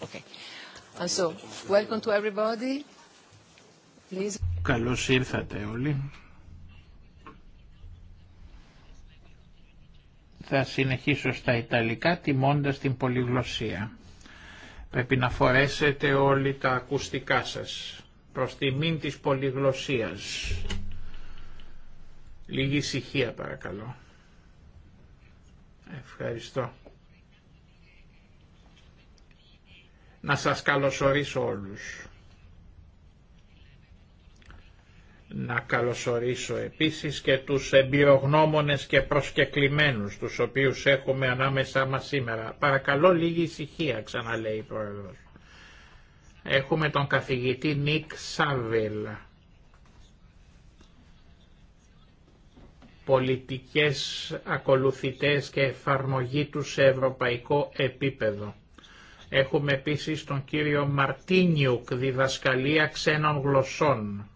Okay. Καλώς ήρθατε όλοι. Θα συνεχίσω στα Ιταλικά τιμώντας την πολυγλωσία. Πρέπει να φορέσετε όλοι τα ακουστικά σας προς τιμήν της πολυγλωσσίας. Λίγη ησυχία παρακαλώ. Ευχαριστώ. Να σας καλωσορίσω όλους. Να καλωσορίσω επίσης και τους εμπειρογνώμονες και προσκεκλημένους, τους οποίους έχουμε ανάμεσά μας σήμερα. Παρακαλώ λίγη ησυχία, ξαναλέει η Πρόεδρος. Έχουμε τον καθηγητή Νίκ Σάβελ. Πολιτικές ακολουθητές και εφαρμογή του σε ευρωπαϊκό επίπεδο. Έχουμε επίσης τον κύριο Μαρτίνιουκ, διδασκαλία ξένων γλωσσών.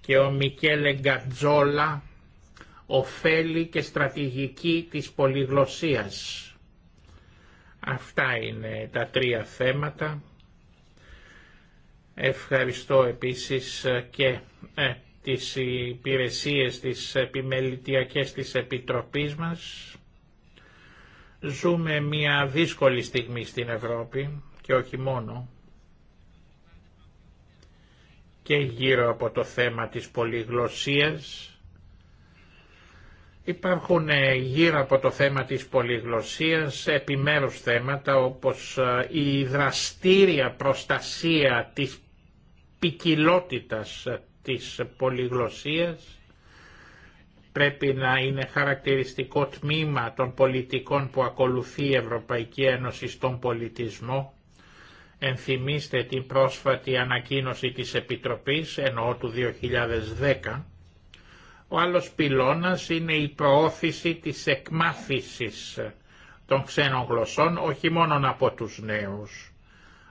Και ο Μικέλε Γκατζόλα, ωφέλη και στρατηγική της πολυγλωσσίας. Αυτά είναι τα τρία θέματα. Ευχαριστώ επίσης και ε, τις υπηρεσίες της επιμελητιακές της Επιτροπής μας Ζούμε μια δύσκολη στιγμή στην Ευρώπη και όχι μόνο και γύρω από το θέμα της πολυγλωσσίας. Υπάρχουν ε, γύρω από το θέμα της πολυγλωσσίας επιμέρους θέματα όπως ε, η δραστήρια προστασία της ποικιλότητα ε, της πολυγλωσσίας πρέπει να είναι χαρακτηριστικό τμήμα των πολιτικών που ακολουθεί η Ευρωπαϊκή Ένωση στον πολιτισμό. Ενθυμίστε την πρόσφατη ανακοίνωση της Επιτροπής, εννοώ του 2010. Ο άλλος πυλώνας είναι η προώθηση της εκμάθησης των ξένων γλωσσών, όχι μόνο από τους νέους,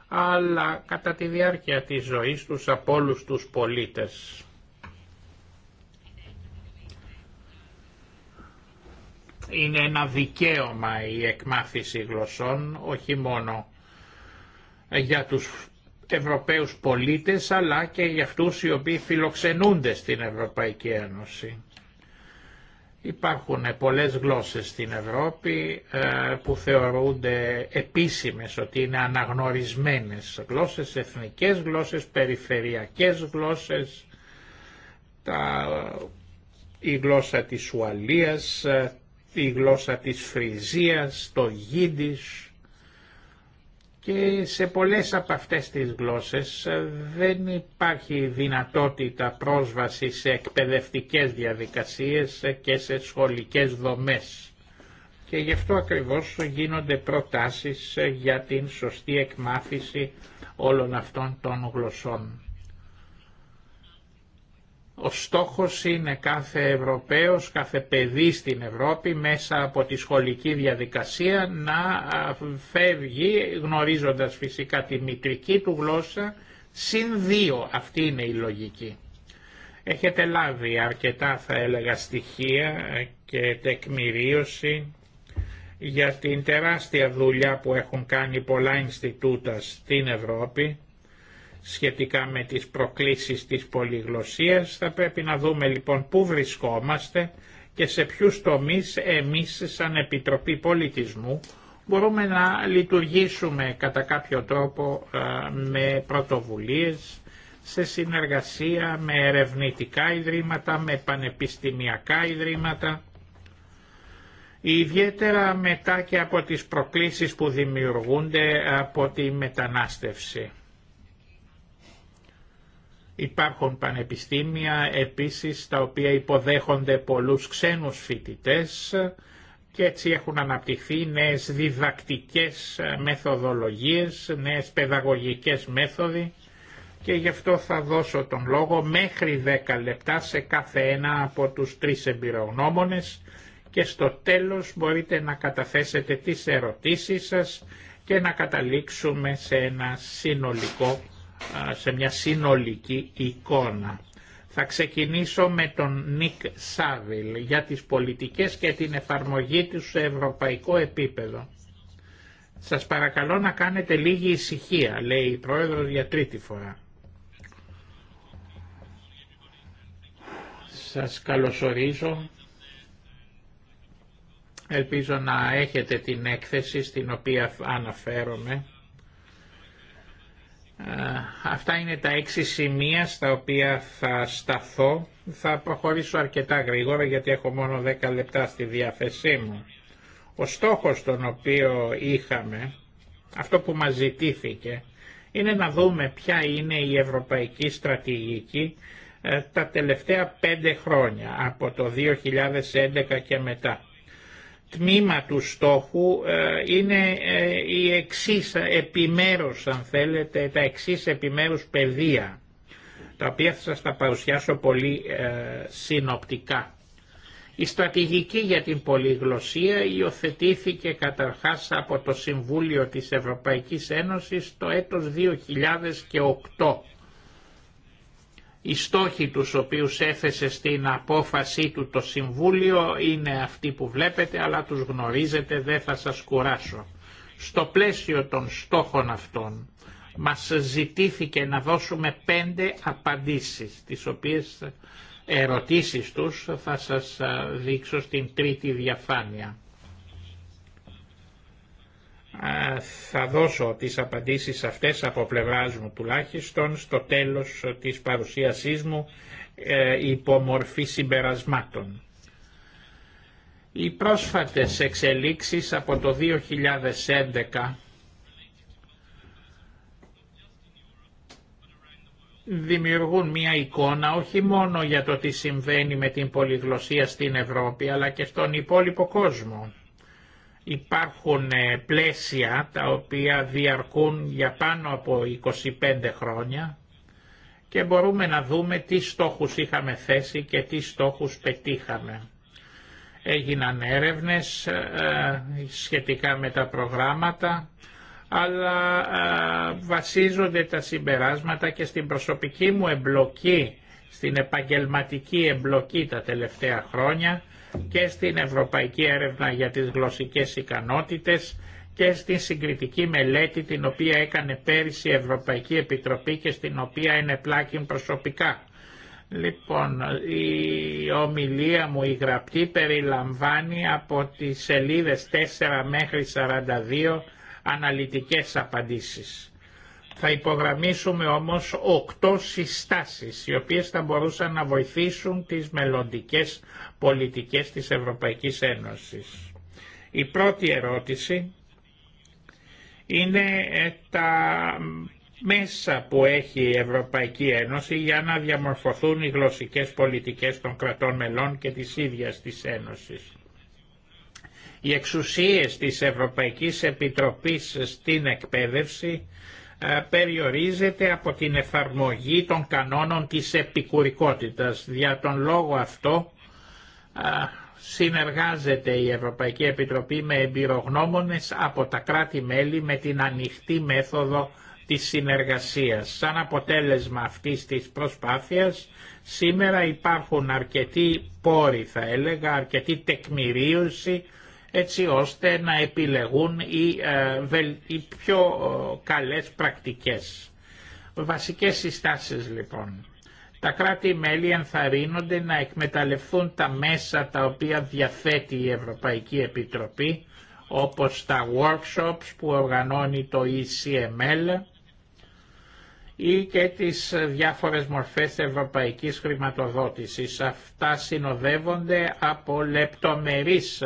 αλλά κατά τη διάρκεια της ζωής τους από όλους τους πολίτες. είναι ένα δικαίωμα η εκμάθηση γλωσσών, όχι μόνο για τους Ευρωπαίους πολίτες, αλλά και για αυτούς οι οποίοι φιλοξενούνται στην Ευρωπαϊκή Ένωση. Υπάρχουν πολλές γλώσσες στην Ευρώπη ε, που θεωρούνται επίσημες ότι είναι αναγνωρισμένες γλώσσες, εθνικές γλώσσες, περιφερειακές γλώσσες, τα, η γλώσσα της Ουαλίας, τη γλώσσα της Φριζίας, το Γίντις και σε πολλές από αυτές τις γλώσσες ε, δεν υπάρχει δυνατότητα πρόσβαση σε εκπαιδευτικές διαδικασίες ε, και σε σχολικές δομές. Και γι' αυτό ακριβώς γίνονται προτάσεις ε, για την σωστή εκμάθηση όλων αυτών των γλωσσών. Ο στόχος είναι κάθε Ευρωπαίος, κάθε παιδί στην Ευρώπη μέσα από τη σχολική διαδικασία να φεύγει γνωρίζοντας φυσικά τη μητρική του γλώσσα συν δύο. Αυτή είναι η λογική. Έχετε λάβει αρκετά θα έλεγα στοιχεία ε, και τεκμηρίωση για την τεράστια δουλειά που έχουν κάνει πολλά Ινστιτούτα στην Ευρώπη σχετικά με τις προκλήσεις της πολυγλωσσίας. Θα πρέπει να δούμε λοιπόν πού βρισκόμαστε και σε ποιους τομείς εμείς σαν Επιτροπή Πολιτισμού μπορούμε να λειτουργήσουμε κατά κάποιο τρόπο ε, με πρωτοβουλίες, σε συνεργασία με ερευνητικά ιδρύματα, με πανεπιστημιακά ιδρύματα, ιδιαίτερα μετά και από τις προκλήσεις που δημιουργούνται από τη μετανάστευση. Υπάρχουν πανεπιστήμια επίσης τα οποία υποδέχονται πολλούς ξένους φοιτητές και έτσι έχουν αναπτυχθεί νέες διδακτικές μεθοδολογίες, νέες παιδαγωγικές μέθοδοι και γι' αυτό θα δώσω τον λόγο μέχρι 10 λεπτά σε κάθε ένα από τους τρεις εμπειρογνώμονες και στο τέλος μπορείτε να καταθέσετε τις ερωτήσεις σας και να καταλήξουμε σε ένα συνολικό σε μια συνολική εικόνα. Θα ξεκινήσω με τον Νίκ Σάβιλ για τις πολιτικές και την εφαρμογή τους σε ευρωπαϊκό επίπεδο. Σας παρακαλώ να κάνετε λίγη ησυχία, λέει η Πρόεδρος για τρίτη φορά. Σας καλωσορίζω. Ελπίζω να έχετε την έκθεση στην οποία αναφέρομαι. Ε, αυτά είναι τα έξι σημεία στα οποία θα σταθώ. Θα προχωρήσω αρκετά γρήγορα γιατί έχω μόνο 10 λεπτά στη διάθεσή μου. Ο στόχος τον οποίο είχαμε, αυτό που μας ζητήθηκε, είναι να δούμε ποια είναι η ευρωπαϊκή στρατηγική ε, τα τελευταία πέντε χρόνια, από το 2011 και μετά τμήμα του στόχου ε, είναι ε, η εξής επιμέρους, αν θέλετε, τα εξής επιμέρους πεδία, τα οποία θα σας τα παρουσιάσω πολύ ε, συνοπτικά. Η στρατηγική για την πολυγλωσία υιοθετήθηκε καταρχάς από το Συμβούλιο της Ευρωπαϊκής Ένωσης το έτος 2008 οι στόχοι τους οποίους έθεσε στην απόφασή του το Συμβούλιο είναι αυτοί που βλέπετε αλλά τους γνωρίζετε δεν θα σας κουράσω. Στο πλαίσιο των στόχων αυτών μας ζητήθηκε να δώσουμε πέντε απαντήσεις τις οποίες ερωτήσεις τους θα σας δείξω στην τρίτη διαφάνεια θα δώσω τις απαντήσεις αυτές από πλευράς μου τουλάχιστον στο τέλος της παρουσίασής μου ε, υπό μορφή συμπερασμάτων. Οι πρόσφατες εξελίξεις από το 2011 δημιουργούν μια εικόνα όχι μόνο για το τι συμβαίνει με την πολυγλωσία στην Ευρώπη αλλά και στον υπόλοιπο κόσμο υπάρχουν ε, πλαίσια τα οποία διαρκούν για πάνω από 25 χρόνια και μπορούμε να δούμε τι στόχους είχαμε θέσει και τι στόχους πετύχαμε. Έγιναν έρευνες ε, σχετικά με τα προγράμματα, αλλά ε, βασίζονται τα συμπεράσματα και στην προσωπική μου εμπλοκή, στην επαγγελματική εμπλοκή τα τελευταία χρόνια και στην Ευρωπαϊκή Έρευνα για τις Γλωσσικές Ικανότητες και στην συγκριτική μελέτη την οποία έκανε πέρυσι η Ευρωπαϊκή Επιτροπή και στην οποία είναι πλάκιν προσωπικά. Λοιπόν, η ομιλία μου η γραπτή περιλαμβάνει από τις σελίδες 4 μέχρι 42 αναλυτικές απαντήσεις. Θα υπογραμμίσουμε όμως 8 συστάσεις, οι οποίες θα μπορούσαν να βοηθήσουν τις μελλοντικές πολιτικές της Ευρωπαϊκής Ένωσης. Η πρώτη ερώτηση είναι ε, τα μέσα που έχει η Ευρωπαϊκή Ένωση για να διαμορφωθούν οι γλωσσικές πολιτικές των κρατών μελών και της ίδιας της Ένωσης. Οι εξουσίες της Ευρωπαϊκής Επιτροπής στην εκπαίδευση ε, περιορίζεται από την εφαρμογή των κανόνων της επικουρικότητας. Για τον λόγο αυτό συνεργάζεται η Ευρωπαϊκή Επιτροπή με εμπειρογνώμονες από τα κράτη-μέλη με την ανοιχτή μέθοδο της συνεργασίας. Σαν αποτέλεσμα αυτής της προσπάθειας σήμερα υπάρχουν αρκετοί πόροι θα έλεγα, αρκετή τεκμηρίωση έτσι ώστε να επιλεγούν οι, ε, οι πιο ε, καλές πρακτικές. Βασικές συστάσεις λοιπόν τα κράτη-μέλη ενθαρρύνονται να εκμεταλλευτούν τα μέσα τα οποία διαθέτει η Ευρωπαϊκή Επιτροπή, όπως τα workshops που οργανώνει το ECML ή και τις διάφορες μορφές ευρωπαϊκής χρηματοδότησης. Αυτά συνοδεύονται από λεπτομερείς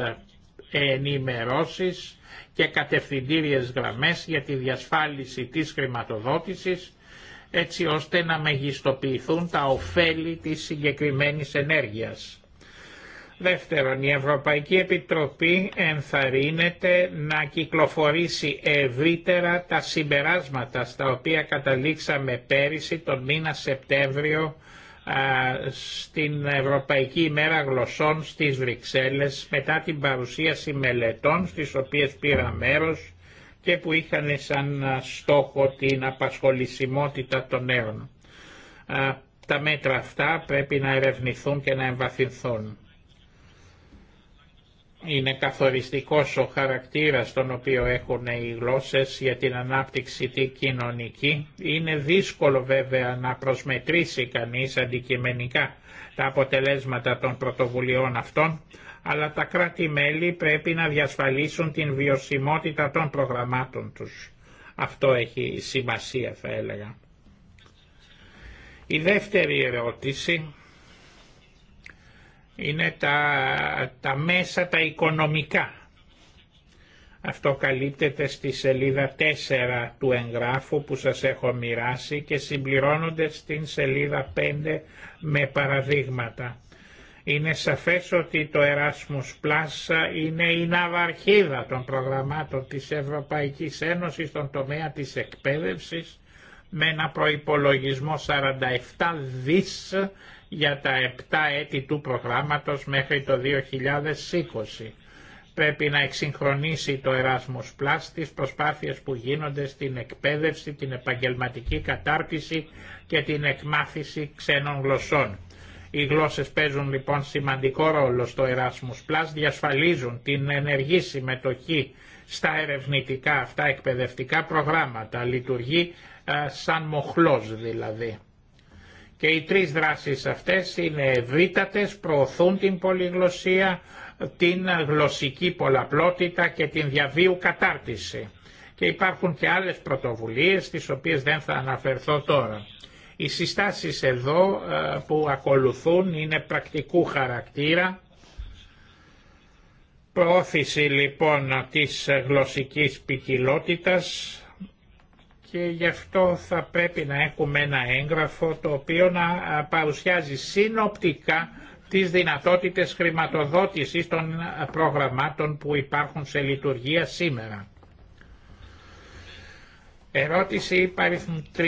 ενημερώσεις και κατευθυντήριες γραμμές για τη διασφάλιση της χρηματοδότησης έτσι ώστε να μεγιστοποιηθούν τα ωφέλη της συγκεκριμένης ενέργειας. Δεύτερον, η Ευρωπαϊκή Επιτροπή ενθαρρύνεται να κυκλοφορήσει ευρύτερα τα συμπεράσματα στα οποία καταλήξαμε πέρυσι τον μήνα Σεπτέμβριο στην Ευρωπαϊκή μέρα γλωσσών στις Βρυξέλλες μετά την παρουσίαση μελετών στις οποίες πήρα μέρος και που είχαν σαν στόχο την απασχολησιμότητα των νέων. Τα μέτρα αυτά πρέπει να ερευνηθούν και να εμβαθυνθούν. Είναι καθοριστικός ο χαρακτήρας τον οποίο έχουν οι γλώσσες για την ανάπτυξη τη κοινωνική. Είναι δύσκολο βέβαια να προσμετρήσει κανείς αντικειμενικά τα αποτελέσματα των πρωτοβουλειών αυτών αλλά τα κράτη-μέλη πρέπει να διασφαλίσουν την βιωσιμότητα των προγραμμάτων τους. Αυτό έχει σημασία θα έλεγα. Η δεύτερη ερώτηση είναι τα, μέσα τα οικονομικά. Αυτό καλύπτεται στη σελίδα 4 του εγγράφου που σας έχω μοιράσει και συμπληρώνονται στην σελίδα 5 με παραδείγματα. Είναι σαφές ότι το Erasmus Plus είναι η ναυαρχίδα των προγραμμάτων της Ευρωπαϊκής Ένωσης στον τομέα της εκπαίδευσης με ένα προϋπολογισμό 47 δις για τα 7 έτη του προγράμματος μέχρι το 2020. Πρέπει να εξυγχρονίσει το Erasmus Plus τις προσπάθειες που γίνονται στην εκπαίδευση, την επαγγελματική κατάρτιση και την εκμάθηση ξένων γλωσσών. Οι γλώσσες παίζουν λοιπόν σημαντικό ρόλο στο Erasmus Plus, διασφαλίζουν την ενεργή συμμετοχή στα ερευνητικά αυτά εκπαιδευτικά προγράμματα, λειτουργεί ε, σαν μοχλός δηλαδή. Και οι τρεις δράσεις αυτές είναι ευρύτατες, προωθούν την πολυγλωσία, την γλωσσική πολλαπλότητα και την διαβίου κατάρτιση. Και υπάρχουν και άλλες πρωτοβουλίες, τις οποίες δεν θα αναφερθώ τώρα. Οι συστάσεις εδώ ε, που ακολουθούν είναι πρακτικού χαρακτήρα. Προώθηση λοιπόν της γλωσσικής ποικιλότητα και γι' αυτό θα πρέπει να έχουμε ένα έγγραφο το οποίο να ε, παρουσιάζει συνοπτικά τις δυνατότητες χρηματοδότησης των ε, προγραμμάτων που υπάρχουν σε λειτουργία σήμερα. Ερώτηση υπαριθμού 3.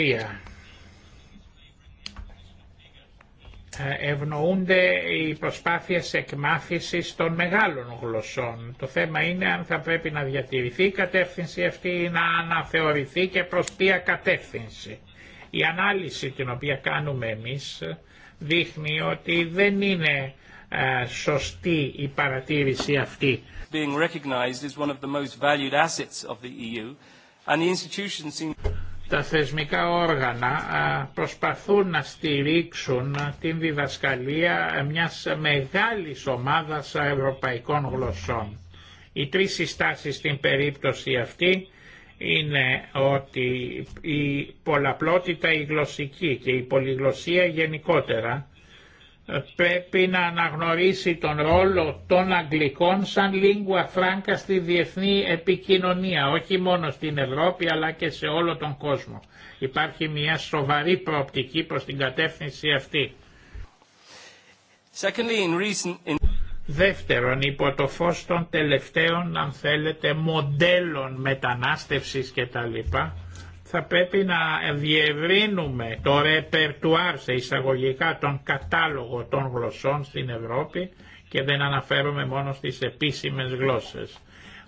Ε, ευνοούνται οι προσπάθειες εκμάθησης των μεγάλων γλωσσών. Το θέμα είναι αν θα πρέπει να διατηρηθεί η κατεύθυνση αυτή ή να αναθεωρηθεί και προς ποια κατεύθυνση. Η ανάλυση την οποία κάνουμε εμείς δείχνει ότι δεν είναι ε, σωστή η παρατήρηση αυτή. Being recognized is one of the most valued assets of the EU τα θεσμικά όργανα προσπαθούν να στηρίξουν την διδασκαλία μιας μεγάλης ομάδας ευρωπαϊκών γλωσσών. Οι τρεις συστάσεις στην περίπτωση αυτή είναι ότι η πολλαπλότητα η γλωσσική και η πολυγλωσσία γενικότερα πρέπει να αναγνωρίσει τον ρόλο των Αγγλικών σαν λίγουα φράγκα στη διεθνή επικοινωνία, όχι μόνο στην Ευρώπη αλλά και σε όλο τον κόσμο. Υπάρχει μια σοβαρή προοπτική προς την κατεύθυνση αυτή. in Δεύτερον, υπό το φως των τελευταίων, αν θέλετε, μοντέλων μετανάστευσης κτλ θα πρέπει να διευρύνουμε το ρεπερτουάρ σε εισαγωγικά τον κατάλογο των γλωσσών στην Ευρώπη και δεν αναφέρομαι μόνο στις επίσημες γλώσσες.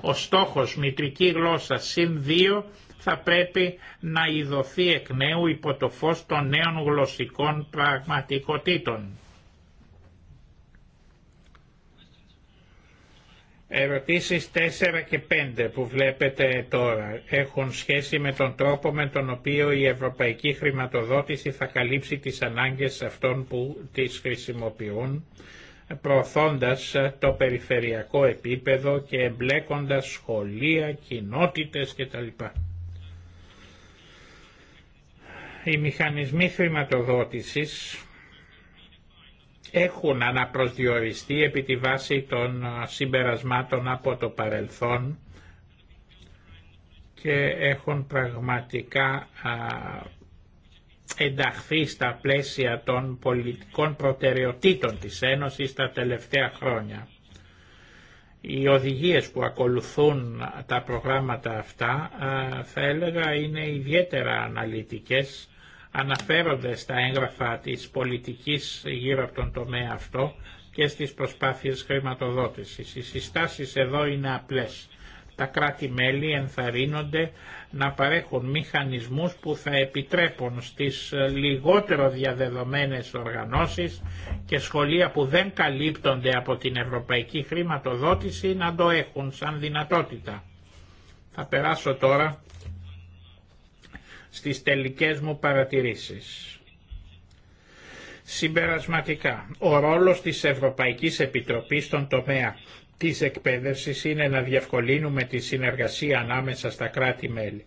Ο στόχος μητρική γλώσσα συν 2 θα πρέπει να ιδωθεί εκ νέου υπό το φως των νέων γλωσσικών πραγματικοτήτων. Ερωτήσεις 4 και 5 που βλέπετε τώρα έχουν σχέση με τον τρόπο με τον οποίο η ευρωπαϊκή χρηματοδότηση θα καλύψει τις ανάγκες αυτών που τις χρησιμοποιούν, προωθώντας το περιφερειακό επίπεδο και εμπλέκοντας σχολεία, κοινότητες κτλ. Οι μηχανισμοί χρηματοδότησης έχουν αναπροσδιοριστεί επί τη βάση των συμπερασμάτων από το παρελθόν και έχουν πραγματικά ενταχθεί στα πλαίσια των πολιτικών προτεραιοτήτων της Ένωσης τα τελευταία χρόνια. Οι οδηγίες που ακολουθούν τα προγράμματα αυτά θα έλεγα είναι ιδιαίτερα αναλυτικές αναφέρονται στα έγγραφα της πολιτικής γύρω από τον τομέα αυτό και στις προσπάθειες χρηματοδότησης. Οι συστάσεις εδώ είναι απλές. Τα κράτη-μέλη ενθαρρύνονται να παρέχουν μηχανισμούς που θα επιτρέπουν στις λιγότερο διαδεδομένες οργανώσεις και σχολεία που δεν καλύπτονται από την ευρωπαϊκή χρηματοδότηση να το έχουν σαν δυνατότητα. Θα περάσω τώρα στις τελικές μου παρατηρήσεις. Συμπερασματικά, ο ρόλος της Ευρωπαϊκής Επιτροπής στον τομέα της εκπαίδευσης είναι να διευκολύνουμε τη συνεργασία ανάμεσα στα κράτη-μέλη.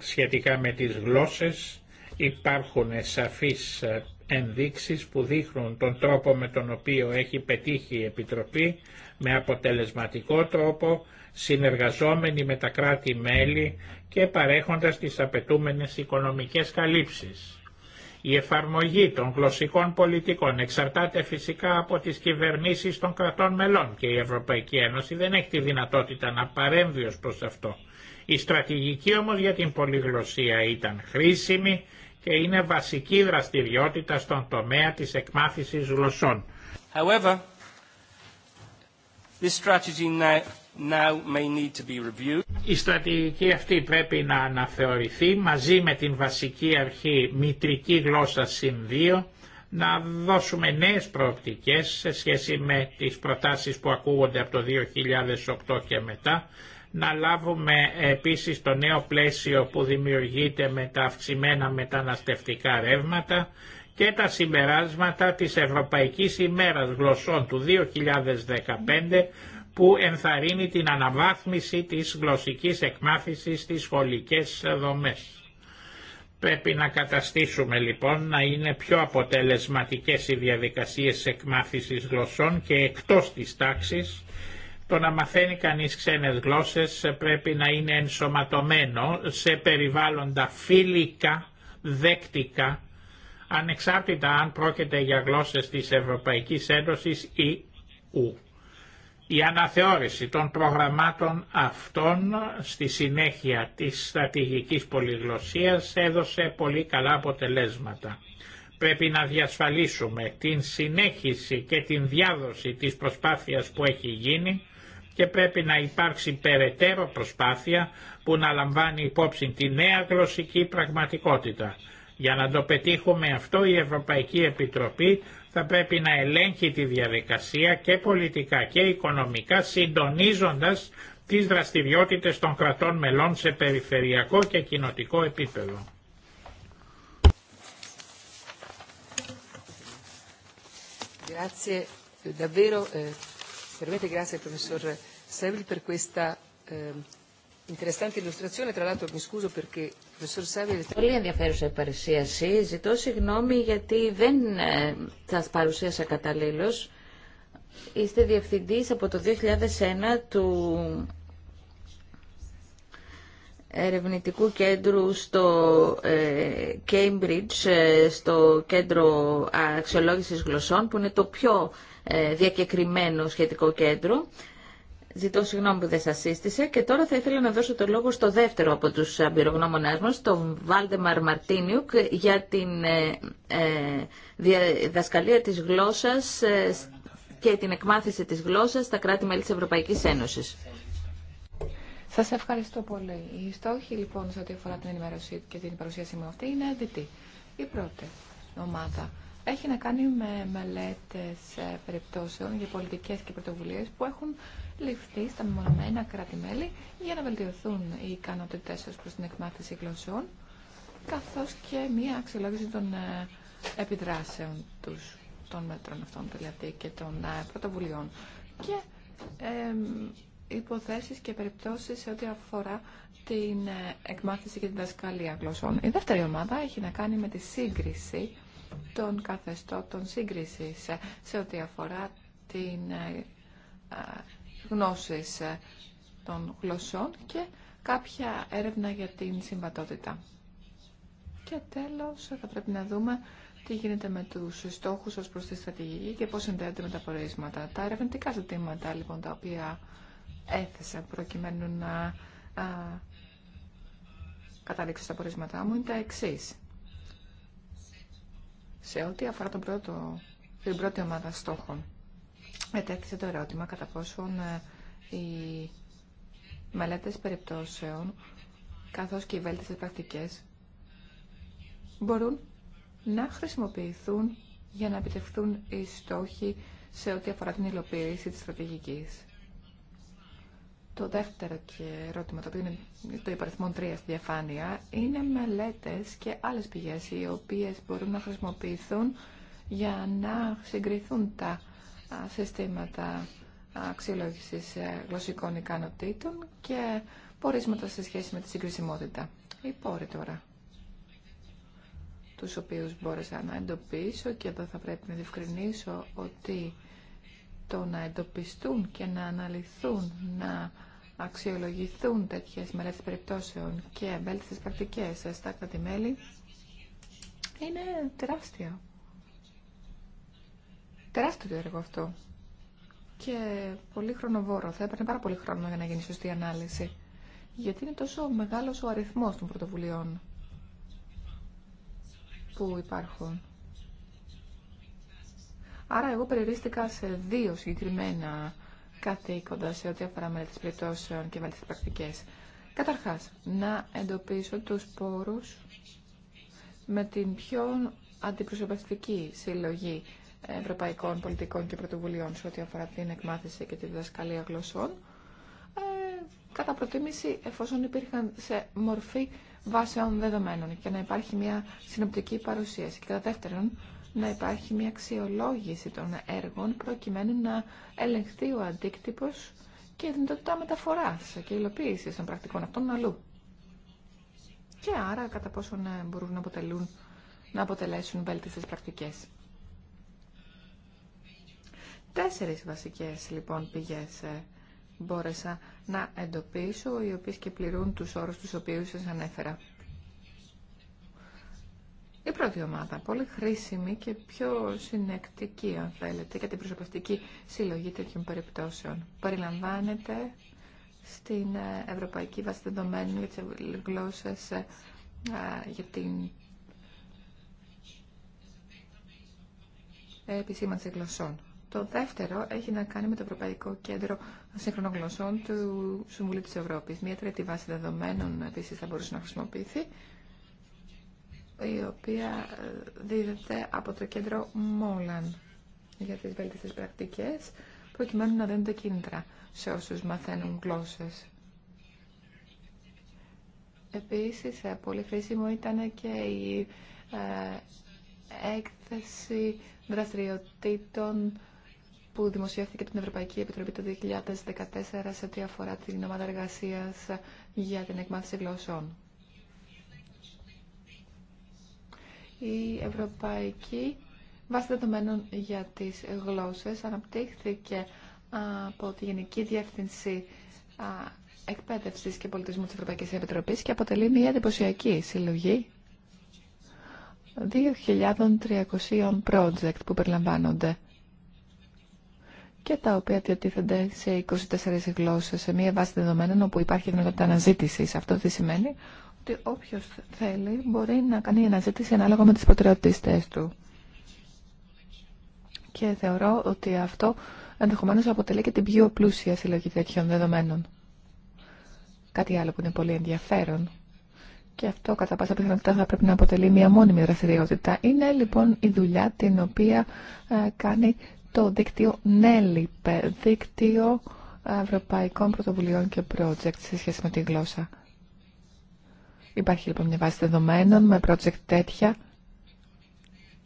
Σχετικά με τις γλώσσες υπάρχουν σαφείς ενδείξεις που δείχνουν τον τρόπο με τον οποίο έχει πετύχει η Επιτροπή με αποτελεσματικό τρόπο συνεργαζόμενοι με τα κράτη-μέλη και παρέχοντας τις απαιτούμενες οικονομικές καλύψεις. Η εφαρμογή των γλωσσικών πολιτικών εξαρτάται φυσικά από τις κυβερνήσεις των κρατών μελών και η Ευρωπαϊκή Ένωση δεν έχει τη δυνατότητα να παρέμβει ως προς αυτό. Η στρατηγική όμως για την πολυγλωσσία ήταν χρήσιμη και είναι βασική δραστηριότητα στον τομέα της εκμάθησης γλωσσών. However, this strategy now now may need to be reviewed. Η στρατηγική αυτή πρέπει να αναθεωρηθεί μαζί με την βασική αρχή μητρική γλώσσα συν 2 να δώσουμε νέες προοπτικές σε σχέση με τις προτάσεις που ακούγονται από το 2008 και μετά, να λάβουμε επίσης το νέο πλαίσιο που δημιουργείται με τα αυξημένα μεταναστευτικά ρεύματα και τα συμπεράσματα της Ευρωπαϊκής ημέρας γλωσσών του 2015 που ενθαρρύνει την αναβάθμιση της γλωσσικής εκμάθησης στις σχολικές δομές. Πρέπει να καταστήσουμε λοιπόν να είναι πιο αποτελεσματικές οι διαδικασίες εκμάθησης γλωσσών και εκτός της τάξης. Το να μαθαίνει κανείς ξένες γλώσσες πρέπει να είναι ενσωματωμένο σε περιβάλλοντα φιλικά, δέκτικα, ανεξάρτητα αν πρόκειται για γλώσσες της Ευρωπαϊκής Ένωσης ή ου. Η αναθεώρηση των προγραμμάτων αυτών στη συνέχεια της στρατηγικής πολυγλωσσίας έδωσε πολύ καλά αποτελέσματα. Πρέπει να διασφαλίσουμε την συνέχιση και την διάδοση της προσπάθειας που έχει γίνει και πρέπει να υπάρξει περαιτέρω προσπάθεια που να λαμβάνει υπόψη τη νέα γλωσσική πραγματικότητα. Για να το πετύχουμε αυτό η Ευρωπαϊκή Επιτροπή θα πρέπει να ελέγχει τη διαδικασία και πολιτικά και οικονομικά συντονίζοντας τις δραστηριότητες των κρατών μελών σε περιφερειακό και κοινοτικό επίπεδο. Grazie eh, davvero, eh, grazie professor ehm, Πολύ ενδιαφέρουσα η παρουσίαση. Ζητώ συγγνώμη γιατί δεν ε, σας παρουσίασα καταλήλω. Είστε διευθυντή από το 2001 του ερευνητικού κέντρου στο ε, Cambridge, ε, στο κέντρο αξιολόγηση γλωσσών, που είναι το πιο διακεκριμένο σχετικό κέντρο. Ζητώ συγγνώμη που δεν σα σύστησε και τώρα θα ήθελα να δώσω το λόγο στο δεύτερο από του αμπειρογνώμονέ μα, τον Βάλτεμαρ Μαρτίνιουκ, για την ε, ε διδασκαλία της γλώσσας ε, και την εκμάθηση τη γλώσσα στα κράτη-μέλη τη Ευρωπαϊκή Ένωση. Σα ευχαριστώ πολύ. Οι στόχοι λοιπόν σε ό,τι αφορά την ενημέρωση και την παρουσίαση μου αυτή είναι διτή. Η πρώτη ομάδα έχει να κάνει με μελέτες ε, περιπτώσεων για πολιτικές και πρωτοβουλίε που έχουν ληφθεί στα μεμονωμένα κράτη-μέλη για να βελτιωθούν οι ικανότητε ω προ την εκμάθηση γλωσσών, καθώ και μία αξιολόγηση των ε, επιδράσεων του των μέτρων αυτών δηλαδή και των ε, πρωτοβουλειών. Και ε, υποθέσεις και περιπτώσεις σε ό,τι αφορά την ε, εκμάθηση και την δασκαλία γλωσσών. Η δεύτερη ομάδα έχει να κάνει με τη σύγκριση των καθεστώτων σύγκριση σε ό,τι αφορά την γνώσεις ε, των γλωσσών και κάποια έρευνα για την συμβατότητα. Και τέλος θα πρέπει να δούμε τι γίνεται με τους στόχους ως προς τη στρατηγική και πώς συνδέονται με τα πορείσματα. Τα ερευνητικά ζητήματα λοιπόν τα οποία έθεσα προκειμένου να α, καταλήξω στα πορίσματά μου είναι τα εξή. Σε ό,τι αφορά πρώτο, την πρώτη ομάδα στόχων. Ετέθησε το ερώτημα κατά πόσον ε, οι μελέτες περιπτώσεων καθώς και οι βέλτιστες πρακτικές μπορούν να χρησιμοποιηθούν για να επιτευχθούν οι στόχοι σε ό,τι αφορά την υλοποίηση της στρατηγικής. Το δεύτερο και ερώτημα, το οποίο είναι το υπαριθμό 3 στη διαφάνεια, είναι μελέτες και άλλες πηγές οι οποίες μπορούν να χρησιμοποιηθούν για να συγκριθούν τα συστήματα αξιολόγησης ε, γλωσσικών ικανοτήτων και πορίσματα σε σχέση με τη συγκρισιμότητα. Οι πόροι τώρα, τους οποίους μπόρεσα να εντοπίσω και εδώ θα πρέπει να διευκρινίσω ότι το να εντοπιστούν και να αναλυθούν, να αξιολογηθούν τέτοιες μελέτες περιπτώσεων και βέλτιστες πρακτικές στα κρατημέλη είναι τεράστια τεράστιο το έργο αυτό και πολύ χρονοβόρο. Θα έπαιρνε πάρα πολύ χρόνο για να γίνει σωστή ανάλυση. Γιατί είναι τόσο μεγάλο ο αριθμό των πρωτοβουλειών που υπάρχουν. Άρα εγώ περιορίστηκα σε δύο συγκεκριμένα καθήκοντα σε ό,τι αφορά μελέτη περιπτώσεων και μελέτη πρακτικέ. Καταρχά, να εντοπίσω του πόρου με την πιο αντιπροσωπευτική συλλογή ευρωπαϊκών πολιτικών και πρωτοβουλειών σε ό,τι αφορά την εκμάθηση και τη διδασκαλία γλωσσών, ε, κατά προτίμηση εφόσον υπήρχαν σε μορφή βάσεων δεδομένων και να υπάρχει μια συνοπτική παρουσίαση. Και κατά δεύτερον, να υπάρχει μια αξιολόγηση των έργων προκειμένου να ελεγχθεί ο αντίκτυπος και η δυνατότητα μεταφοράς και υλοποίησης των πρακτικών αυτών αλλού. Και άρα κατά πόσον ε, μπορούν να αποτελούν να αποτελέσουν βέλτιστες πρακτικές. Τέσσερις βασικές λοιπόν πηγές ε, μπόρεσα να εντοπίσω, οι οποίες και πληρούν τους όρους τους οποίους σας ανέφερα. Η πρώτη ομάδα, πολύ χρήσιμη και πιο συνεκτική, αν θέλετε, για την προσωπική συλλογή τέτοιων περιπτώσεων. Περιλαμβάνεται στην ε, Ευρωπαϊκή Βάση Δεδομένων για τις γλώσσες ε, για την επισήμανση γλωσσών. Το δεύτερο έχει να κάνει με το Ευρωπαϊκό Κέντρο Σύγχρονων Γλωσσών του Συμβουλίου της Ευρώπης. Μία τρίτη βάση δεδομένων επίσης θα μπορούσε να χρησιμοποιηθεί, η οποία ε, δίδεται από το κέντρο Μόλαν για τις βέλτιστες πρακτικές, προκειμένου να δίνονται κίνητρα σε όσους μαθαίνουν γλώσσες. Επίσης, ε, πολύ χρήσιμο ήταν και η ε, έκθεση δραστηριοτήτων που δημοσιεύθηκε από την Ευρωπαϊκή Επιτροπή το 2014 σε ό,τι αφορά την ομάδα εργασία για την εκμάθηση γλωσσών. Η Ευρωπαϊκή Βάση Δεδομένων για τις Γλώσσες αναπτύχθηκε από τη Γενική Διεύθυνση Εκπαίδευσης και Πολιτισμού της Ευρωπαϊκής Επιτροπής και αποτελεί μια εντυπωσιακή συλλογή 2.300 project που περιλαμβάνονται και τα οποία διατίθενται σε 24 γλώσσες, σε μία βάση δεδομένων όπου υπάρχει δυνατότητα αναζήτηση. Αυτό τι σημαίνει ότι όποιος θέλει μπορεί να κάνει αναζήτηση ανάλογα με τις προτεραιότητες του. Και θεωρώ ότι αυτό ενδεχομένως αποτελεί και την πιο πλούσια συλλογή τέτοιων δεδομένων. Κάτι άλλο που είναι πολύ ενδιαφέρον και αυτό κατά πάσα πιθανότητα θα πρέπει να αποτελεί μια μόνιμη δραστηριότητα. Είναι λοιπόν η δουλειά την οποία ε, κάνει το δίκτυο NELIP, e, δίκτυο Ευρωπαϊκών Πρωτοβουλειών και Project σε σχέση με τη γλώσσα. Υπάρχει λοιπόν μια βάση δεδομένων με project τέτοια,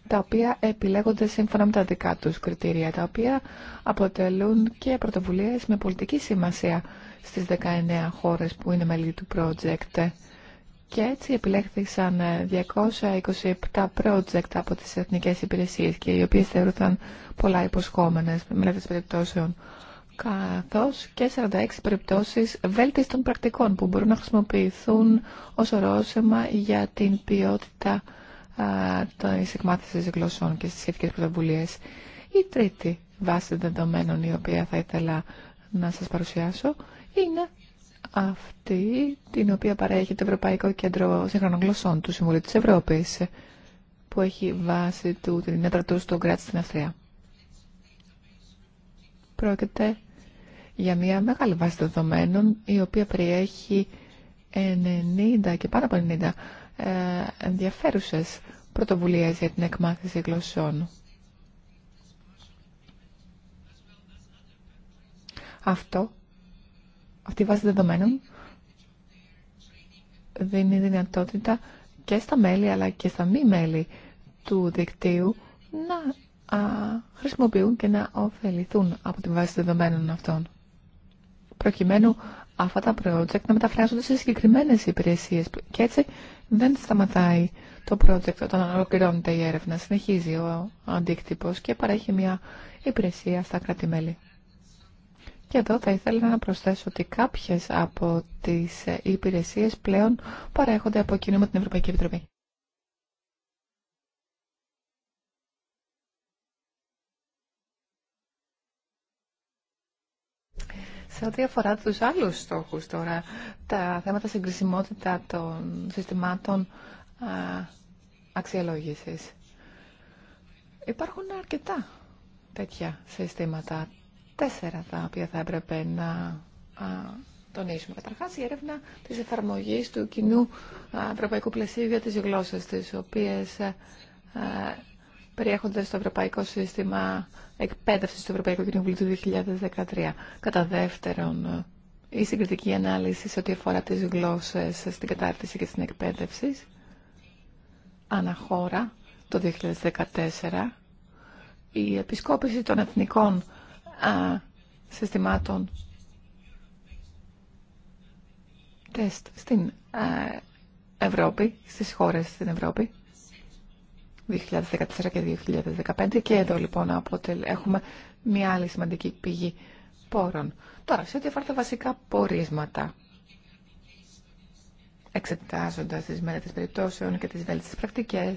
τα οποία επιλέγονται σύμφωνα με τα δικά τους κριτήρια, τα οποία αποτελούν και πρωτοβουλίες με πολιτική σημασία στις 19 χώρες που είναι μέλη του project. Και έτσι επιλέχθησαν 227 ε, project από τις εθνικές υπηρεσίες και οι οποίες θεωρούνταν πολλά υποσχόμενες με μελέτες περιπτώσεων καθώς και 46 περιπτώσεις βέλτιστων πρακτικών που μπορούν να χρησιμοποιηθούν ως ορόσημα για την ποιότητα τη εκμάθηση γλωσσών και στις σχετικές πρωτοβουλίες. Η τρίτη βάση δεδομένων η οποία θα ήθελα να σας παρουσιάσω είναι αυτή την οποία παρέχει το Ευρωπαϊκό Κέντρο Σύγχρονων Γλωσσών του Συμβουλίου της Ευρώπης που έχει βάση του την έντρα του στο Γκράτ στην Αυστρία. Πρόκειται για μια μεγάλη βάση δεδομένων η οποία περιέχει 90 και πάνω από 90 ε, ενδιαφέρουσες πρωτοβουλίες για την εκμάθηση γλωσσών. Αυτό αυτή η βάση δεδομένων δίνει δυνατότητα και στα μέλη αλλά και στα μη μέλη του δικτύου να χρησιμοποιούν και να ωφεληθούν από τη βάση δεδομένων αυτών. Προκειμένου αυτά τα project να μεταφράζονται σε συγκεκριμένε υπηρεσίε. Και έτσι δεν σταματάει το project όταν ολοκληρώνεται η έρευνα. Συνεχίζει ο αντίκτυπο και παρέχει μια υπηρεσία στα κράτη-μέλη. Και εδώ θα ήθελα να προσθέσω ότι κάποιες από τις ε, υπηρεσίες πλέον παρέχονται από κοινού με την Ευρωπαϊκή Επιτροπή. Σε ό,τι αφορά τους άλλους στόχους τώρα, τα θέματα συγκρισιμότητα των συστημάτων αξιολόγηση. Υπάρχουν αρκετά τέτοια συστήματα τέσσερα τα οποία θα έπρεπε να τονίσουμε. Καταρχάς, η έρευνα τη εφαρμογή του κοινού ευρωπαϊκού πλαισίου για τι γλώσσε, τι οποίε περιέχονται στο Ευρωπαϊκό Σύστημα εκπαίδευση του Ευρωπαϊκού Κοινοβουλίου του 2013. Κατά δεύτερον, ε, η συγκριτική ανάλυση σε ό,τι αφορά τι γλώσσε στην κατάρτιση και στην εκπαίδευση. Αναχώρα το 2014. Η επισκόπηση των εθνικών συστημάτων τεστ στην Ευρώπη, στις χώρες στην Ευρώπη. 2014 και 2015 και εδώ λοιπόν αποτελ... έχουμε μια άλλη σημαντική πηγή πόρων. Τώρα, σε ό,τι αφορά τα βασικά πορίσματα, εξετάζοντας τις μέρες περιπτώσεων και τις βέλτιστες πρακτικές,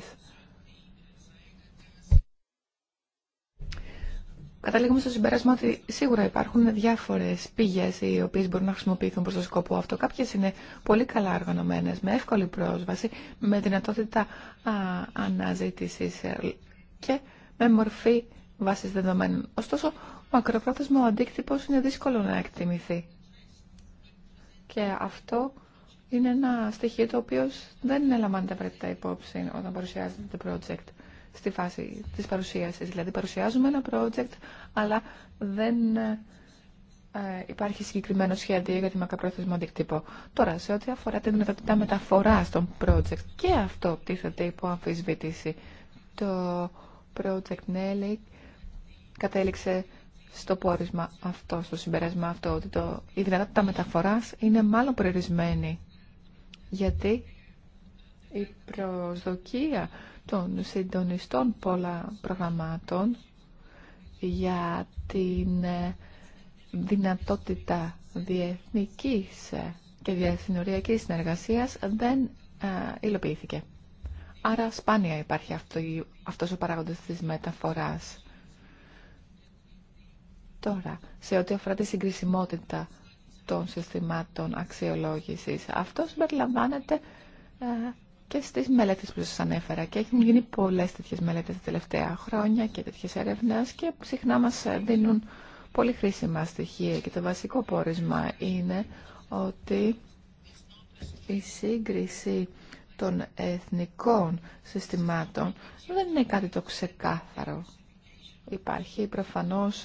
καταλήγουμε στο συμπέρασμα ότι σίγουρα υπάρχουν διάφορε πηγέ οι οποίε μπορούν να χρησιμοποιηθούν προ το σκοπό αυτό. Κάποιε είναι πολύ καλά οργανωμένες, με εύκολη πρόσβαση, με δυνατότητα αναζήτηση ε, και με μορφή βάσης δεδομένων. Ωστόσο, ο μακροπρόθεσμο αντίκτυπο είναι δύσκολο να εκτιμηθεί. Και αυτό είναι ένα στοιχείο το οποίο δεν ελαμβάνεται απαραίτητα υπόψη όταν παρουσιάζεται το project στη φάση της παρουσίασης. Δηλαδή παρουσιάζουμε ένα project, αλλά δεν ε, υπάρχει συγκεκριμένο σχέδιο για τη μακροπρόθεσμο αντικτύπο. Τώρα, σε ό,τι αφορά την δυνατότητα μεταφορά των project, και αυτό τίθεται υπό αμφισβήτηση. Το project Nelly κατέληξε στο πόρισμα αυτό, στο συμπέρασμα αυτό, ότι το, η δυνατότητα μεταφοράς είναι μάλλον περιορισμένη. Γιατί η προσδοκία των συντονιστών πολλά προγραμμάτων για την ε, δυνατότητα διεθνικής ε, και διασυνοριακή συνεργασίας δεν ε, υλοποιήθηκε. Άρα σπάνια υπάρχει αυτό, αυτός ο παράγοντας της μεταφοράς. Τώρα, σε ό,τι αφορά τη συγκρισιμότητα των συστημάτων αξιολόγησης, αυτό περιλαμβάνεται και στι μελέτες που σας ανέφερα και έχουν γίνει πολλές τέτοιες μελέτες τα τελευταία χρόνια και τέτοιε έρευνες και συχνά μας δίνουν πολύ χρήσιμα στοιχεία και το βασικό πόρισμα είναι ότι η σύγκριση των εθνικών συστημάτων δεν είναι κάτι το ξεκάθαρο. Υπάρχει προφανώς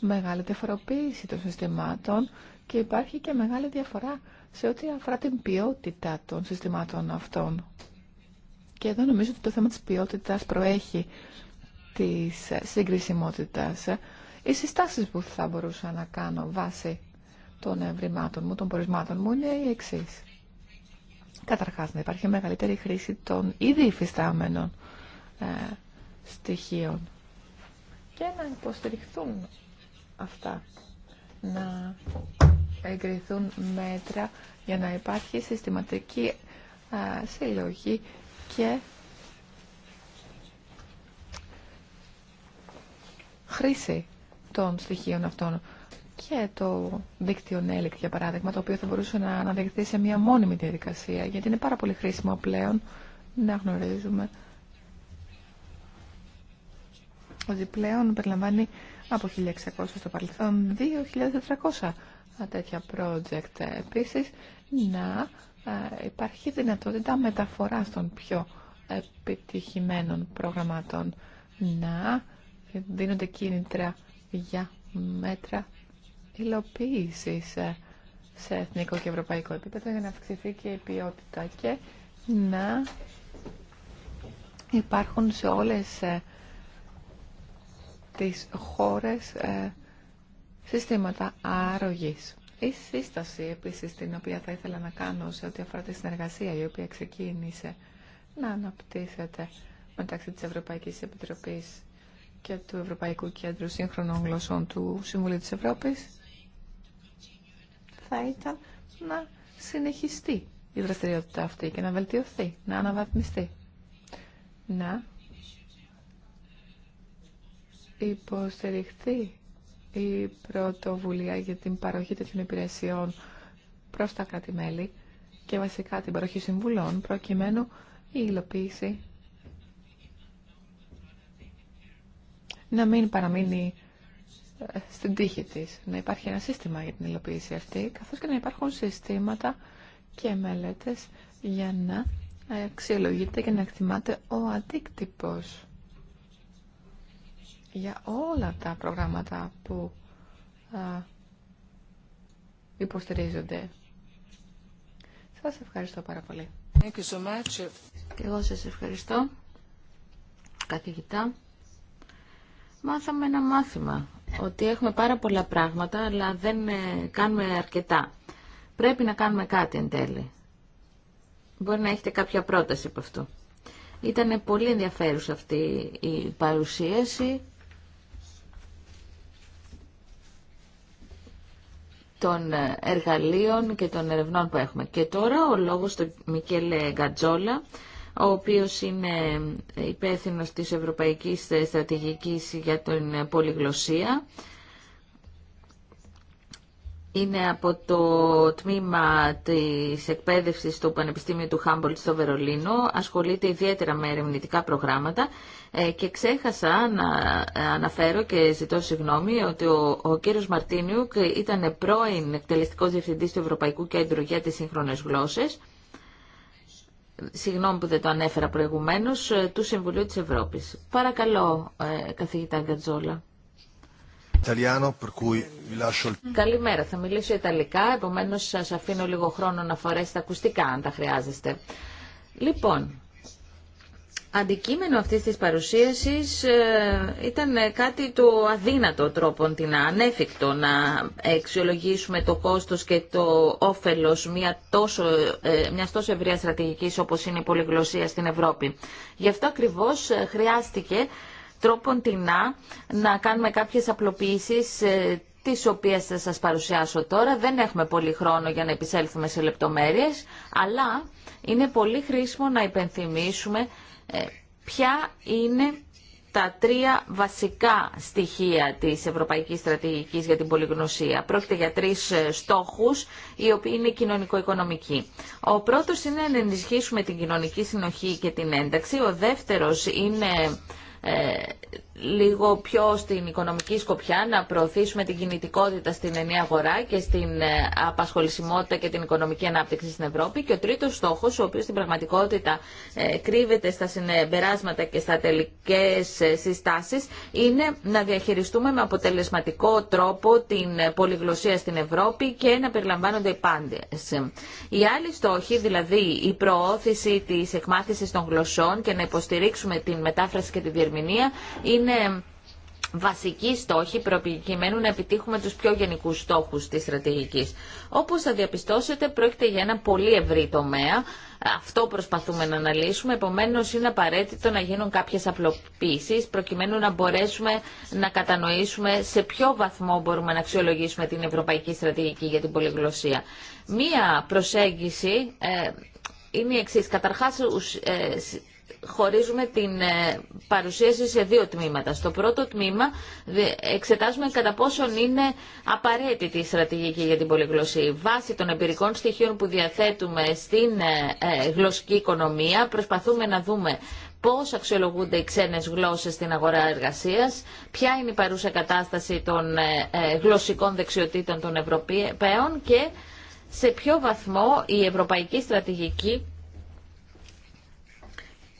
μεγάλη διαφοροποίηση των συστημάτων και υπάρχει και μεγάλη διαφορά σε ό,τι αφορά την ποιότητα των συστημάτων αυτών. Και εδώ νομίζω ότι το θέμα της ποιότητας προέχει της συγκρισιμότητας. Οι συστάσεις που θα μπορούσα να κάνω βάσει των ευρημάτων μου, των πορισμάτων μου, είναι οι εξή. Καταρχάς, να υπάρχει μεγαλύτερη χρήση των ήδη υφιστάμενων ε, στοιχείων και να υποστηριχθούν αυτά. Να εγκριθούν μέτρα για να υπάρχει συστηματική συλλογή και χρήση των στοιχείων αυτών και το δίκτυο NELIC για παράδειγμα, το οποίο θα μπορούσε να αναδειχθεί σε μια μόνιμη διαδικασία, γιατί είναι πάρα πολύ χρήσιμο πλέον να γνωρίζουμε ότι πλέον περιλαμβάνει από 1600 στο παρελθόν 2400 τέτοια project. Επίσης, να ε, υπάρχει δυνατότητα μεταφορά των πιο επιτυχημένων προγραμμάτων, να δίνονται κίνητρα για μέτρα υλοποίησης ε, σε εθνικό και ευρωπαϊκό επίπεδο για να αυξηθεί και η ποιότητα και να υπάρχουν σε όλες ε, τις χώρες συστήματα αρρωγής. Η σύσταση επίση την οποία θα ήθελα να κάνω σε ό,τι αφορά τη συνεργασία η οποία ξεκίνησε να αναπτύσσεται μεταξύ της Ευρωπαϊκής Επιτροπής και του Ευρωπαϊκού Κέντρου Σύγχρονων Γλωσσών του Συμβουλίου της Ευρώπης θα ήταν να συνεχιστεί η δραστηριότητα αυτή και να βελτιωθεί, να αναβαθμιστεί. Να υποστηριχθεί η πρωτοβουλία για την παροχή τέτοιων υπηρεσιών προς τα κράτη-μέλη και βασικά την παροχή συμβουλών προκειμένου η υλοποίηση να μην παραμείνει ε, στην τύχη της, να υπάρχει ένα σύστημα για την υλοποίηση αυτή, καθώς και να υπάρχουν συστήματα και μελέτες για να αξιολογείται και να εκτιμάται ο αντίκτυπος για όλα τα προγράμματα που α, υποστηρίζονται. Σας ευχαριστώ πάρα πολύ. Thank you so much. Και εγώ σας ευχαριστώ. Καθηγητά, μάθαμε ένα μάθημα ότι έχουμε πάρα πολλά πράγματα, αλλά δεν ε, κάνουμε αρκετά. Πρέπει να κάνουμε κάτι εν τέλει. Μπορεί να έχετε κάποια πρόταση από αυτό. Ήταν πολύ ενδιαφέρουσα αυτή η παρουσίαση. των εργαλείων και των ερευνών που έχουμε. Και τώρα ο λόγος του Μικέλε Γκατζόλα, ο οποίος είναι υπεύθυνος της Ευρωπαϊκής Στρατηγικής για την Πολυγλωσία είναι από το τμήμα της εκπαίδευσης του Πανεπιστήμιου του Χάμπολτ στο Βερολίνο. Ασχολείται ιδιαίτερα με ερευνητικά προγράμματα ε, και ξέχασα να αναφέρω και ζητώ συγγνώμη ότι ο, ο κύριος Μαρτίνιουκ ήταν πρώην εκτελεστικός διευθυντής του Ευρωπαϊκού Κέντρου για τις Σύγχρονες Γλώσσες. Συγγνώμη που δεν το ανέφερα προηγουμένως, ε, του Συμβουλίου της Ευρώπης. Παρακαλώ, ε, καθηγητά Γκατζόλα. Καλημέρα, θα μιλήσω Ιταλικά, επομένως σας αφήνω λίγο χρόνο να φορέσετε ακουστικά αν τα χρειάζεστε. Λοιπόν, αντικείμενο αυτής της παρουσίασης ε, ήταν κάτι το αδύνατο τρόπον την ανέφικτο να αξιολογήσουμε το κόστος και το όφελος μια τόσο, ε, μιας τόσο ευρείας στρατηγικής όπως είναι η πολυγλωσία στην Ευρώπη. Γι' αυτό ακριβώς ε, χρειάστηκε τρόπον την να κάνουμε κάποιες απλοποιήσεις ε, τις οποίες θα σας παρουσιάσω τώρα. Δεν έχουμε πολύ χρόνο για να επισέλθουμε σε λεπτομέρειες, αλλά είναι πολύ χρήσιμο να υπενθυμίσουμε ε, ποια είναι τα τρία βασικά στοιχεία της Ευρωπαϊκής Στρατηγικής για την Πολυγνωσία. Πρόκειται για τρεις ε, στόχους, οι οποίοι είναι κοινωνικο-οικονομικοί. Ο πρώτος είναι να ενισχύσουμε την κοινωνική συνοχή και την ένταξη. Ο δεύτερος είναι ε λίγο πιο στην οικονομική σκοπιά, να προωθήσουμε την κινητικότητα στην ενιαία αγορά και στην ε, απασχολησιμότητα και την οικονομική ανάπτυξη στην Ευρώπη. Και ο τρίτος στόχος, ο οποίος στην πραγματικότητα ε, κρύβεται στα συμπεράσματα και στα τελικές ε, συστάσεις, είναι να διαχειριστούμε με αποτελεσματικό τρόπο την πολυγλωσία στην Ευρώπη και να περιλαμβάνονται οι πάντες. Οι άλλοι στόχοι, δηλαδή η προώθηση της εκμάθησης των γλωσσών και να υποστηρίξουμε την μετάφραση και τη διερμηνία, είναι βασικοί στόχοι προκειμένου να επιτύχουμε τους πιο γενικούς στόχους της στρατηγικής. Όπως θα διαπιστώσετε πρόκειται για ένα πολύ ευρύ τομέα. Αυτό προσπαθούμε να αναλύσουμε. Επομένως είναι απαραίτητο να γίνουν κάποιες απλοποίησεις προκειμένου να μπορέσουμε να κατανοήσουμε σε ποιο βαθμό μπορούμε να αξιολογήσουμε την Ευρωπαϊκή Στρατηγική για την Πολυγλωσία. Μία προσέγγιση... Ε, είναι η εξή. Καταρχά, ε, χωρίζουμε την ε, παρουσίαση σε δύο τμήματα. Στο πρώτο τμήμα εξετάζουμε κατά πόσον είναι απαραίτητη η στρατηγική για την πολυγλωσία. Βάσει των εμπειρικών στοιχείων που διαθέτουμε στην ε, ε, γλωσσική οικονομία προσπαθούμε να δούμε πώς αξιολογούνται οι ξένες γλώσσες στην αγορά εργασίας, ποια είναι η παρούσα κατάσταση των γλωσσικών δεξιοτήτων των Ευρωπαίων και σε ποιο βαθμό η ευρωπαϊκή στρατηγική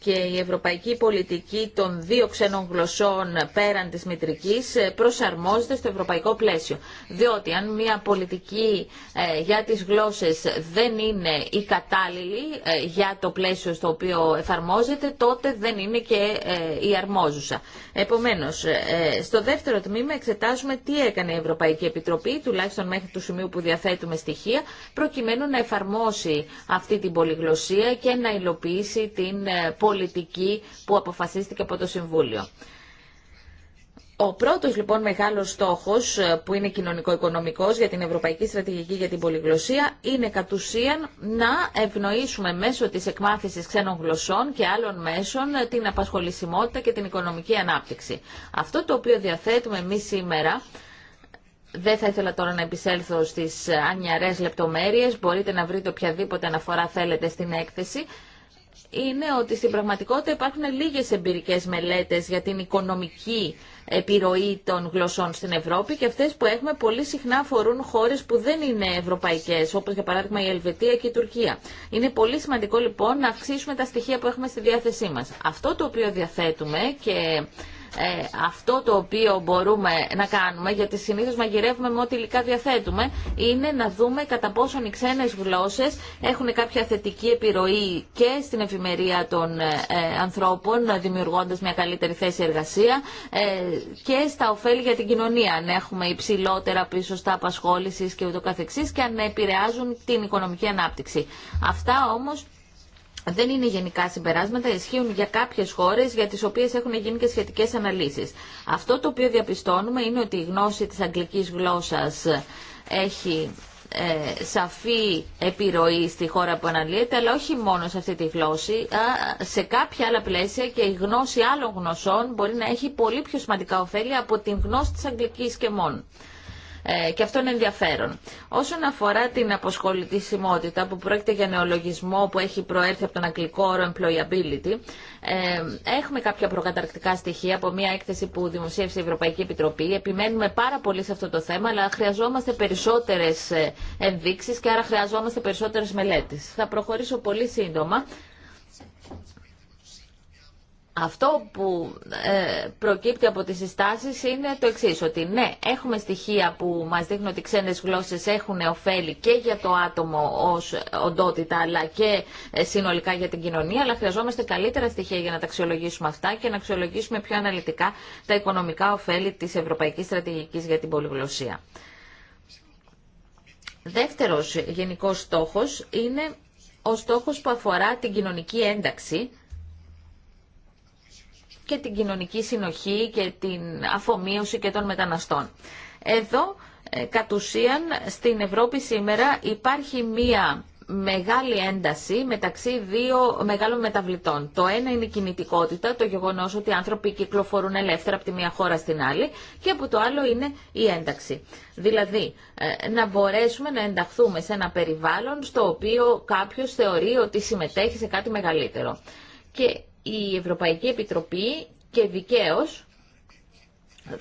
και η ευρωπαϊκή πολιτική των δύο ξένων γλωσσών πέραν της μητρικής προσαρμόζεται στο ευρωπαϊκό πλαίσιο. Διότι αν μια πολιτική ε, για τις γλώσσες δεν είναι η κατάλληλη ε, για το πλαίσιο στο οποίο εφαρμόζεται, τότε δεν είναι και ε, η αρμόζουσα. Επομένως, στο δεύτερο τμήμα εξετάζουμε τι έκανε η Ευρωπαϊκή Επιτροπή, τουλάχιστον μέχρι του σημείου που διαθέτουμε στοιχεία, προκειμένου να εφαρμόσει αυτή την πολυγλωσία και να υλοποιήσει την πολιτική πολιτική που αποφασίστηκε από το Συμβούλιο. Ο πρώτο λοιπόν μεγάλο στόχο ε, που είναι οικονομικό για την Ευρωπαϊκή Στρατηγική για την Πολυγλωσία είναι κατ' ουσίαν να ευνοήσουμε μέσω τη εκμάθηση ξένων γλωσσών και άλλων μέσων ε, την απασχολησιμότητα και την οικονομική ανάπτυξη. Αυτό το οποίο διαθέτουμε εμεί σήμερα δεν θα ήθελα τώρα να επισέλθω στις ε, ανιαρές λεπτομέρειες, μπορείτε να βρείτε οποιαδήποτε αναφορά θέλετε στην έκθεση είναι ότι στην πραγματικότητα υπάρχουν λίγες εμπειρικές μελέτες για την οικονομική επιρροή των γλωσσών στην Ευρώπη και αυτές που έχουμε πολύ συχνά αφορούν χώρες που δεν είναι ευρωπαϊκές, όπως για παράδειγμα η Ελβετία και η Τουρκία. Είναι πολύ σημαντικό λοιπόν να αυξήσουμε τα στοιχεία που έχουμε στη διάθεσή μας. Αυτό το οποίο διαθέτουμε και ε, αυτό το οποίο μπορούμε να κάνουμε, γιατί συνήθως μαγειρεύουμε με ό,τι υλικά διαθέτουμε, είναι να δούμε κατά πόσον οι ξένες γλώσσε έχουν κάποια θετική επιρροή και στην εφημερία των ε, ε, ανθρώπων, δημιουργώντας μια καλύτερη θέση εργασία ε, και στα ωφέλη για την κοινωνία, αν έχουμε υψηλότερα στα απασχόληση και ούτω καθεξής και αν επηρεάζουν την οικονομική ανάπτυξη. Αυτά όμω δεν είναι γενικά συμπεράσματα, ισχύουν για κάποιες χώρες για τις οποίες έχουν γίνει και σχετικές αναλύσεις. Αυτό το οποίο διαπιστώνουμε είναι ότι η γνώση της αγγλικής γλώσσας έχει ε, σαφή επιρροή στη χώρα που αναλύεται, αλλά όχι μόνο σε αυτή τη γλώσσα. Σε κάποια άλλα πλαίσια και η γνώση άλλων γνωσών μπορεί να έχει πολύ πιο σημαντικά ωφέλη από την γνώση της αγγλικής και μόνο. Ε, και αυτό είναι ενδιαφέρον. Όσον αφορά την αποσχολητισιμότητα που πρόκειται για νεολογισμό που έχει προέρθει από τον αγγλικό όρο employability, ε, έχουμε κάποια προκαταρκτικά στοιχεία από μια έκθεση που δημοσίευσε η Ευρωπαϊκή Επιτροπή. Επιμένουμε πάρα πολύ σε αυτό το θέμα, αλλά χρειαζόμαστε περισσότερε ε, ενδείξει και άρα χρειαζόμαστε περισσότερε μελέτε. Θα προχωρήσω πολύ σύντομα αυτό που ε, προκύπτει από τις συστάσεις είναι το εξής, ότι ναι, έχουμε στοιχεία που μας δείχνουν ότι ξένες γλώσσες έχουν ωφέλη και για το άτομο ως οντότητα, αλλά και ε, συνολικά για την κοινωνία, αλλά χρειαζόμαστε καλύτερα στοιχεία για να τα αξιολογήσουμε αυτά και να αξιολογήσουμε πιο αναλυτικά τα οικονομικά ωφέλη της Ευρωπαϊκής Στρατηγικής για την Πολυγλωσία. Δεύτερος γενικός στόχος είναι ο στόχος που αφορά την κοινωνική ένταξη, και την κοινωνική συνοχή και την αφομοίωση και των μεταναστών. Εδώ, ε, κατ' ουσίαν, στην Ευρώπη σήμερα υπάρχει μία μεγάλη ένταση μεταξύ δύο μεγάλων μεταβλητών. Το ένα είναι η κινητικότητα, το γεγονός ότι οι άνθρωποι κυκλοφορούν ελεύθερα από τη μία χώρα στην άλλη και από το άλλο είναι η ένταξη. Δηλαδή, ε, να μπορέσουμε να ενταχθούμε σε ένα περιβάλλον στο οποίο κάποιος θεωρεί ότι συμμετέχει σε κάτι μεγαλύτερο. Και η Ευρωπαϊκή Επιτροπή και δικαίως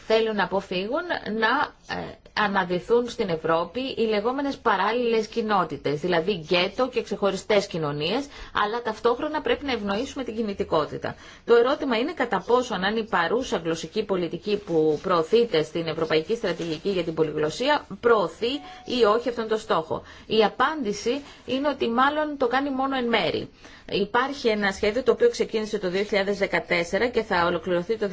θέλουν να αποφύγουν να ε, αναδυθούν στην Ευρώπη οι λεγόμενες παράλληλες κοινότητες, δηλαδή γκέτο και ξεχωριστές κοινωνίες, αλλά ταυτόχρονα πρέπει να ευνοήσουμε την κινητικότητα. Το ερώτημα είναι κατά πόσο αν η παρούσα γλωσσική πολιτική που προωθείται στην Ευρωπαϊκή Στρατηγική για την Πολυγλωσσία προωθεί ή όχι αυτόν τον στόχο. Η απάντηση είναι ότι μάλλον το κάνει μόνο εν μέρη. Υπάρχει ένα σχέδιο το οποίο ξεκίνησε το 2014 και θα ολοκληρωθεί το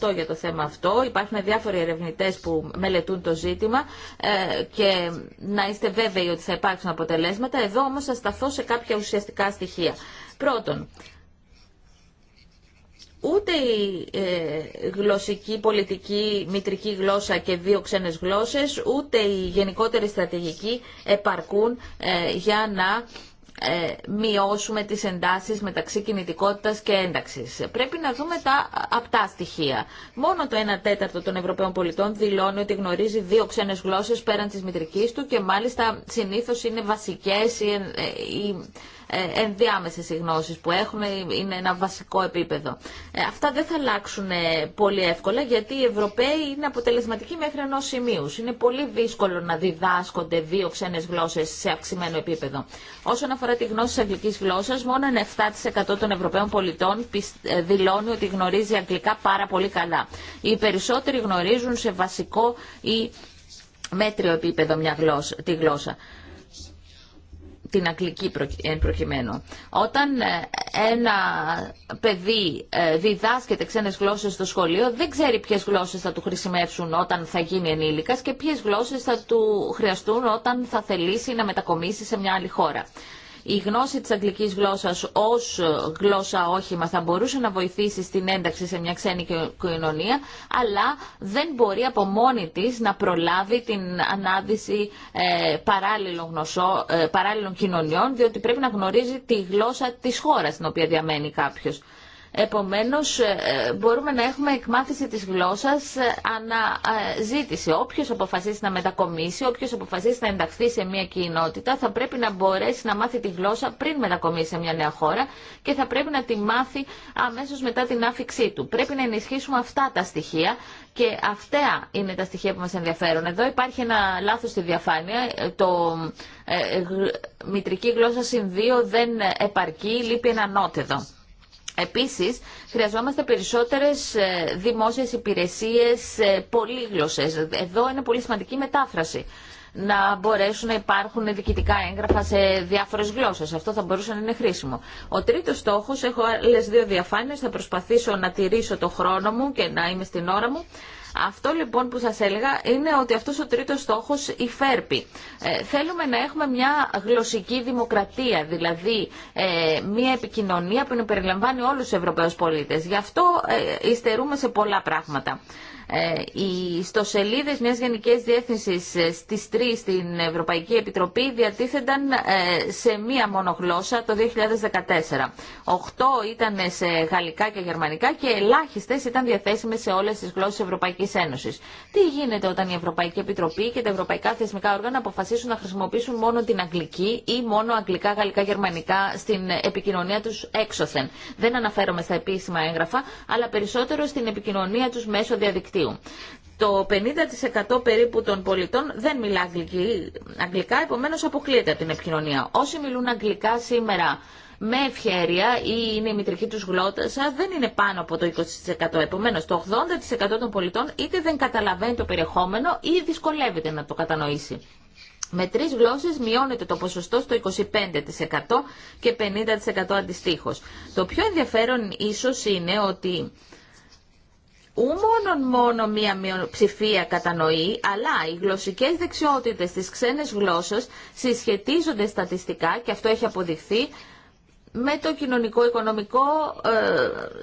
2018 για το θέμα αυτό. Υπάρχουν διάφοροι ερευνητέ που μελετούν το ζήτημα ε, και να είστε βέβαιοι ότι θα υπάρξουν αποτελέσματα. Εδώ όμω θα σταθώ σε κάποια ουσιαστικά στοιχεία. Πρώτον, ούτε η ε, γλωσσική, πολιτική, μητρική γλώσσα και δύο ξένες γλώσσες, ούτε η γενικότερη στρατηγική επαρκούν ε, για να ε, μειώσουμε τις εντάσεις μεταξύ κινητικότητας και ένταξης. Πρέπει να δούμε τα απτά στοιχεία. Μόνο το 1 τέταρτο των Ευρωπαίων πολιτών δηλώνει ότι γνωρίζει δύο ξένες γλώσσες πέραν της μητρικής του και μάλιστα συνήθως είναι βασικές ή ε, ε, ενδιάμεσες οι γνώσεις που έχουμε. είναι ένα βασικό επίπεδο. Αυτά δεν θα αλλάξουν πολύ εύκολα γιατί οι Ευρωπαίοι είναι αποτελεσματικοί μέχρι ενό σημείου. Είναι πολύ δύσκολο να διδάσκονται δύο ξένες γλώσσες σε αυξημένο επίπεδο. Όσον αφορά αφορά τη γνώση τη αγγλικής γλώσσα μόνο ένα 7% των Ευρωπαίων πολιτών ε, δηλώνει ότι γνωρίζει αγγλικά πάρα πολύ καλά. Οι περισσότεροι γνωρίζουν σε βασικό ή μέτριο επίπεδο μια γλώσσα, τη γλώσσα την αγγλική ε, προκειμένου. Όταν ε, ένα παιδί διδάσκεται ξένε γλώσσε στο σχολείο, δεν ξέρει ποιε γλώσσε θα του χρησιμεύσουν όταν θα γίνει ενήλικα και ποιε γλώσσε θα του χρειαστούν όταν θα θελήσει να μετακομίσει σε μια άλλη χώρα η γνώση της αγγλικής γλώσσας ως γλώσσα όχημα θα μπορούσε να βοηθήσει στην ένταξη σε μια ξένη κοινωνία, αλλά δεν μπορεί από μόνη της να προλάβει την ανάδυση ε, παράλληλων, γνωσό, ε, παράλληλων κοινωνιών, διότι πρέπει να γνωρίζει τη γλώσσα της χώρας στην οποία διαμένει κάποιος. Επομένως, ε, μπορούμε να έχουμε εκμάθηση της γλώσσας ε, αναζήτηση. Ε, όποιος αποφασίσει να μετακομίσει, όποιος αποφασίσει να ενταχθεί σε μια κοινότητα, θα πρέπει να μπορέσει να μάθει τη γλώσσα πριν μετακομίσει σε μια νέα χώρα και θα πρέπει να τη μάθει αμέσως μετά την άφηξή του. Πρέπει να ενισχύσουμε αυτά τα στοιχεία και αυτά είναι τα στοιχεία που μας ενδιαφέρουν. Εδώ υπάρχει ένα λάθος στη διαφάνεια. Το ε, μητρική γλώσσα συν δύο δεν επαρκεί, λείπει ένα νότεδο. Επίσης, χρειαζόμαστε περισσότερες ε, δημόσιες υπηρεσίες ε, πολύγλωσσες. Εδώ είναι πολύ σημαντική μετάφραση να μπορέσουν να υπάρχουν διοικητικά έγγραφα σε διάφορε γλώσσε. Αυτό θα μπορούσε να είναι χρήσιμο. Ο τρίτο στόχο, έχω άλλε δύο διαφάνειε, θα προσπαθήσω να τηρήσω το χρόνο μου και να είμαι στην ώρα μου. Αυτό λοιπόν που σας έλεγα είναι ότι αυτός ο τρίτος στόχος υφέρπει. θέλουμε να έχουμε μια γλωσσική δημοκρατία, δηλαδή ε, μια επικοινωνία που να περιλαμβάνει όλους τους Ευρωπαίους πολίτες. Γι' αυτό ε, σε πολλά πράγματα. Ε, οι στοσελίδε μια γενική διεύθυνση ε, στι 3 στην Ευρωπαϊκή Επιτροπή διατίθενταν ε, σε μία μόνο γλώσσα το 2014. Οχτώ ήταν σε γαλλικά και γερμανικά και ελάχιστε ήταν διαθέσιμε σε όλες τις γλώσσες Ευρωπαϊκή Ένωση. Τι γίνεται όταν η Ευρωπαϊκή Επιτροπή και τα ευρωπαϊκά θεσμικά όργανα αποφασίσουν να χρησιμοποιήσουν μόνο την αγγλική ή μόνο αγγλικά, γαλλικά, γερμανικά στην επικοινωνία του έξωθεν. Δεν αναφέρομαι στα επίσημα έγγραφα, αλλά περισσότερο στην επικοινωνία του μέσω διαδικτύου το 50% περίπου των πολιτών δεν μιλά αγγλικά, επομένως αποκλείεται από την επικοινωνία. Όσοι μιλούν αγγλικά σήμερα με ευχέρεια ή είναι η μητρική τους γλώσσα δεν είναι πάνω από το 20%. Επομένως το 80% των πολιτών είτε δεν καταλαβαίνει το περιεχόμενο ή δυσκολεύεται να το κατανοήσει. Με τρεις γλώσσες μειώνεται το ποσοστό στο 25% και 50% αντιστοίχως. Το πιο ενδιαφέρον ίσως είναι ότι μόνον μόνο μία μειοψηφία κατανοεί, αλλά οι γλωσσικές δεξιότητες της ξένες γλώσσας συσχετίζονται στατιστικά και αυτό έχει αποδειχθεί με το κοινωνικό-οικονομικό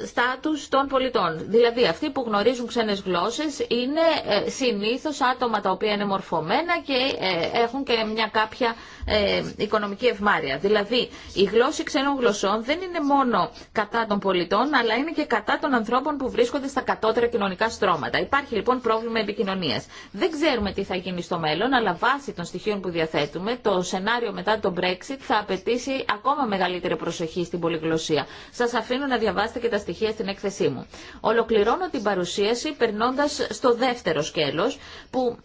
ε, στάτους των πολιτών. Δηλαδή, αυτοί που γνωρίζουν ξένες γλώσσες είναι ε, συνήθως άτομα τα οποία είναι μορφωμένα και ε, έχουν και μια κάποια ε, οικονομική ευμάρεια. Δηλαδή, η γλώσσα ξένων γλωσσών δεν είναι μόνο κατά των πολιτών, αλλά είναι και κατά των ανθρώπων που βρίσκονται στα κατώτερα κοινωνικά στρώματα. Υπάρχει λοιπόν πρόβλημα επικοινωνίας. Δεν ξέρουμε τι θα γίνει στο μέλλον, αλλά βάσει των στοιχείων που διαθέτουμε, το σενάριο μετά τον Brexit θα απαιτήσει ακόμα μεγαλύτερη προσοχή προσοχή στην πολυγλωσία. Σας αφήνω να διαβάσετε και τα στοιχεία στην έκθεσή μου. Ολοκληρώνω την παρουσίαση περνώντα στο δεύτερο σκέλος που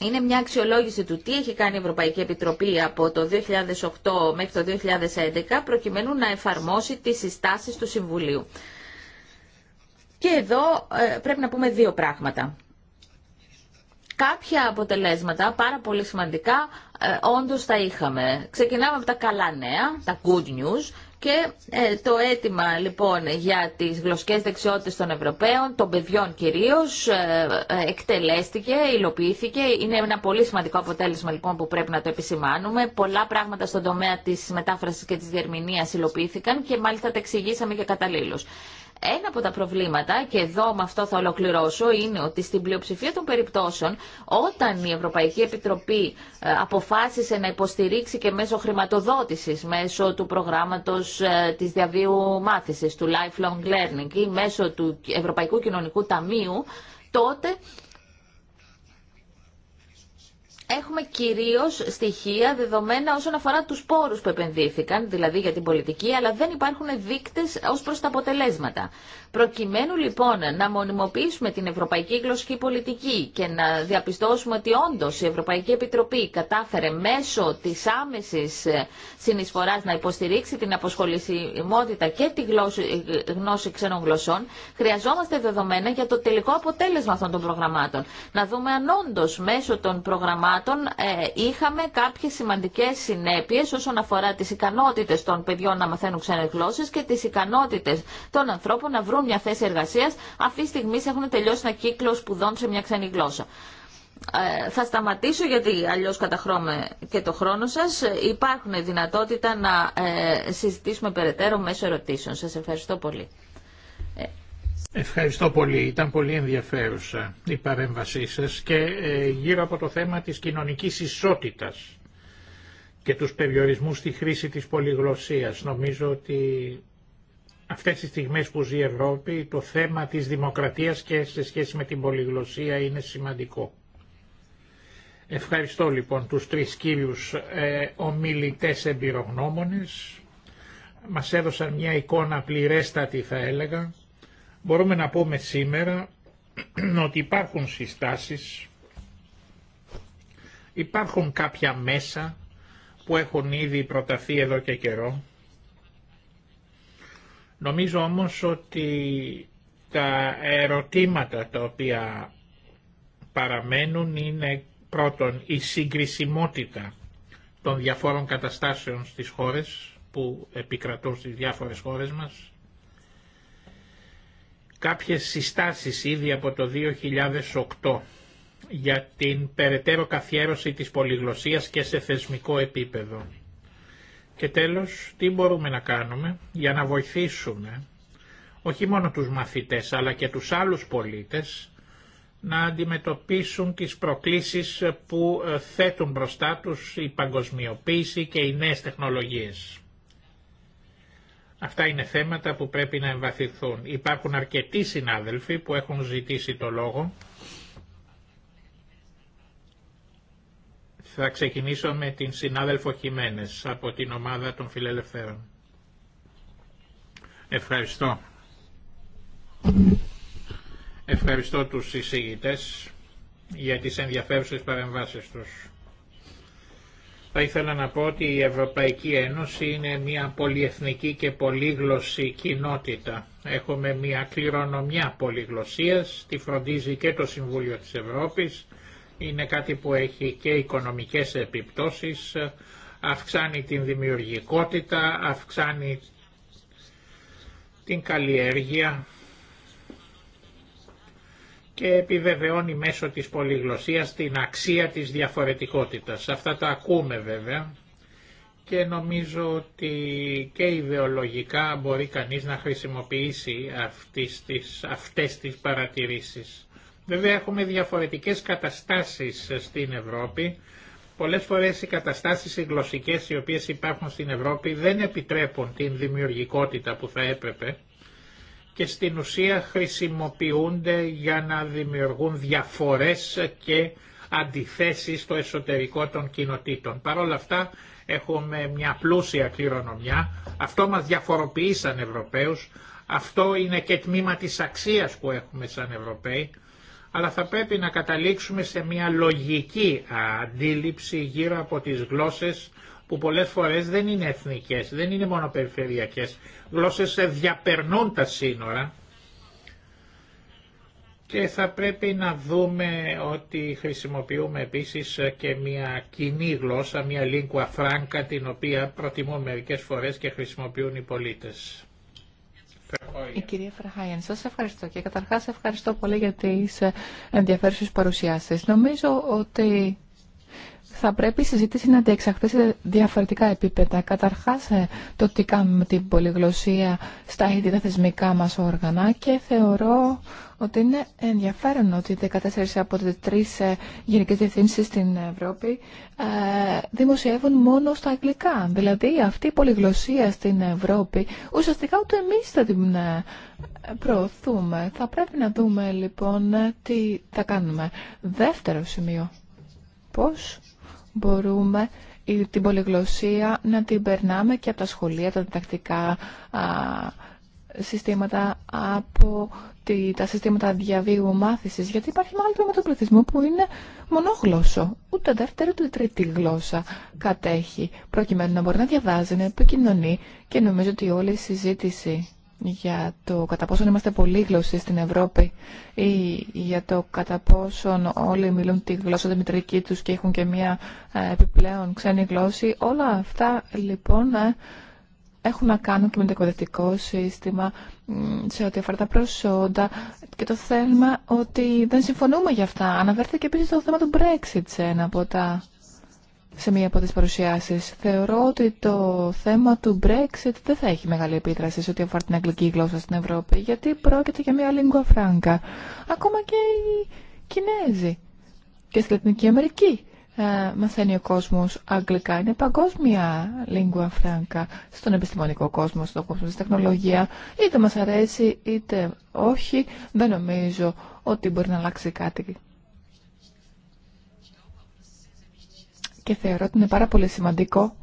είναι μια αξιολόγηση του τι έχει κάνει η Ευρωπαϊκή Επιτροπή από το 2008 μέχρι το 2011 προκειμένου να εφαρμόσει τις συστάσεις του Συμβουλίου. Και εδώ ε, πρέπει να πούμε δύο πράγματα. Κάποια αποτελέσματα πάρα πολύ σημαντικά ε, όντως τα είχαμε. Ξεκινάμε από τα καλά νέα, τα good news και ε, το αίτημα λοιπόν για τις γλωσσικές δεξιότητες των Ευρωπαίων, των παιδιών κυρίως, ε, ε, εκτελέστηκε, υλοποιήθηκε. Είναι ένα πολύ σημαντικό αποτέλεσμα λοιπόν που πρέπει να το επισημάνουμε. Πολλά πράγματα στον τομέα της μετάφρασης και της διερμηνίας υλοποιήθηκαν και μάλιστα τα εξηγήσαμε και καταλήλως. Ένα από τα προβλήματα, και εδώ με αυτό θα ολοκληρώσω, είναι ότι στην πλειοψηφία των περιπτώσεων, όταν η Ευρωπαϊκή Επιτροπή ε, αποφάσισε να υποστηρίξει και μέσω χρηματοδότησης, μέσω του προγράμματος ε, της διαβίου μάθησης, του lifelong learning ή μέσω του Ευρωπαϊκού Κοινωνικού Ταμείου, τότε έχουμε κυρίω στοιχεία δεδομένα όσον αφορά του πόρου που επενδύθηκαν, δηλαδή για την πολιτική, αλλά δεν υπάρχουν δείκτε ω προ τα αποτελέσματα. Προκειμένου λοιπόν να μονιμοποιήσουμε την Ευρωπαϊκή Γλωσσική Πολιτική και να διαπιστώσουμε ότι όντω η Ευρωπαϊκή Επιτροπή κατάφερε μέσω τη άμεση συνεισφορά να υποστηρίξει την αποσχολησιμότητα και τη γνώση ξένων γλωσσών, χρειαζόμαστε δεδομένα για το τελικό αποτέλεσμα αυτών των προγραμμάτων. Να δούμε αν όντω μέσω των προγραμμάτων ε, είχαμε κάποιες σημαντικές συνέπειες όσον αφορά τις ικανότητες των παιδιών να μαθαίνουν ξένες γλώσσες και τις ικανότητες των ανθρώπων να βρουν μια θέση εργασίας αυτή τη στιγμή έχουν τελειώσει ένα κύκλο σπουδών σε μια ξένη γλώσσα. Ε, θα σταματήσω γιατί αλλιώς καταχρώμε και το χρόνο σας. Υπάρχουν δυνατότητα να ε, συζητήσουμε περαιτέρω μέσω ερωτήσεων. Σας ευχαριστώ πολύ. Ε, Ευχαριστώ πολύ. Ήταν πολύ ενδιαφέρουσα η παρέμβασή σας και ε, γύρω από το θέμα της κοινωνικής ισότητας και τους περιορισμούς στη χρήση της πολυγλωσσίας. Νομίζω ότι αυτές τις στιγμές που ζει η Ευρώπη το θέμα της δημοκρατίας και σε σχέση με την πολυγλωσσία είναι σημαντικό. Ευχαριστώ λοιπόν τους τρεις κύριους ε, ομιλητές εμπειρογνώμονες. Μας έδωσαν μια εικόνα πληρέστατη θα έλεγα Μπορούμε να πούμε σήμερα ότι υπάρχουν συστάσεις, υπάρχουν κάποια μέσα που έχουν ήδη προταθεί εδώ και καιρό. Νομίζω όμως ότι τα ερωτήματα τα οποία παραμένουν είναι πρώτον η συγκρισιμότητα των διαφόρων καταστάσεων στις χώρες που επικρατούν στις διάφορες χώρες μας κάποιες συστάσεις ήδη από το 2008 για την περαιτέρω καθιέρωση της πολυγλωσσίας και σε θεσμικό επίπεδο. Και τέλος, τι μπορούμε να κάνουμε για να βοηθήσουμε όχι μόνο τους μαθητές αλλά και τους άλλους πολίτες να αντιμετωπίσουν τις προκλήσεις που ε, θέτουν μπροστά τους η παγκοσμιοποίηση και οι νέες τεχνολογίες. Αυτά είναι θέματα που πρέπει να εμβαθυνθούν. Υπάρχουν αρκετοί συνάδελφοι που έχουν ζητήσει το λόγο. Θα ξεκινήσω με την συνάδελφο Χιμένες από την ομάδα των φιλελευθέρων. Ευχαριστώ. Ευχαριστώ τους συζήτητες για τις ενδιαφέρουσες παρεμβάσεις τους. Θα ήθελα να πω ότι η Ευρωπαϊκή Ένωση είναι μια πολυεθνική και πολύγλωση κοινότητα. Έχουμε μια κληρονομιά πολυγλωσσίας, τη φροντίζει και το Συμβούλιο της Ευρώπης. Είναι κάτι που έχει και οικονομικές επιπτώσεις, αυξάνει την δημιουργικότητα, αυξάνει την καλλιέργεια και επιβεβαιώνει μέσω της πολυγλωσσίας την αξία της διαφορετικότητας. Αυτά τα ακούμε βέβαια και νομίζω ότι και ιδεολογικά μπορεί κανείς να χρησιμοποιήσει αυτές τις, αυτές τις παρατηρήσεις. Βέβαια έχουμε διαφορετικές καταστάσεις στην Ευρώπη. Πολλές φορές οι καταστάσεις οι γλωσσικές οι οποίες υπάρχουν στην Ευρώπη δεν επιτρέπουν την δημιουργικότητα που θα έπρεπε και στην ουσία χρησιμοποιούνται για να δημιουργούν διαφορές και αντιθέσεις στο εσωτερικό των κοινοτήτων. Παρ' όλα αυτά έχουμε μια πλούσια κληρονομιά, αυτό μας διαφοροποιεί σαν Ευρωπαίους, αυτό είναι και τμήμα της αξίας που έχουμε σαν Ευρωπαίοι, αλλά θα πρέπει να καταλήξουμε σε μια λογική αντίληψη γύρω από τις γλώσσες που πολλές φορές δεν είναι εθνικές, δεν είναι μόνο περιφερειακές. Γλώσσες διαπερνούν τα σύνορα και θα πρέπει να δούμε ότι χρησιμοποιούμε επίσης και μια κοινή γλώσσα, μια lingua franca, την οποία προτιμούν μερικές φορές και χρησιμοποιούν οι πολίτες. Η κυρία Φραχάιεν, σας ευχαριστώ και καταρχάς ευχαριστώ πολύ για τις ενδιαφέρουσες παρουσιάσεις. Νομίζω ότι θα πρέπει η συζήτηση να διεξαχθεί σε διαφορετικά επίπεδα. Καταρχάς, ε, το τι κάνουμε με την πολυγλωσία στα ίδια θεσμικά μα όργανα και θεωρώ ότι είναι ενδιαφέρον ότι 14 από τις 3 ε, γενικέ διευθύνσει στην Ευρώπη ε, δημοσιεύουν μόνο στα αγγλικά. Δηλαδή, αυτή η πολυγλωσία στην Ευρώπη ουσιαστικά ούτε εμεί θα την προωθούμε. Θα πρέπει να δούμε λοιπόν τι θα κάνουμε. Δεύτερο σημείο. Πώς μπορούμε την πολυγλωσία να την περνάμε και από τα σχολεία, τα διδακτικά συστήματα, από τα συστήματα διαβίου μάθησης, γιατί υπάρχει μεγάλο το του πληθυσμό που είναι μονόγλωσσο. Ούτε δεύτερη, ούτε τρίτη γλώσσα κατέχει, προκειμένου να μπορεί να διαβάζει, να επικοινωνεί και νομίζω ότι όλη η συζήτηση για το κατά πόσον είμαστε πολύγλωσσοι στην Ευρώπη ή για το κατά πόσον όλοι μιλούν τη γλώσσα τη μητρική τους και έχουν και μία ε, επιπλέον ξένη γλώσσα. Όλα αυτά λοιπόν ε, έχουν να κάνουν και με το εκπαιδευτικό σύστημα σε ό,τι αφορά τα προσόντα και το θέμα ότι δεν συμφωνούμε για αυτά. Αναφέρθηκε επίσης το θέμα του Brexit σε ένα από τα σε μία από τις παρουσιάσεις. Θεωρώ ότι το θέμα του Brexit δεν θα έχει μεγάλη επίδραση σε ό,τι αφορά την αγγλική γλώσσα στην Ευρώπη, γιατί πρόκειται για μία lingua franca. Ακόμα και οι Κινέζοι και στη Λατινική Αμερική ε, μαθαίνει ο κόσμος αγγλικά. Είναι παγκόσμια lingua franca στον επιστημονικό κόσμο, στον κόσμο της τεχνολογία. Είτε μας αρέσει είτε όχι, δεν νομίζω ότι μπορεί να αλλάξει κάτι και θεωρώ ότι είναι πάρα πολύ σημαντικό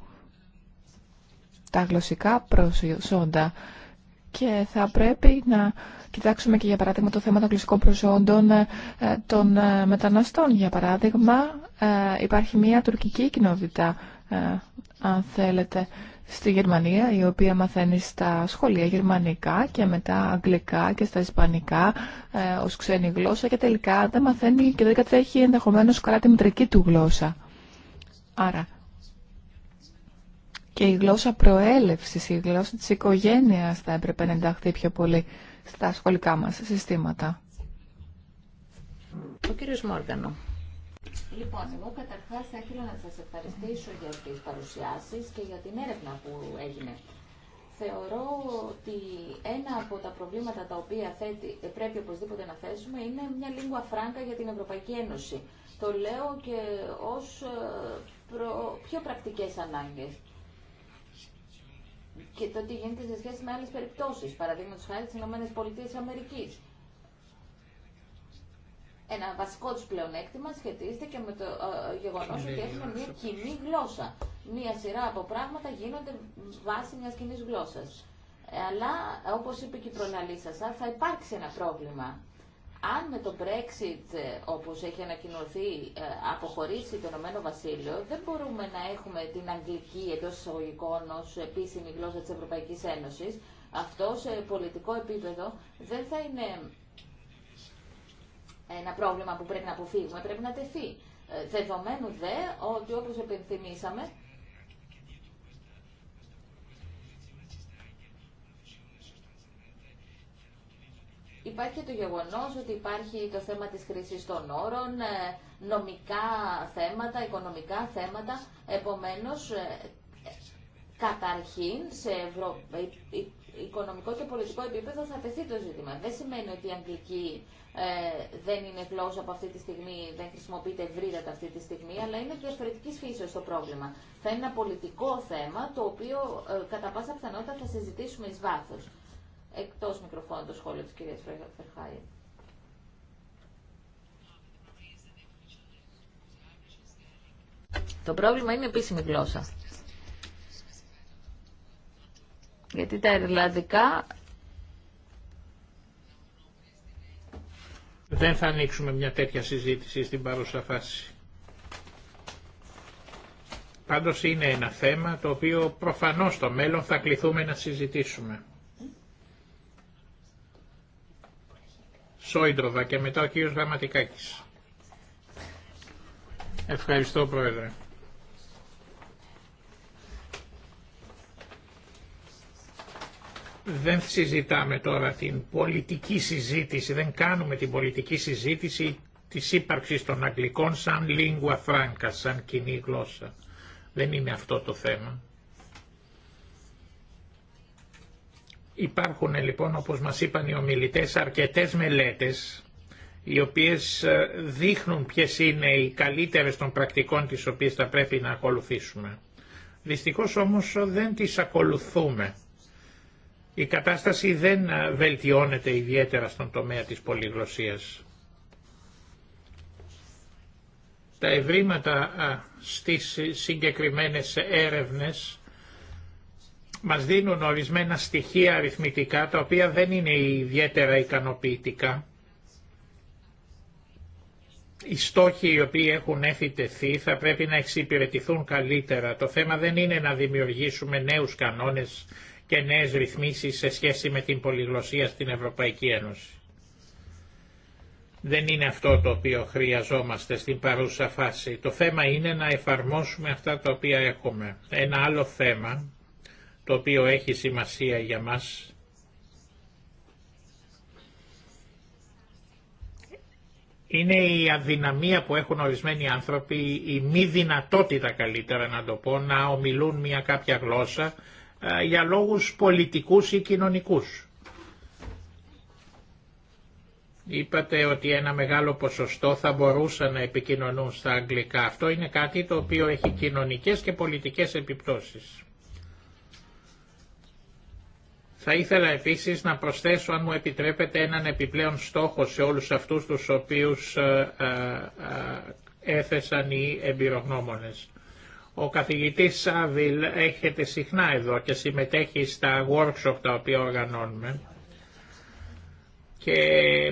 τα γλωσσικά προσόντα και θα πρέπει να κοιτάξουμε και για παράδειγμα το θέμα των γλωσσικών προσόντων ε, των ε, μεταναστών. Για παράδειγμα ε, υπάρχει μια τουρκική κοινότητα αν θέλετε στη Γερμανία η οποία μαθαίνει στα σχολεία γερμανικά και μετά αγγλικά και στα ισπανικά ως ξένη γλώσσα και τελικά δεν μαθαίνει και δεν κατέχει ενδεχομένως καλά τη μητρική του γλώσσα. Άρα και η γλώσσα προέλευσης, η γλώσσα της οικογένειας θα έπρεπε να ενταχθεί πιο πολύ στα σχολικά μας συστήματα. Ο κύριος Μόργανο. Λοιπόν, εγώ καταρχά θα ήθελα να σα ευχαριστήσω για τι παρουσιάσει και για την έρευνα που έγινε. Θεωρώ ότι ένα από τα προβλήματα τα οποία θέτει, πρέπει οπωσδήποτε να θέσουμε είναι μια λίγουα φράγκα για την Ευρωπαϊκή Ένωση. Το λέω και ως ε, πιο πρακτικές ανάγκες. Και το τι γίνεται σε σχέση με άλλες περιπτώσεις, παραδείγματος χάρη στις Αμερικής. Ένα βασικό του πλεονέκτημα σχετίζεται και με το γεγονό γεγονός ότι έχουμε μια κοινή γλώσσα. Μια σειρά από πράγματα γίνονται βάσει μιας κοινή γλώσσας. Ε, αλλά, όπως είπε και η προναλή σας, θα υπάρξει ένα πρόβλημα αν με το Brexit, ε, όπως έχει ανακοινωθεί, ε, αποχωρήσει το Ηνωμένο Βασίλειο, δεν μπορούμε να έχουμε την αγγλική εντό εισαγωγικών ω επίσημη γλώσσα της Ευρωπαϊκής Ένωσης. Αυτό σε πολιτικό επίπεδο δεν θα είναι ένα πρόβλημα που πρέπει να αποφύγουμε, πρέπει να τεθεί. Ε, δεδομένου δε ότι όπως επιθυμήσαμε, Υπάρχει και το γεγονός ότι υπάρχει το θέμα της χρήσης των όρων, ε, νομικά θέματα, οικονομικά θέματα. Επομένως, ε, καταρχήν, σε ευρω... Ε, οικονομικό και πολιτικό επίπεδο θα τεθεί το ζήτημα. Δεν σημαίνει ότι η αγγλική δεν είναι γλώσσα από αυτή τη στιγμή δεν χρησιμοποιείται ευρύτατα αυτή τη στιγμή, αλλά είναι διαφορετική φύσεως το πρόβλημα. Θα είναι ένα πολιτικό θέμα το οποίο ε, κατά πάσα πιθανότητα θα συζητήσουμε ει βάθο. Εκτό μικροφώνου το σχόλιο τη κυρίας Φερχάη. Το πρόβλημα είναι η επίσημη γλώσσα. Γιατί τα Ιρλανδικά... Δεν θα ανοίξουμε μια τέτοια συζήτηση στην παρούσα φάση. Πάντως είναι ένα θέμα το οποίο προφανώς στο μέλλον θα κληθούμε να συζητήσουμε. Σόιντροβα και μετά ο κύριος Γραμματικάκης. Ευχαριστώ Πρόεδρε. Δεν συζητάμε τώρα την πολιτική συζήτηση, δεν κάνουμε την πολιτική συζήτηση της ύπαρξης των Αγγλικών σαν lingua franca, σαν κοινή γλώσσα. Δεν είναι αυτό το θέμα. Υπάρχουν λοιπόν όπως μας είπαν οι ομιλητές αρκετές μελέτες οι οποίες ε, δείχνουν ποιες είναι οι καλύτερες των πρακτικών τις οποίες θα πρέπει να ακολουθήσουμε. Δυστυχώς όμως δεν τις ακολουθούμε. Η κατάσταση δεν ε, βελτιώνεται ιδιαίτερα στον τομέα της πολυγλωσσίας. Τα ευρήματα ε, στις συγκεκριμένες έρευνες μας δίνουν ορισμένα στοιχεία αριθμητικά τα οποία δεν είναι ιδιαίτερα ικανοποιητικά. Οι στόχοι οι οποίοι έχουν εφητεθεί θα πρέπει να εξυπηρετηθούν καλύτερα. Το θέμα δεν είναι να δημιουργήσουμε νέους κανόνες και νέες ρυθμίσεις σε σχέση με την πολυγλωσία στην Ευρωπαϊκή Ένωση. Δεν είναι αυτό το οποίο χρειαζόμαστε στην παρούσα φάση. Το θέμα είναι να εφαρμόσουμε αυτά τα οποία έχουμε. Ένα άλλο θέμα το οποίο έχει σημασία για μας είναι η αδυναμία που έχουν ορισμένοι άνθρωποι, η μη δυνατότητα καλύτερα να το πω, να ομιλούν μια κάποια γλώσσα για λόγους πολιτικούς ή κοινωνικούς. Είπατε ότι ένα μεγάλο ποσοστό θα μπορούσαν να επικοινωνούν στα αγγλικά. Αυτό είναι κάτι το οποίο έχει κοινωνικές και πολιτικές επιπτώσεις. Θα ήθελα επίσης να προσθέσω, αν μου επιτρέπετε, έναν επιπλέον στόχο σε όλους αυτούς τους οποίους ε, ε, ε, έθεσαν οι εμπειρογνώμονες. Ο καθηγητής Σάβιλ έχετε συχνά εδώ και συμμετέχει στα workshop τα οποία οργανώνουμε και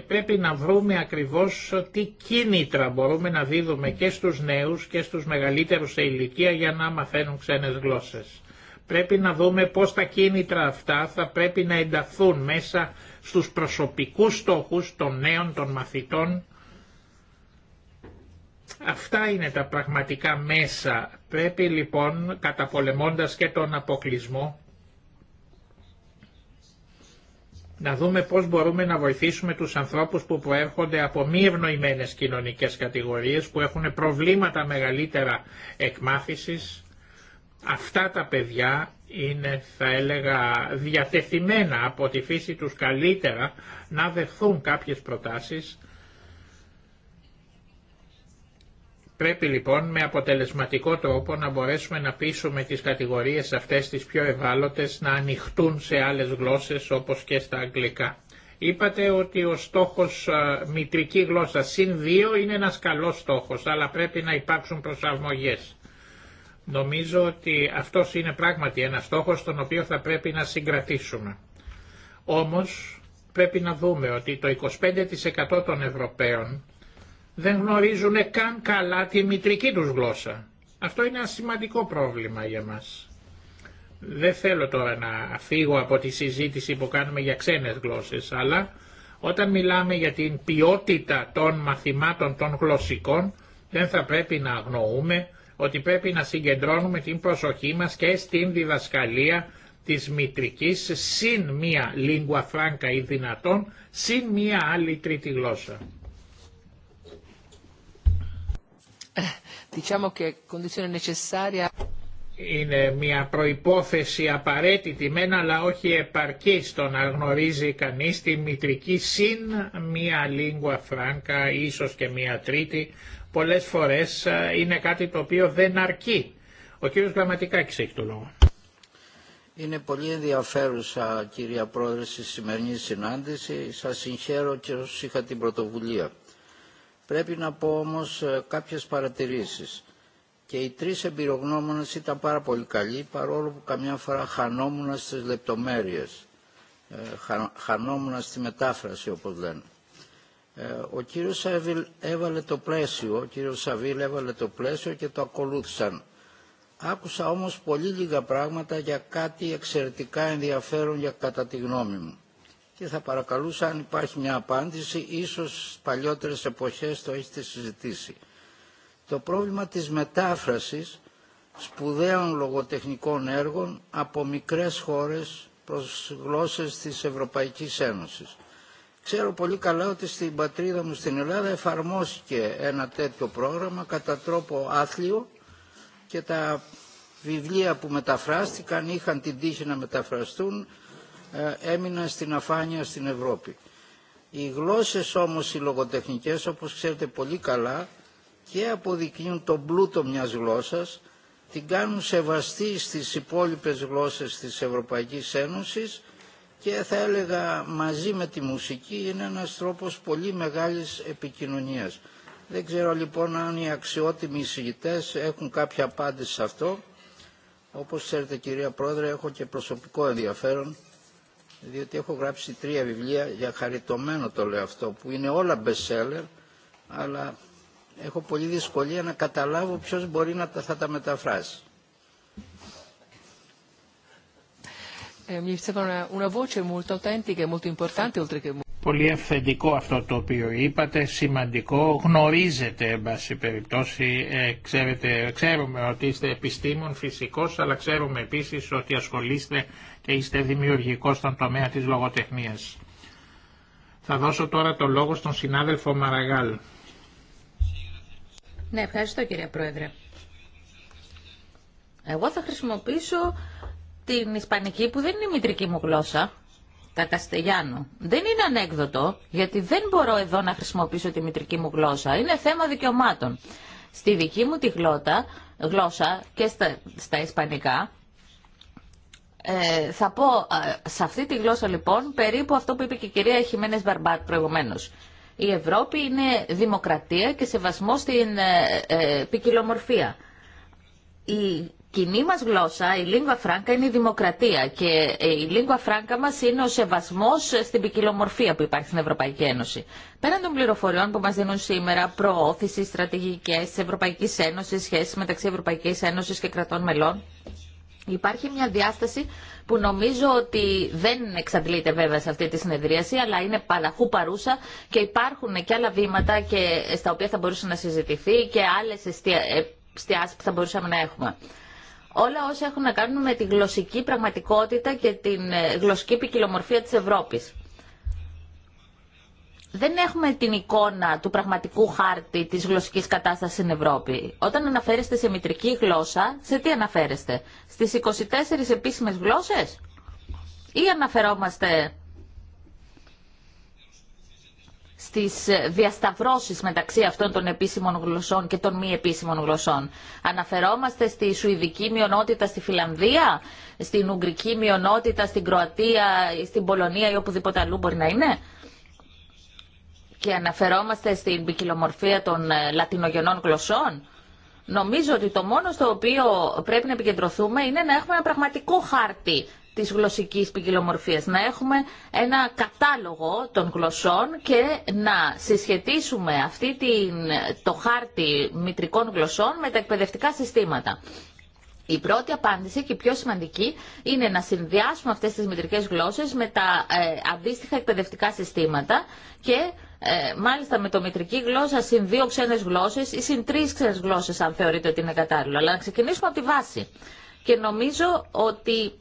πρέπει να βρούμε ακριβώς τι κίνητρα μπορούμε να δίδουμε και στους νέους και στους μεγαλύτερους σε ηλικία για να μαθαίνουν ξένες γλώσσες. Πρέπει να δούμε πώς τα κίνητρα αυτά θα πρέπει να ενταθούν μέσα στους προσωπικούς στόχους των νέων, των μαθητών. Αυτά είναι τα πραγματικά μέσα. Πρέπει λοιπόν, καταπολεμώντας και τον αποκλεισμό, να δούμε πώς μπορούμε να βοηθήσουμε τους ανθρώπους που προέρχονται από μη ευνοημένες κοινωνικές κατηγορίες, που έχουν προβλήματα μεγαλύτερα εκμάθησης, Αυτά τα παιδιά είναι θα έλεγα διατεθειμένα από τη φύση τους καλύτερα να δεχθούν κάποιες προτάσεις. Πρέπει λοιπόν με αποτελεσματικό τρόπο να μπορέσουμε να πείσουμε τις κατηγορίες αυτές τις πιο ευάλωτες να ανοιχτούν σε άλλες γλώσσες όπως και στα αγγλικά. Είπατε ότι ο στόχος μητρική γλώσσα συν 2 είναι ένας καλός στόχος, αλλά πρέπει να υπάρξουν προσαρμογές. Νομίζω ότι αυτός είναι πράγματι ένας στόχος τον οποίο θα πρέπει να συγκρατήσουμε. Όμως πρέπει να δούμε ότι το 25% των Ευρωπαίων δεν γνωρίζουν καν καλά τη μητρική τους γλώσσα. Αυτό είναι ένα σημαντικό πρόβλημα για μας. Δεν θέλω τώρα να φύγω από τη συζήτηση που κάνουμε για ξένες γλώσσες, αλλά όταν μιλάμε για την ποιότητα των μαθημάτων των γλωσσικών, δεν θα πρέπει να αγνοούμε ότι πρέπει να συγκεντρώνουμε την προσοχή μας και στην διδασκαλία της μητρικής συν μία λίγουα φράγκα ή δυνατόν, συν μία άλλη τρίτη γλώσσα. Είναι μια προϋπόθεση απαραίτητη μεν αλλά όχι επαρκή στο να γνωρίζει κανείς τη μητρική συν μία λίγουα φράγκα, ίσως και μία τρίτη, πολλές φορές ε, είναι κάτι το οποίο δεν αρκεί. Ο κύριος Γραμματικάκης έχει το λόγο. Είναι πολύ ενδιαφέρουσα κυρία Πρόεδρε στη σημερινή συνάντηση. Σας συγχαίρω και όσους είχα την πρωτοβουλία. Πρέπει να πω όμως ε, κάποιες παρατηρήσεις. Και οι τρεις εμπειρογνώμονες ήταν πάρα πολύ καλοί παρόλο που καμιά φορά χανόμουν στις λεπτομέρειες. Ε, χανόμουν στη μετάφραση όπως λένε. Ε, ο κύριος Σαβίλ έβαλε το πλαίσιο, ο κύριος Σαβίλ έβαλε το πλαίσιο και το ακολούθησαν. Άκουσα όμως πολύ λίγα πράγματα για κάτι εξαιρετικά ενδιαφέρον για κατά τη γνώμη μου. Και θα παρακαλούσα αν υπάρχει μια απάντηση, ίσως στις παλιότερες εποχές το έχετε συζητήσει. Το πρόβλημα της μετάφρασης σπουδαίων λογοτεχνικών έργων από μικρές χώρες προς γλώσσες της Ευρωπαϊκής Ένωσης. Ξέρω πολύ καλά ότι στην πατρίδα μου στην Ελλάδα εφαρμόστηκε ένα τέτοιο πρόγραμμα κατά τρόπο άθλιο και τα βιβλία που μεταφράστηκαν είχαν την τύχη να μεταφραστούν ε, έμειναν στην αφάνεια στην Ευρώπη. Οι γλώσσες όμως οι λογοτεχνικές όπως ξέρετε πολύ καλά και αποδεικνύουν τον πλούτο μιας γλώσσας την κάνουν σεβαστή στις υπόλοιπες γλώσσες της Ευρωπαϊκής Ένωσης και θα έλεγα μαζί με τη μουσική είναι ένας τρόπος πολύ μεγάλης επικοινωνίας. Δεν ξέρω λοιπόν αν οι αξιότιμοι εισηγητές έχουν κάποια απάντηση σε αυτό. Όπως ξέρετε κυρία Πρόεδρε έχω και προσωπικό ενδιαφέρον διότι έχω γράψει τρία βιβλία για χαριτωμένο το λέω αυτό που είναι όλα bestseller αλλά έχω πολύ δυσκολία να καταλάβω ποιος μπορεί να τα, θα τα μεταφράσει. Ε, Πολύ αυθεντικό αυτό το οποίο είπατε, σημαντικό, γνωρίζετε εν πάση περιπτώσει, ε, ξέρετε, ξέρουμε ότι είστε επιστήμων φυσικός, αλλά ξέρουμε επίσης ότι ασχολείστε και είστε δημιουργικός στον τομέα της λογοτεχνίας. Θα δώσω τώρα το λόγο στον συνάδελφο Μαραγάλ. Ναι, ευχαριστώ κύριε Πρόεδρε. Εγώ θα χρησιμοποιήσω την Ισπανική που δεν είναι η μητρική μου γλώσσα, τα Καστελιάνο. Δεν είναι ανέκδοτο, γιατί δεν μπορώ εδώ να χρησιμοποιήσω τη μητρική μου γλώσσα. Είναι θέμα δικαιωμάτων. Στη δική μου τη γλώτα, γλώσσα και στα, στα Ισπανικά, ε, θα πω ε, σε αυτή τη γλώσσα λοιπόν περίπου αυτό που είπε και η κυρία Χιμένες Μπαρμπάτ προηγουμένως. Η Ευρώπη είναι δημοκρατία και σεβασμό στην ε, ε, ποικιλομορφία. Η κοινή μας γλώσσα, η lingua Φράγκα είναι η δημοκρατία και η lingua Φράγκα μας είναι ο σεβασμός στην ποικιλομορφία που υπάρχει στην Ευρωπαϊκή Ένωση. Πέραν των πληροφοριών που μας δίνουν σήμερα προώθηση στρατηγικές της Ευρωπαϊκής Ένωσης, σχέσεις μεταξύ Ευρωπαϊκής Ένωσης και κρατών μελών, Υπάρχει μια διάσταση που νομίζω ότι δεν εξαντλείται βέβαια σε αυτή τη συνεδρίαση, αλλά είναι παλαχού παρούσα και υπάρχουν και άλλα βήματα και στα οποία θα μπορούσε να συζητηθεί και άλλες ε, εστιάσεις που θα μπορούσαμε να έχουμε όλα όσα έχουν να κάνουν με τη γλωσσική πραγματικότητα και τη ε, γλωσσική ποικιλομορφία της Ευρώπης. Δεν έχουμε την εικόνα του πραγματικού χάρτη της γλωσσικής κατάστασης στην Ευρώπη. Όταν αναφέρεστε σε μητρική γλώσσα, σε τι αναφέρεστε, στις 24 επίσημες γλώσσες ή αναφερόμαστε στις διασταυρώσεις μεταξύ αυτών των επίσημων γλωσσών και των μη επίσημων γλωσσών. Αναφερόμαστε στη σουηδική μειονότητα στη Φιλανδία, στην ουγγρική μειονότητα στην Κροατία, στην Πολωνία ή οπουδήποτε αλλού μπορεί να είναι. Και αναφερόμαστε στην ποικιλομορφία των ε, λατινογενών γλωσσών. Νομίζω ότι το μόνο στο οποίο πρέπει να επικεντρωθούμε είναι να έχουμε ένα πραγματικό χάρτη της γλωσσικής ποικιλομορφία. Να έχουμε ένα κατάλογο των γλωσσών και να συσχετίσουμε αυτή την, το χάρτη μητρικών γλωσσών με τα εκπαιδευτικά συστήματα. Η πρώτη απάντηση και η πιο σημαντική είναι να συνδυάσουμε αυτές τις μητρικές γλώσσες με τα ε, αντίστοιχα εκπαιδευτικά συστήματα και ε, μάλιστα με το μητρική γλώσσα συν δύο ξένες γλώσσες ή συν τρεις ξένες γλώσσες αν θεωρείτε ότι είναι κατάλληλο. Αλλά να ξεκινήσουμε από τη βάση. Και νομίζω ότι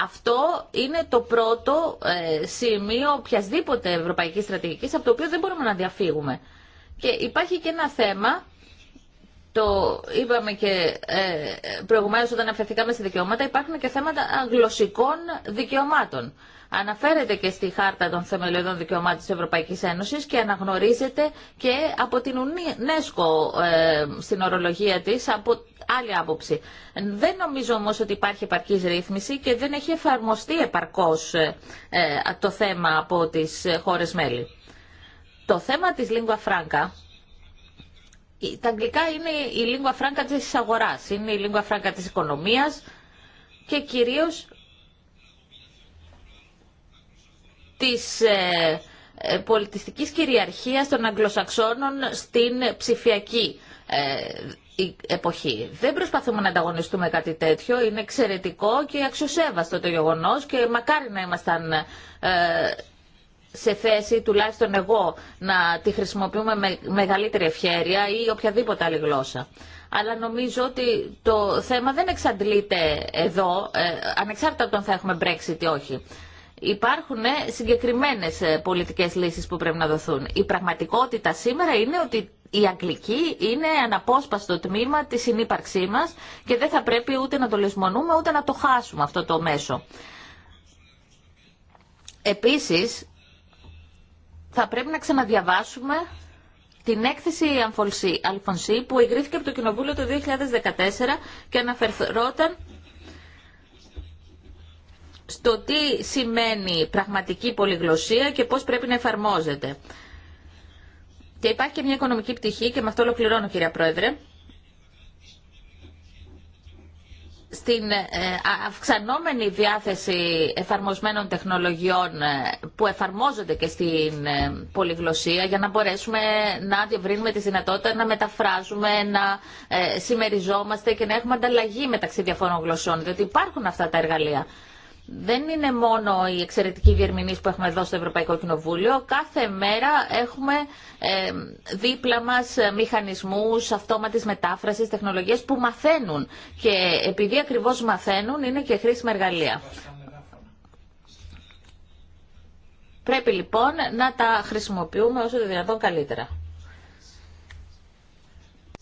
αυτό είναι το πρώτο ε, σημείο οποιασδήποτε ευρωπαϊκής στρατηγικής από το οποίο δεν μπορούμε να διαφύγουμε. Και υπάρχει και ένα θέμα το είπαμε και ε, προηγουμένως όταν αφαιρθήκαμε σε δικαιώματα, υπάρχουν και θέματα γλωσσικών δικαιωμάτων αναφέρεται και στη Χάρτα των Θεμελιωδών Δικαιωμάτων της Ευρωπαϊκής Ένωσης και αναγνωρίζεται και από την UNESCO ε, στην ορολογία της από άλλη άποψη. Δεν νομίζω όμως ότι υπάρχει επαρκής ρύθμιση και δεν έχει εφαρμοστεί επαρκώς ε, ε, το θέμα από τις χώρες μέλη. Το θέμα της lingua franca τα αγγλικά είναι η lingua franca της αγοράς, είναι η lingua franca της οικονομίας και κυρίως της ε, ε, πολιτιστικής κυριαρχίας των Αγγλοσαξώνων στην ψηφιακή ε, εποχή. Δεν προσπαθούμε να ανταγωνιστούμε κάτι τέτοιο. Είναι εξαιρετικό και αξιοσέβαστο το γεγονός και μακάρι να ήμασταν σε θέση, τουλάχιστον εγώ, να τη χρησιμοποιούμε με μεγαλύτερη ευχέρεια ή οποιαδήποτε άλλη γλώσσα. Αλλά νομίζω ότι το θέμα δεν εξαντλείται εδώ, ανεξάρτητα από το αν θα έχουμε Brexit ή όχι. Υπάρχουν ε, συγκεκριμένες ε, πολιτικές λύσεις που πρέπει να δοθούν. Η πραγματικότητα σήμερα είναι ότι η αγγλική είναι αναπόσπαστο τμήμα της συνύπαρξή μας και δεν θα πρέπει ούτε να το λησμονούμε ούτε να το χάσουμε αυτό το μέσο. Επίσης, θα πρέπει να ξαναδιαβάσουμε την έκθεση Αλφονσή που εγκρίθηκε από το Κοινοβούλιο το 2014 και αναφερθρόταν στο τι σημαίνει πραγματική πολυγλωσία και πώς πρέπει να εφαρμόζεται. Και υπάρχει και μια οικονομική πτυχή και με αυτό ολοκληρώνω κυρία Πρόεδρε. στην ε, αυξανόμενη διάθεση εφαρμοσμένων τεχνολογιών ε, που εφαρμόζονται και στην ε, πολυγλωσία για να μπορέσουμε να διευρύνουμε τη δυνατότητα να μεταφράζουμε, να συμμεριζόμαστε και να έχουμε ανταλλαγή μεταξύ διαφόρων γλωσσών, διότι υπάρχουν αυτά τα εργαλεία δεν είναι μόνο οι εξαιρετικοί διερμηνείς που έχουμε εδώ στο Ευρωπαϊκό Κοινοβούλιο. Κάθε μέρα έχουμε ε, δίπλα μας μηχανισμούς αυτόματης μετάφρασης, τεχνολογίες που μαθαίνουν. Και επειδή ακριβώς μαθαίνουν είναι και χρήσιμα εργαλεία. Πρέπει λοιπόν να τα χρησιμοποιούμε όσο το δυνατόν καλύτερα.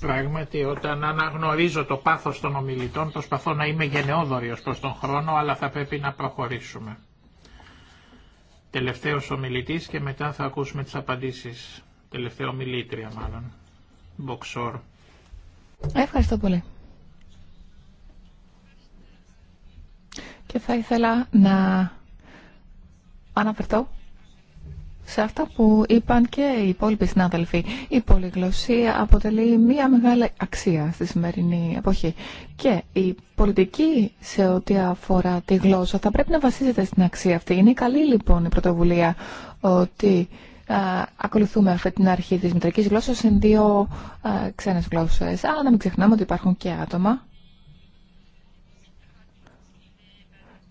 Πράγματι, όταν αναγνωρίζω το πάθος των ομιλητών, προσπαθώ να είμαι γενναιόδοριος προς τον χρόνο, αλλά θα πρέπει να προχωρήσουμε. Τελευταίος ομιλητής και μετά θα ακούσουμε τις απαντήσεις. Τελευταία ομιλήτρια μάλλον. Μποξόρ. Ευχαριστώ πολύ. Και θα ήθελα να αναφερθώ σε αυτά που είπαν και οι υπόλοιποι συνάδελφοι. Η πολυγλωσία αποτελεί μία μεγάλη αξία στη σημερινή εποχή. Και η πολιτική σε ό,τι αφορά τη γλώσσα θα πρέπει να βασίζεται στην αξία αυτή. Είναι καλή λοιπόν η πρωτοβουλία ότι ακολουθούμε αυτή την αρχή της μητρικής γλώσσας σε δύο α, ξένες γλώσσες. Αλλά να μην ξεχνάμε ότι υπάρχουν και άτομα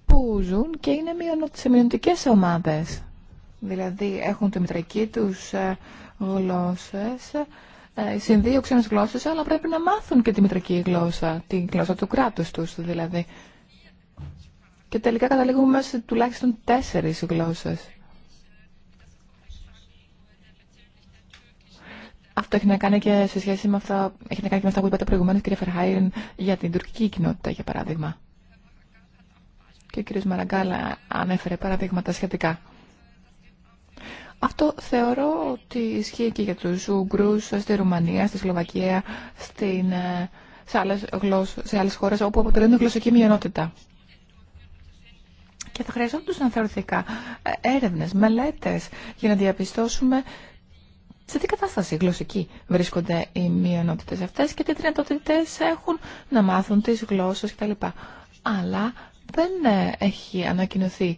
που ζουν και είναι σε ομάδες Δηλαδή έχουν τη μητρική τους ε, γλώσσες, ε, συνδύο ξένες γλώσσες, αλλά πρέπει να μάθουν και τη μητρική γλώσσα, τη γλώσσα του κράτους τους δηλαδή. Και τελικά καταλήγουμε σε τουλάχιστον τέσσερις γλώσσες. Αυτό έχει να κάνει και σε σχέση με αυτά, έχει να κάνει και με αυτά που είπατε προηγουμένως, κύριε Φερχάιρν, για την τουρκική κοινότητα, για παράδειγμα. Και ο κύριος Μαραγκάλα ανέφερε παραδείγματα σχετικά. Αυτό θεωρώ ότι ισχύει και για τους Ουγγρούς στη Ρουμανία, στη Σλοβακία, στην, ε, σε, άλλες γλώσσες, σε άλλες χώρες όπου αποτελούν γλωσσική μειονότητα. Και θα χρειαζόντουσαν θεωρητικά ε, έρευνες, μελέτες για να διαπιστώσουμε σε τι κατάσταση γλωσσική βρίσκονται οι μειονότητε αυτέ και τι δυνατότητε έχουν να μάθουν τι γλώσσε κτλ. Αλλά δεν ε, έχει ανακοινωθεί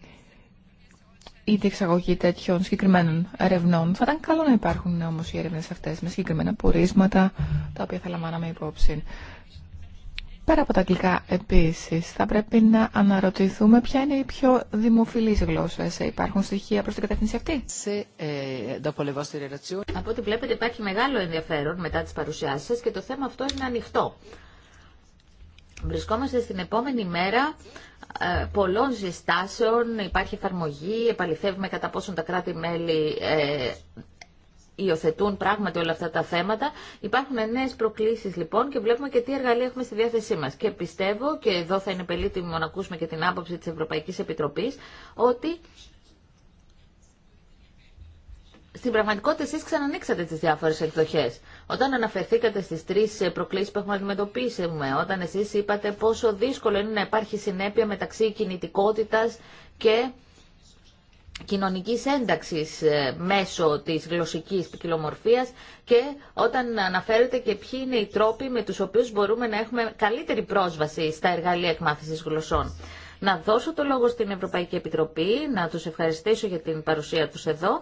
η διεξαγωγή τέτοιων συγκεκριμένων ερευνών. Θα ήταν καλό να υπάρχουν όμω οι έρευνε αυτέ με συγκεκριμένα πορίσματα τα οποία θα λαμβάναμε υπόψη. Πέρα από τα αγγλικά επίση, θα πρέπει να αναρωτηθούμε ποια είναι η πιο δημοφιλή γλώσσα. Υπάρχουν στοιχεία προ την κατεύθυνση αυτή. Ε, από ό,τι βλέπετε υπάρχει μεγάλο ενδιαφέρον μετά τι παρουσιάσει σα, και το θέμα αυτό είναι ανοιχτό. Βρισκόμαστε στην επόμενη μέρα ε, πολλών ζητάσεων, υπάρχει εφαρμογή, επαληθεύουμε κατά πόσον τα κράτη-μέλη ε, υιοθετούν πράγματι όλα αυτά τα θέματα. Υπάρχουν νέε προκλήσεις λοιπόν και βλέπουμε και τι εργαλεία έχουμε στη διάθεσή μας. Και πιστεύω, και εδώ θα είναι πελίτημο να ακούσουμε και την άποψη της Ευρωπαϊκής Επιτροπής, ότι στην πραγματικότητα εσείς ξανανοίξατε τις διάφορες εκδοχές. Όταν αναφερθήκατε στις τρεις προκλήσεις που έχουμε αντιμετωπίσει, όταν εσείς είπατε πόσο δύσκολο είναι να υπάρχει συνέπεια μεταξύ κινητικότητας και κοινωνικής ένταξης ε, μέσω της γλωσσικής ποικιλομορφίας και όταν αναφέρετε και ποιοι είναι οι τρόποι με τους οποίους μπορούμε να έχουμε καλύτερη πρόσβαση στα εργαλεία εκμάθησης γλωσσών. Να δώσω το λόγο στην Ευρωπαϊκή Επιτροπή, να τους ευχαριστήσω για την παρουσία τους εδώ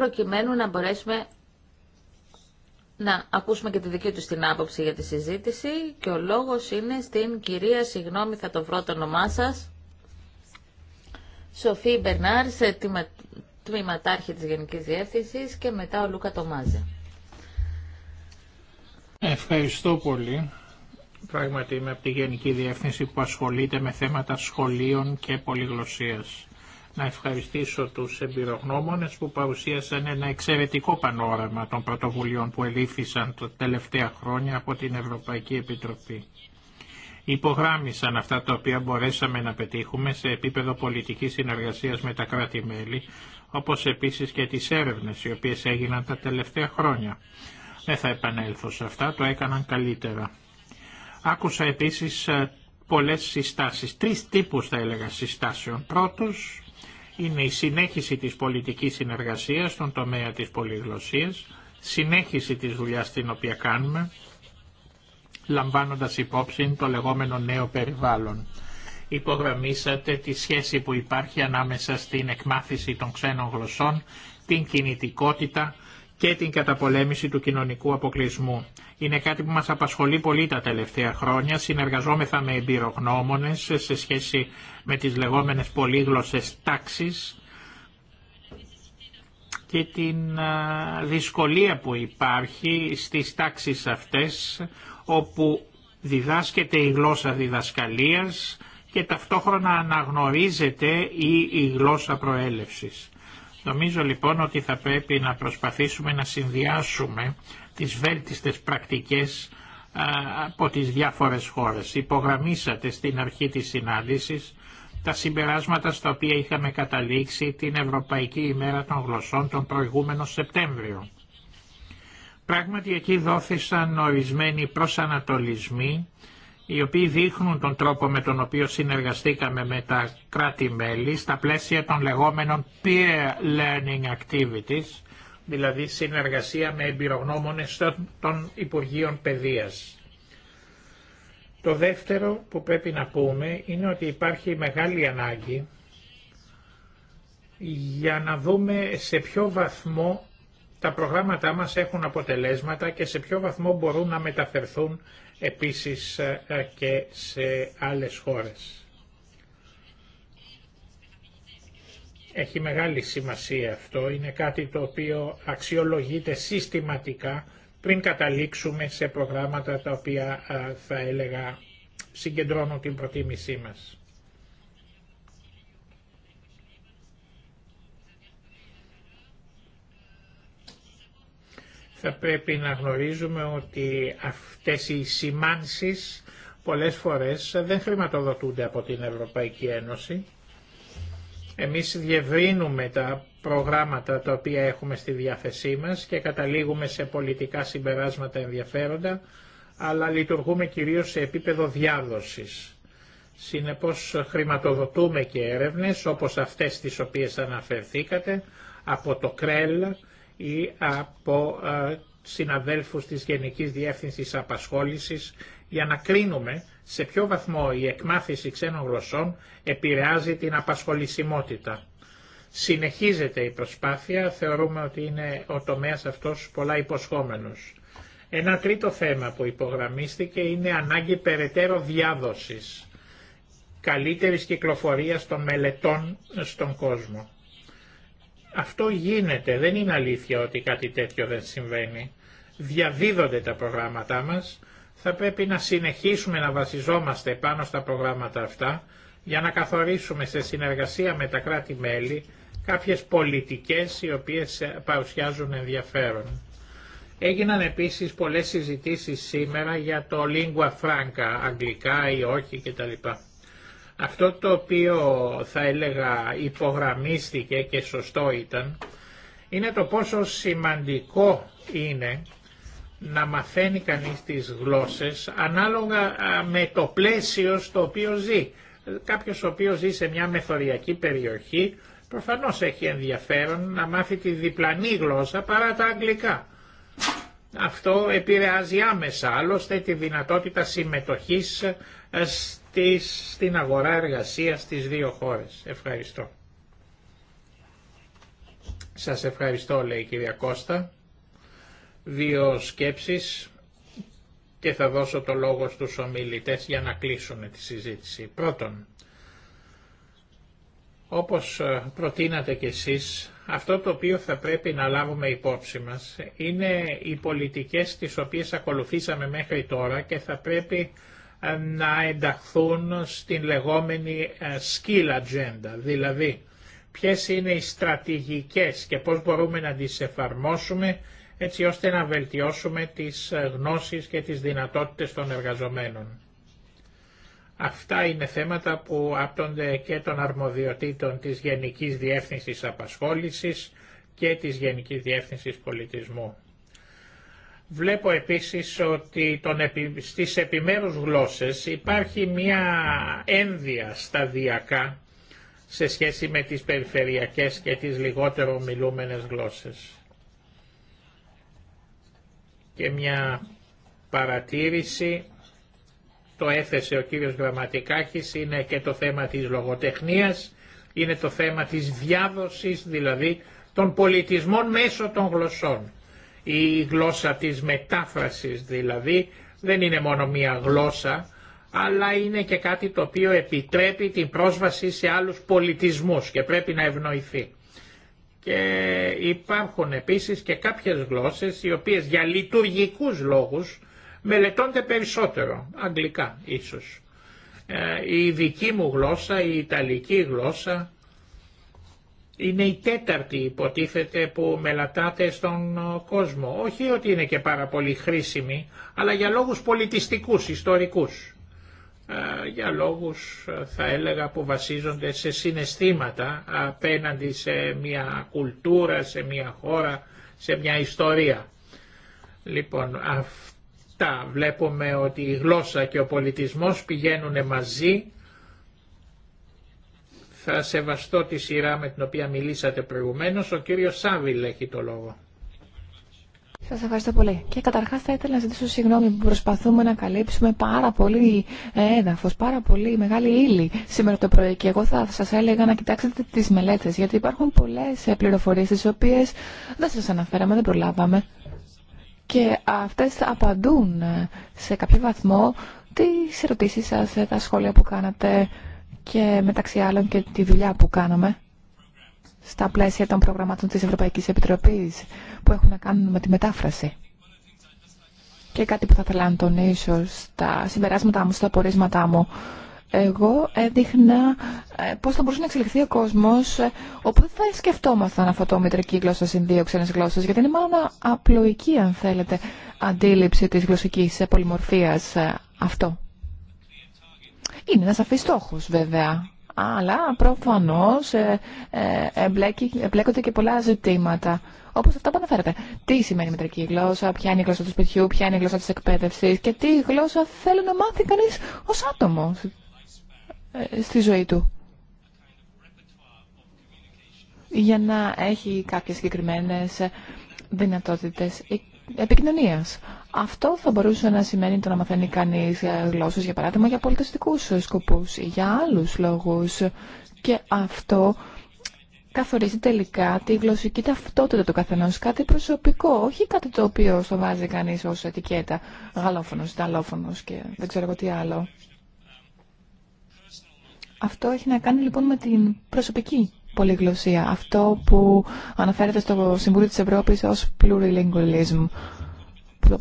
προκειμένου να μπορέσουμε να ακούσουμε και τη δική του την άποψη για τη συζήτηση και ο λόγος είναι στην κυρία, συγγνώμη θα το βρω το όνομά σας, Σοφή Μπερνάρ, σε τμήμα, τμήματάρχη της Γενικής Διεύθυνσης και μετά ο Λούκα Τομάζε. Ευχαριστώ πολύ. Πράγματι είμαι από τη Γενική Διεύθυνση που ασχολείται με θέματα σχολείων και πολυγλωσίας να ευχαριστήσω τους εμπειρογνώμονες που παρουσίασαν ένα εξαιρετικό πανόραμα των πρωτοβουλειών που ελήφθησαν τα τελευταία χρόνια από την Ευρωπαϊκή Επιτροπή. Υπογράμμισαν αυτά τα οποία μπορέσαμε να πετύχουμε σε επίπεδο πολιτικής συνεργασίας με τα κράτη-μέλη, όπως επίσης και τις έρευνες οι οποίες έγιναν τα τελευταία χρόνια. Δεν θα επανέλθω σε αυτά, το έκαναν καλύτερα. Άκουσα επίσης ε, πολλές συστάσεις, τρεις τύπους θα έλεγα συστάσεων. Πρώτος, είναι η συνέχιση της πολιτικής συνεργασίας στον τομέα της πολυγλωσσίας, συνέχιση της δουλειάς την οποία κάνουμε, λαμβάνοντας υπόψη το λεγόμενο νέο περιβάλλον. Υπογραμμίσατε τη σχέση που υπάρχει ανάμεσα στην εκμάθηση των ξένων γλωσσών, την κινητικότητα, και την καταπολέμηση του κοινωνικού αποκλεισμού. Είναι κάτι που μας απασχολεί πολύ τα τελευταία χρόνια. Συνεργαζόμεθα με εμπειρογνώμονες σε σχέση με τις λεγόμενες πολύγλωσσες τάξεις και την δυσκολία που υπάρχει στις τάξεις αυτές όπου διδάσκεται η γλώσσα διδασκαλίας και ταυτόχρονα αναγνωρίζεται η, η γλώσσα προέλευσης. Νομίζω λοιπόν ότι θα πρέπει να προσπαθήσουμε να συνδυάσουμε τις βέλτιστες πρακτικές από τις διάφορες χώρες. Υπογραμμίσατε στην αρχή της συνάντησης τα συμπεράσματα στα οποία είχαμε καταλήξει την Ευρωπαϊκή ημέρα των γλωσσών τον προηγούμενο Σεπτέμβριο. Πράγματι εκεί δόθησαν ορισμένοι προσανατολισμοί οι οποίοι δείχνουν τον τρόπο με τον οποίο συνεργαστήκαμε με τα κράτη-μέλη στα πλαίσια των λεγόμενων peer learning activities, δηλαδή συνεργασία με εμπειρογνώμονες των Υπουργείων Παιδείας. Το δεύτερο που πρέπει να πούμε είναι ότι υπάρχει μεγάλη ανάγκη για να δούμε σε ποιο βαθμό τα προγράμματά μας έχουν αποτελέσματα και σε ποιο βαθμό μπορούν να μεταφερθούν επίσης ε, ε, και σε άλλες χώρες. Έχει μεγάλη σημασία αυτό, είναι κάτι το οποίο αξιολογείται συστηματικά πριν καταλήξουμε σε προγράμματα τα οποία ε, θα έλεγα συγκεντρώνουν την προτίμησή μας. θα πρέπει να γνωρίζουμε ότι αυτές οι σημάνσεις πολλές φορές δεν χρηματοδοτούνται από την Ευρωπαϊκή Ένωση. Εμείς διευρύνουμε τα προγράμματα τα οποία έχουμε στη διάθεσή μας και καταλήγουμε σε πολιτικά συμπεράσματα ενδιαφέροντα, αλλά λειτουργούμε κυρίως σε επίπεδο διάδοσης. Συνεπώς χρηματοδοτούμε και έρευνες όπως αυτές τις οποίες αναφερθήκατε από το ΚΡΕΛ, ή από ε, συναδέλφους της Γενικής Διεύθυνσης Απασχόλησης για να κρίνουμε σε ποιο βαθμό η εκμάθηση ξένων γλωσσών επηρεάζει την απασχολησιμότητα. Συνεχίζεται η προσπάθεια, θεωρούμε ότι είναι ο τομέας αυτός πολλά υποσχόμενος. Ένα τρίτο θέμα που υπογραμμίστηκε είναι ανάγκη περαιτέρω διάδοσης, καλύτερης κυκλοφορίας των μελετών στον κόσμο. Αυτό γίνεται, δεν είναι αλήθεια ότι κάτι τέτοιο δεν συμβαίνει. Διαδίδονται τα προγράμματά μας, θα πρέπει να συνεχίσουμε να βασιζόμαστε πάνω στα προγράμματα αυτά για να καθορίσουμε σε συνεργασία με τα κράτη-μέλη κάποιες πολιτικές οι οποίες παρουσιάζουν ενδιαφέρον. Έγιναν επίσης πολλές συζητήσεις σήμερα για το lingua franca, αγγλικά ή όχι κτλ. Αυτό το οποίο θα έλεγα υπογραμμίστηκε και σωστό ήταν, είναι το πόσο σημαντικό είναι να μαθαίνει κανείς τις γλώσσες ανάλογα με το πλαίσιο στο οποίο ζει. Κάποιος ο οποίος ζει σε μια μεθοριακή περιοχή προφανώς έχει ενδιαφέρον να μάθει τη διπλανή γλώσσα παρά τα αγγλικά αυτό επηρεάζει άμεσα άλλωστε τη δυνατότητα συμμετοχής ε, στις, στην αγορά εργασίας στις δύο χώρες. Ευχαριστώ. Σας ευχαριστώ λέει η κυρία Κώστα. Δύο σκέψεις και θα δώσω το λόγο στους ομιλητές για να κλείσουν τη συζήτηση. Πρώτον, όπως ε, προτείνατε κι εσείς, αυτό το οποίο θα πρέπει να λάβουμε υπόψη μας είναι οι πολιτικές τις οποίες ακολουθήσαμε μέχρι τώρα και θα πρέπει ε, να ενταχθούν στην λεγόμενη ε, skill agenda, δηλαδή ποιες είναι οι στρατηγικές και πώς μπορούμε να τις εφαρμόσουμε έτσι ώστε να βελτιώσουμε τις γνώσεις και τις δυνατότητες των εργαζομένων. Αυτά είναι θέματα που άπτονται και των αρμοδιοτήτων της Γενικής Διεύθυνσης Απασχόλησης και της Γενικής Διεύθυνσης Πολιτισμού. Βλέπω επίσης ότι τον, στις επιμέρους γλώσσες υπάρχει μια ένδια σταδιακά σε σχέση με τις περιφερειακές και τις λιγότερο μιλούμενες γλώσσες. Και μια παρατήρηση το έθεσε ο κύριος Γραμματικάκης, είναι και το θέμα της λογοτεχνίας, είναι το θέμα της διάδοσης, δηλαδή των πολιτισμών μέσω των γλωσσών. Η γλώσσα της μετάφρασης δηλαδή δεν είναι μόνο μία γλώσσα, αλλά είναι και κάτι το οποίο επιτρέπει την πρόσβαση σε άλλους πολιτισμούς και πρέπει να ευνοηθεί. Και υπάρχουν επίσης και κάποιες γλώσσες οι οποίες για λειτουργικούς λόγους μελετώνται περισσότερο, αγγλικά ίσως. Ε, η δική μου γλώσσα, η ιταλική γλώσσα, είναι η τέταρτη υποτίθεται που μελατάτε στον ε, κόσμο. Όχι ότι είναι και πάρα πολύ χρήσιμη, αλλά για λόγους πολιτιστικούς, ιστορικούς. Ε, για λόγους θα έλεγα που βασίζονται σε συναισθήματα απέναντι σε μια κουλτούρα, σε μια χώρα, σε μια ιστορία. Λοιπόν, αυτό αυτά. Βλέπουμε ότι η γλώσσα και ο πολιτισμός πηγαίνουν μαζί. Θα σεβαστώ τη σειρά με την οποία μιλήσατε προηγουμένως. Ο κύριος Σάβιλ έχει το λόγο. Σας ευχαριστώ πολύ. Και καταρχάς θα ήθελα να ζητήσω συγγνώμη που προσπαθούμε να καλύψουμε πάρα πολύ ε, έδαφος, πάρα πολύ μεγάλη ύλη σήμερα το πρωί και εγώ θα σας έλεγα να κοιτάξετε τις μελέτες γιατί υπάρχουν πολλές ε, πληροφορίες τις οποίες δεν σας αναφέραμε, δεν προλάβαμε και αυτές απαντούν ε, σε κάποιο βαθμό τις ερωτήσεις σας, ε, τα σχόλια που κάνατε και μεταξύ άλλων και τη δουλειά που κάναμε στα πλαίσια των προγραμμάτων της Ευρωπαϊκής Επιτροπής που έχουν να κάνουν με τη μετάφραση. Και κάτι που θα ήθελα να τονίσω στα συμπεράσματά μου, στα απορίσματα μου εγώ έδειχνα ε, πώς θα μπορούσε να εξελιχθεί ο κόσμος, ε, όπου θα σκεφτόμασταν αυτό το μητρική γλώσσα συν δύο ξένες γλώσσες, γιατί είναι μάλλον απλοϊκή, αν θέλετε, αντίληψη της γλωσσικής ε, πολυμορφίας αυτό. Είναι ένα σαφή στόχο, βέβαια, αλλά προφανώ ε, ε, εμπλέκονται και πολλά ζητήματα. Όπω αυτά που αναφέρατε. Τι σημαίνει μητρική γλώσσα, ποια είναι η γλώσσα του σπιτιού, ποια είναι η γλώσσα τη εκπαίδευση και τι γλώσσα θέλει να μάθει κανεί ω άτομο ε, στη ζωή του. Για να έχει κάποιες συγκεκριμένες δυνατότητες επικοινωνίας. Αυτό θα μπορούσε να σημαίνει το να μαθαίνει κανείς γλώσσες, για παράδειγμα, για πολιτιστικούς σκοπούς ή για άλλους λόγους. Και αυτό καθορίζει τελικά τη γλωσσική ταυτότητα του καθενός. Κάτι προσωπικό, όχι κάτι το οποίο στο βάζει κανείς ως ετικέτα. γαλλόφωνο, ταλόφωνος και δεν ξέρω εγώ τι άλλο. Αυτό έχει να κάνει λοιπόν με την προσωπική πολυγλωσία. Αυτό που αναφέρεται στο Συμβούλιο της Ευρώπης ως plurilingualism,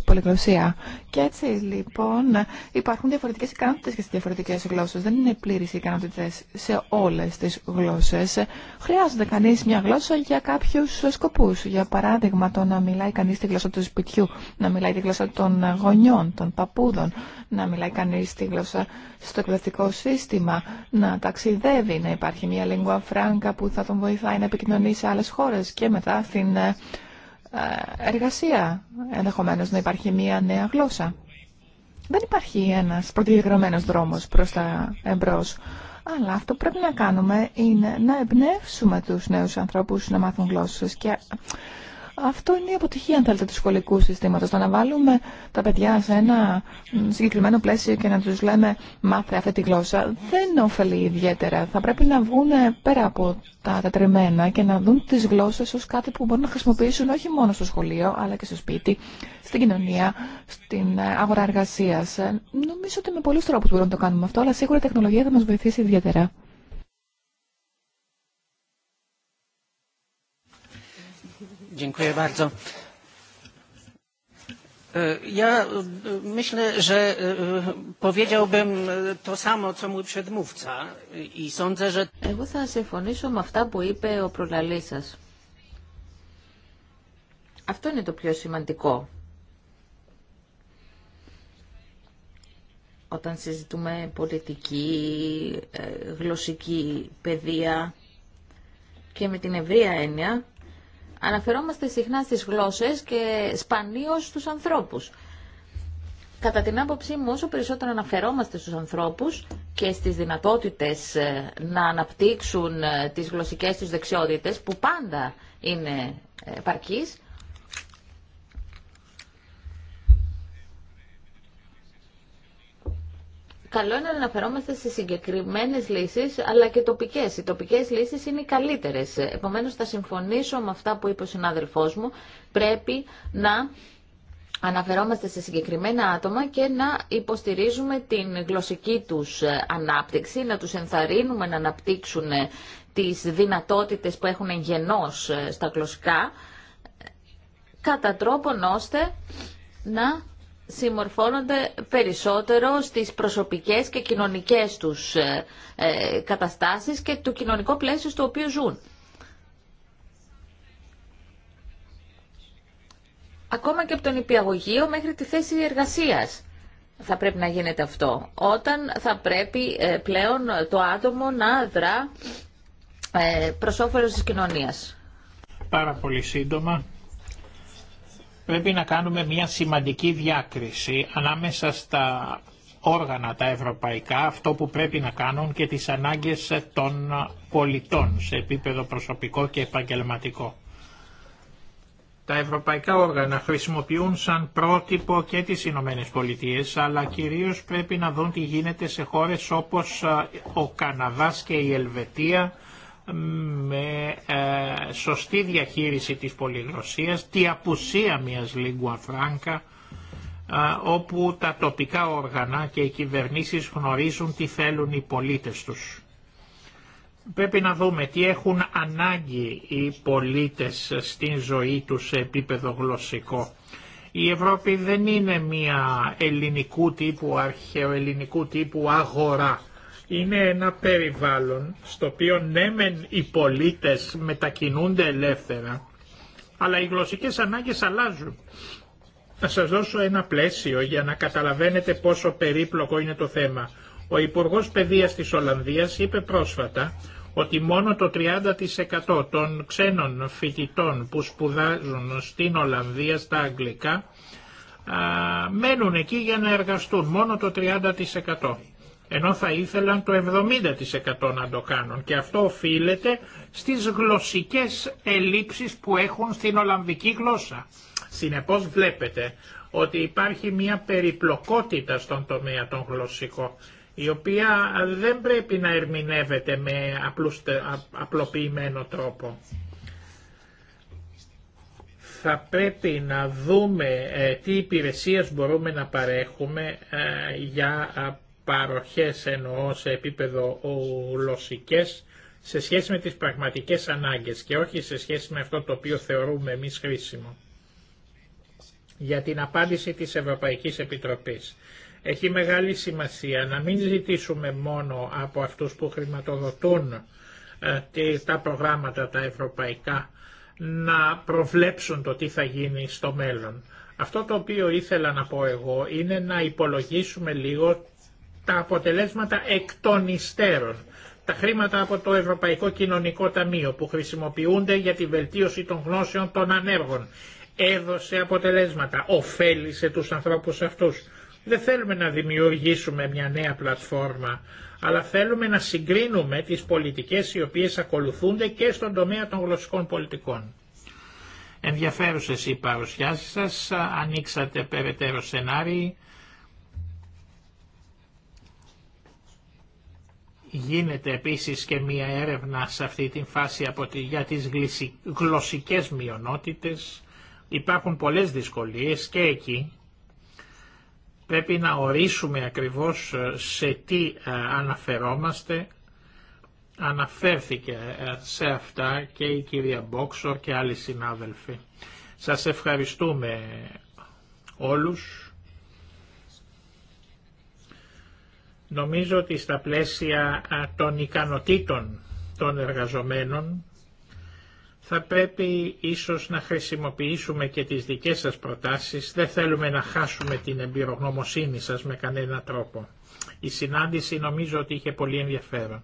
πολυγλωσία. Και έτσι λοιπόν υπάρχουν διαφορετικές ικανότητες και στι διαφορετικές γλώσσες. Δεν είναι πλήρης οι ικανότητες σε όλες τις γλώσσες. Χρειάζεται κανείς μια γλώσσα για κάποιους σκοπούς. Για παράδειγμα το να μιλάει κανείς τη γλώσσα του σπιτιού, να μιλάει τη γλώσσα των γονιών, των παππούδων, να μιλάει κανείς τη γλώσσα στο εκπαιδευτικό σύστημα, να ταξιδεύει, να υπάρχει μια lingua franca που θα τον βοηθάει να επικοινωνεί σε άλλες χώρες και μετά στην ε, ε, εργασία, ενδεχομένως να υπάρχει μια νέα γλώσσα. Δεν υπάρχει ένας προδιαγραμμένος δρόμος προς τα εμπρός. Αλλά αυτό που πρέπει να κάνουμε είναι να εμπνεύσουμε τους νέους ανθρώπους να μάθουν γλώσσες. Και αυτό είναι η αποτυχία, αν θέλετε, του σχολικού συστήματο. Το να βάλουμε τα παιδιά σε ένα συγκεκριμένο πλαίσιο και να του λέμε μάθε αυτή τη γλώσσα δεν ωφελεί ιδιαίτερα. Θα πρέπει να βγουν πέρα από τα τετριμένα και να δουν τι γλώσσε ω κάτι που μπορούν να χρησιμοποιήσουν όχι μόνο στο σχολείο, αλλά και στο σπίτι, στην κοινωνία, στην ε, αγορά εργασία. Ε, νομίζω ότι με πολλού τρόπου μπορούμε να το κάνουμε αυτό, αλλά σίγουρα η τεχνολογία θα μα βοηθήσει ιδιαίτερα. Εγώ θα συμφωνήσω με αυτά που είπε ο προλαλής σας. Αυτό είναι το πιο σημαντικό. Όταν συζητούμε πολιτική, ε, γλωσσική παιδεία και με την ευρία έννοια, Αναφερόμαστε συχνά στις γλώσσες και σπανίως στους ανθρώπους. Κατά την άποψή μου, όσο περισσότερο αναφερόμαστε στους ανθρώπους και στις δυνατότητες ε, να αναπτύξουν ε, τις γλωσσικές τους δεξιότητες, που πάντα είναι ε, επαρκής, καλό είναι να αναφερόμαστε σε συγκεκριμένες λύσεις, αλλά και τοπικές. Οι τοπικές λύσεις είναι οι καλύτερες. Επομένως, θα συμφωνήσω με αυτά που είπε ο συνάδελφός μου. Πρέπει να αναφερόμαστε σε συγκεκριμένα άτομα και να υποστηρίζουμε την γλωσσική τους ανάπτυξη, να τους ενθαρρύνουμε να αναπτύξουν τις δυνατότητες που έχουν γενός στα γλωσσικά, κατά τρόπον ώστε να συμμορφώνονται περισσότερο στις προσωπικές και κοινωνικές τους ε, ε, καταστάσεις και το κοινωνικό πλαίσιο στο οποίο ζουν. Ακόμα και από τον υπηαγωγείο μέχρι τη θέση εργασίας θα πρέπει να γίνεται αυτό. Όταν θα πρέπει ε, πλέον το άτομο να δρά προς όφελος της κοινωνίας. Πάρα πολύ σύντομα πρέπει να κάνουμε μια σημαντική διάκριση ανάμεσα στα όργανα τα ευρωπαϊκά, αυτό που πρέπει να κάνουν και τις ανάγκες των πολιτών σε επίπεδο προσωπικό και επαγγελματικό. Τα ευρωπαϊκά όργανα χρησιμοποιούν σαν πρότυπο και τις Ηνωμένε Πολιτείε, αλλά κυρίως πρέπει να δουν τι γίνεται σε χώρες όπως ο Καναδάς και η Ελβετία, με ε, σωστή διαχείριση της πολυγνωσίας, τη απουσία μιας λίγκουα φράγκα, ε, όπου τα τοπικά όργανα και οι κυβερνήσεις γνωρίζουν τι θέλουν οι πολίτες τους. Πρέπει να δούμε τι έχουν ανάγκη οι πολίτες στην ζωή τους σε επίπεδο γλωσσικό. Η Ευρώπη δεν είναι μια ελληνικού τύπου, αρχαιοελληνικού τύπου αγορά είναι ένα περιβάλλον στο οποίο ναι μεν οι πολίτες μετακινούνται ελεύθερα, αλλά οι γλωσσικές ανάγκες αλλάζουν. Να σας δώσω ένα πλαίσιο για να καταλαβαίνετε πόσο περίπλοκο είναι το θέμα. Ο Υπουργός Παιδείας της Ολλανδίας είπε πρόσφατα ότι μόνο το 30% των ξένων φοιτητών που σπουδάζουν στην Ολλανδία στα αγγλικά μένουν εκεί για να εργαστούν, μόνο το 30% ενώ θα ήθελαν το 70% να το κάνουν και αυτό οφείλεται στις γλωσσικές ελλείψεις που έχουν στην Ολλανδική γλώσσα. Συνεπώς βλέπετε ότι υπάρχει μια περιπλοκότητα στον τομέα των γλωσσικών, η οποία δεν πρέπει να ερμηνεύεται με απλοποιημένο τρόπο. Θα πρέπει να δούμε ε, τι υπηρεσίες μπορούμε να παρέχουμε ε, για παροχές εννοώ σε επίπεδο γλωσσικές σε σχέση με τις πραγματικές ανάγκες και όχι σε σχέση με αυτό το οποίο θεωρούμε εμείς χρήσιμο. Για την απάντηση της Ευρωπαϊκής Επιτροπής. Έχει μεγάλη σημασία να μην ζητήσουμε μόνο από αυτούς που χρηματοδοτούν ε, τα προγράμματα τα ευρωπαϊκά να προβλέψουν το τι θα γίνει στο μέλλον. Αυτό το οποίο ήθελα να πω εγώ είναι να υπολογίσουμε λίγο τα αποτελέσματα εκ των υστέρων. Τα χρήματα από το Ευρωπαϊκό Κοινωνικό Ταμείο που χρησιμοποιούνται για τη βελτίωση των γνώσεων των ανέργων. Έδωσε αποτελέσματα, ωφέλησε τους ανθρώπους αυτούς. Δεν θέλουμε να δημιουργήσουμε μια νέα πλατφόρμα, αλλά θέλουμε να συγκρίνουμε τις πολιτικές οι οποίες ακολουθούνται και στον τομέα των γλωσσικών πολιτικών. Ενδιαφέρουσες οι παρουσιάσεις σας, ανοίξατε περαιτέρω σενάριοι Γίνεται επίσης και μία έρευνα σε αυτή τη φάση για τις γλωσσικές μειονότητες. Υπάρχουν πολλές δυσκολίες και εκεί. Πρέπει να ορίσουμε ακριβώς ε, σε τι ε, αναφερόμαστε. Αναφέρθηκε ε, σε αυτά και η κυρία Μπόξορ και άλλοι συνάδελφοι. Σας ευχαριστούμε όλους. Νομίζω ότι στα πλαίσια των ικανοτήτων των εργαζομένων θα πρέπει ίσως να χρησιμοποιήσουμε και τις δικές σας προτάσεις. Δεν θέλουμε να χάσουμε την εμπειρογνωμοσύνη σας με κανένα τρόπο. Η συνάντηση νομίζω ότι είχε πολύ ενδιαφέρον.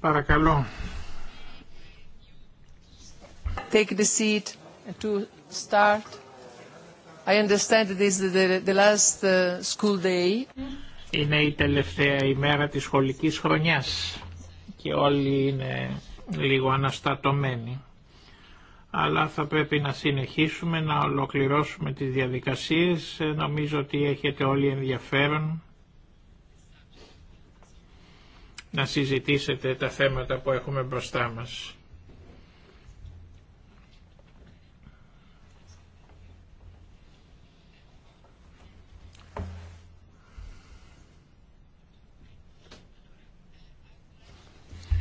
Παρακαλώ. Take the seat Είναι η τελευταία ημέρα της σχολικής χρονιάς και όλοι είναι λίγο αναστατωμένοι. Αλλά θα πρέπει να συνεχίσουμε να ολοκληρώσουμε τις διαδικασίες. Νομίζω ότι έχετε όλοι ενδιαφέρον να συζητήσετε τα θέματα που έχουμε μπροστά μας.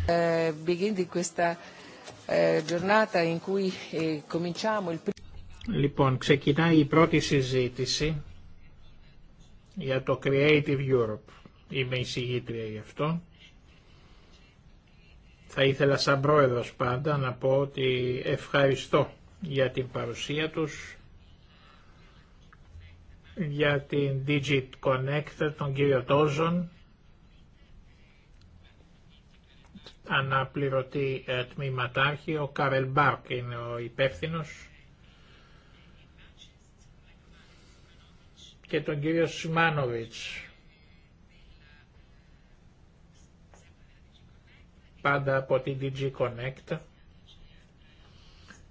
Ε, eh, eh, λοιπόν, ξεκινάει η πρώτη συζήτηση για το Creative Europe. Είμαι εισηγήτρια γι' αυτό. Θα ήθελα σαν πρόεδρος πάντα να πω ότι ευχαριστώ για την παρουσία τους, για την Digit Connect, τον κύριο Τόζον, αναπληρωτή ε, τμήματάρχη, ο Καρελ Μπάρκ είναι ο υπεύθυνο και τον κύριο Σιμάνοβιτς, πάντα από την DG Connect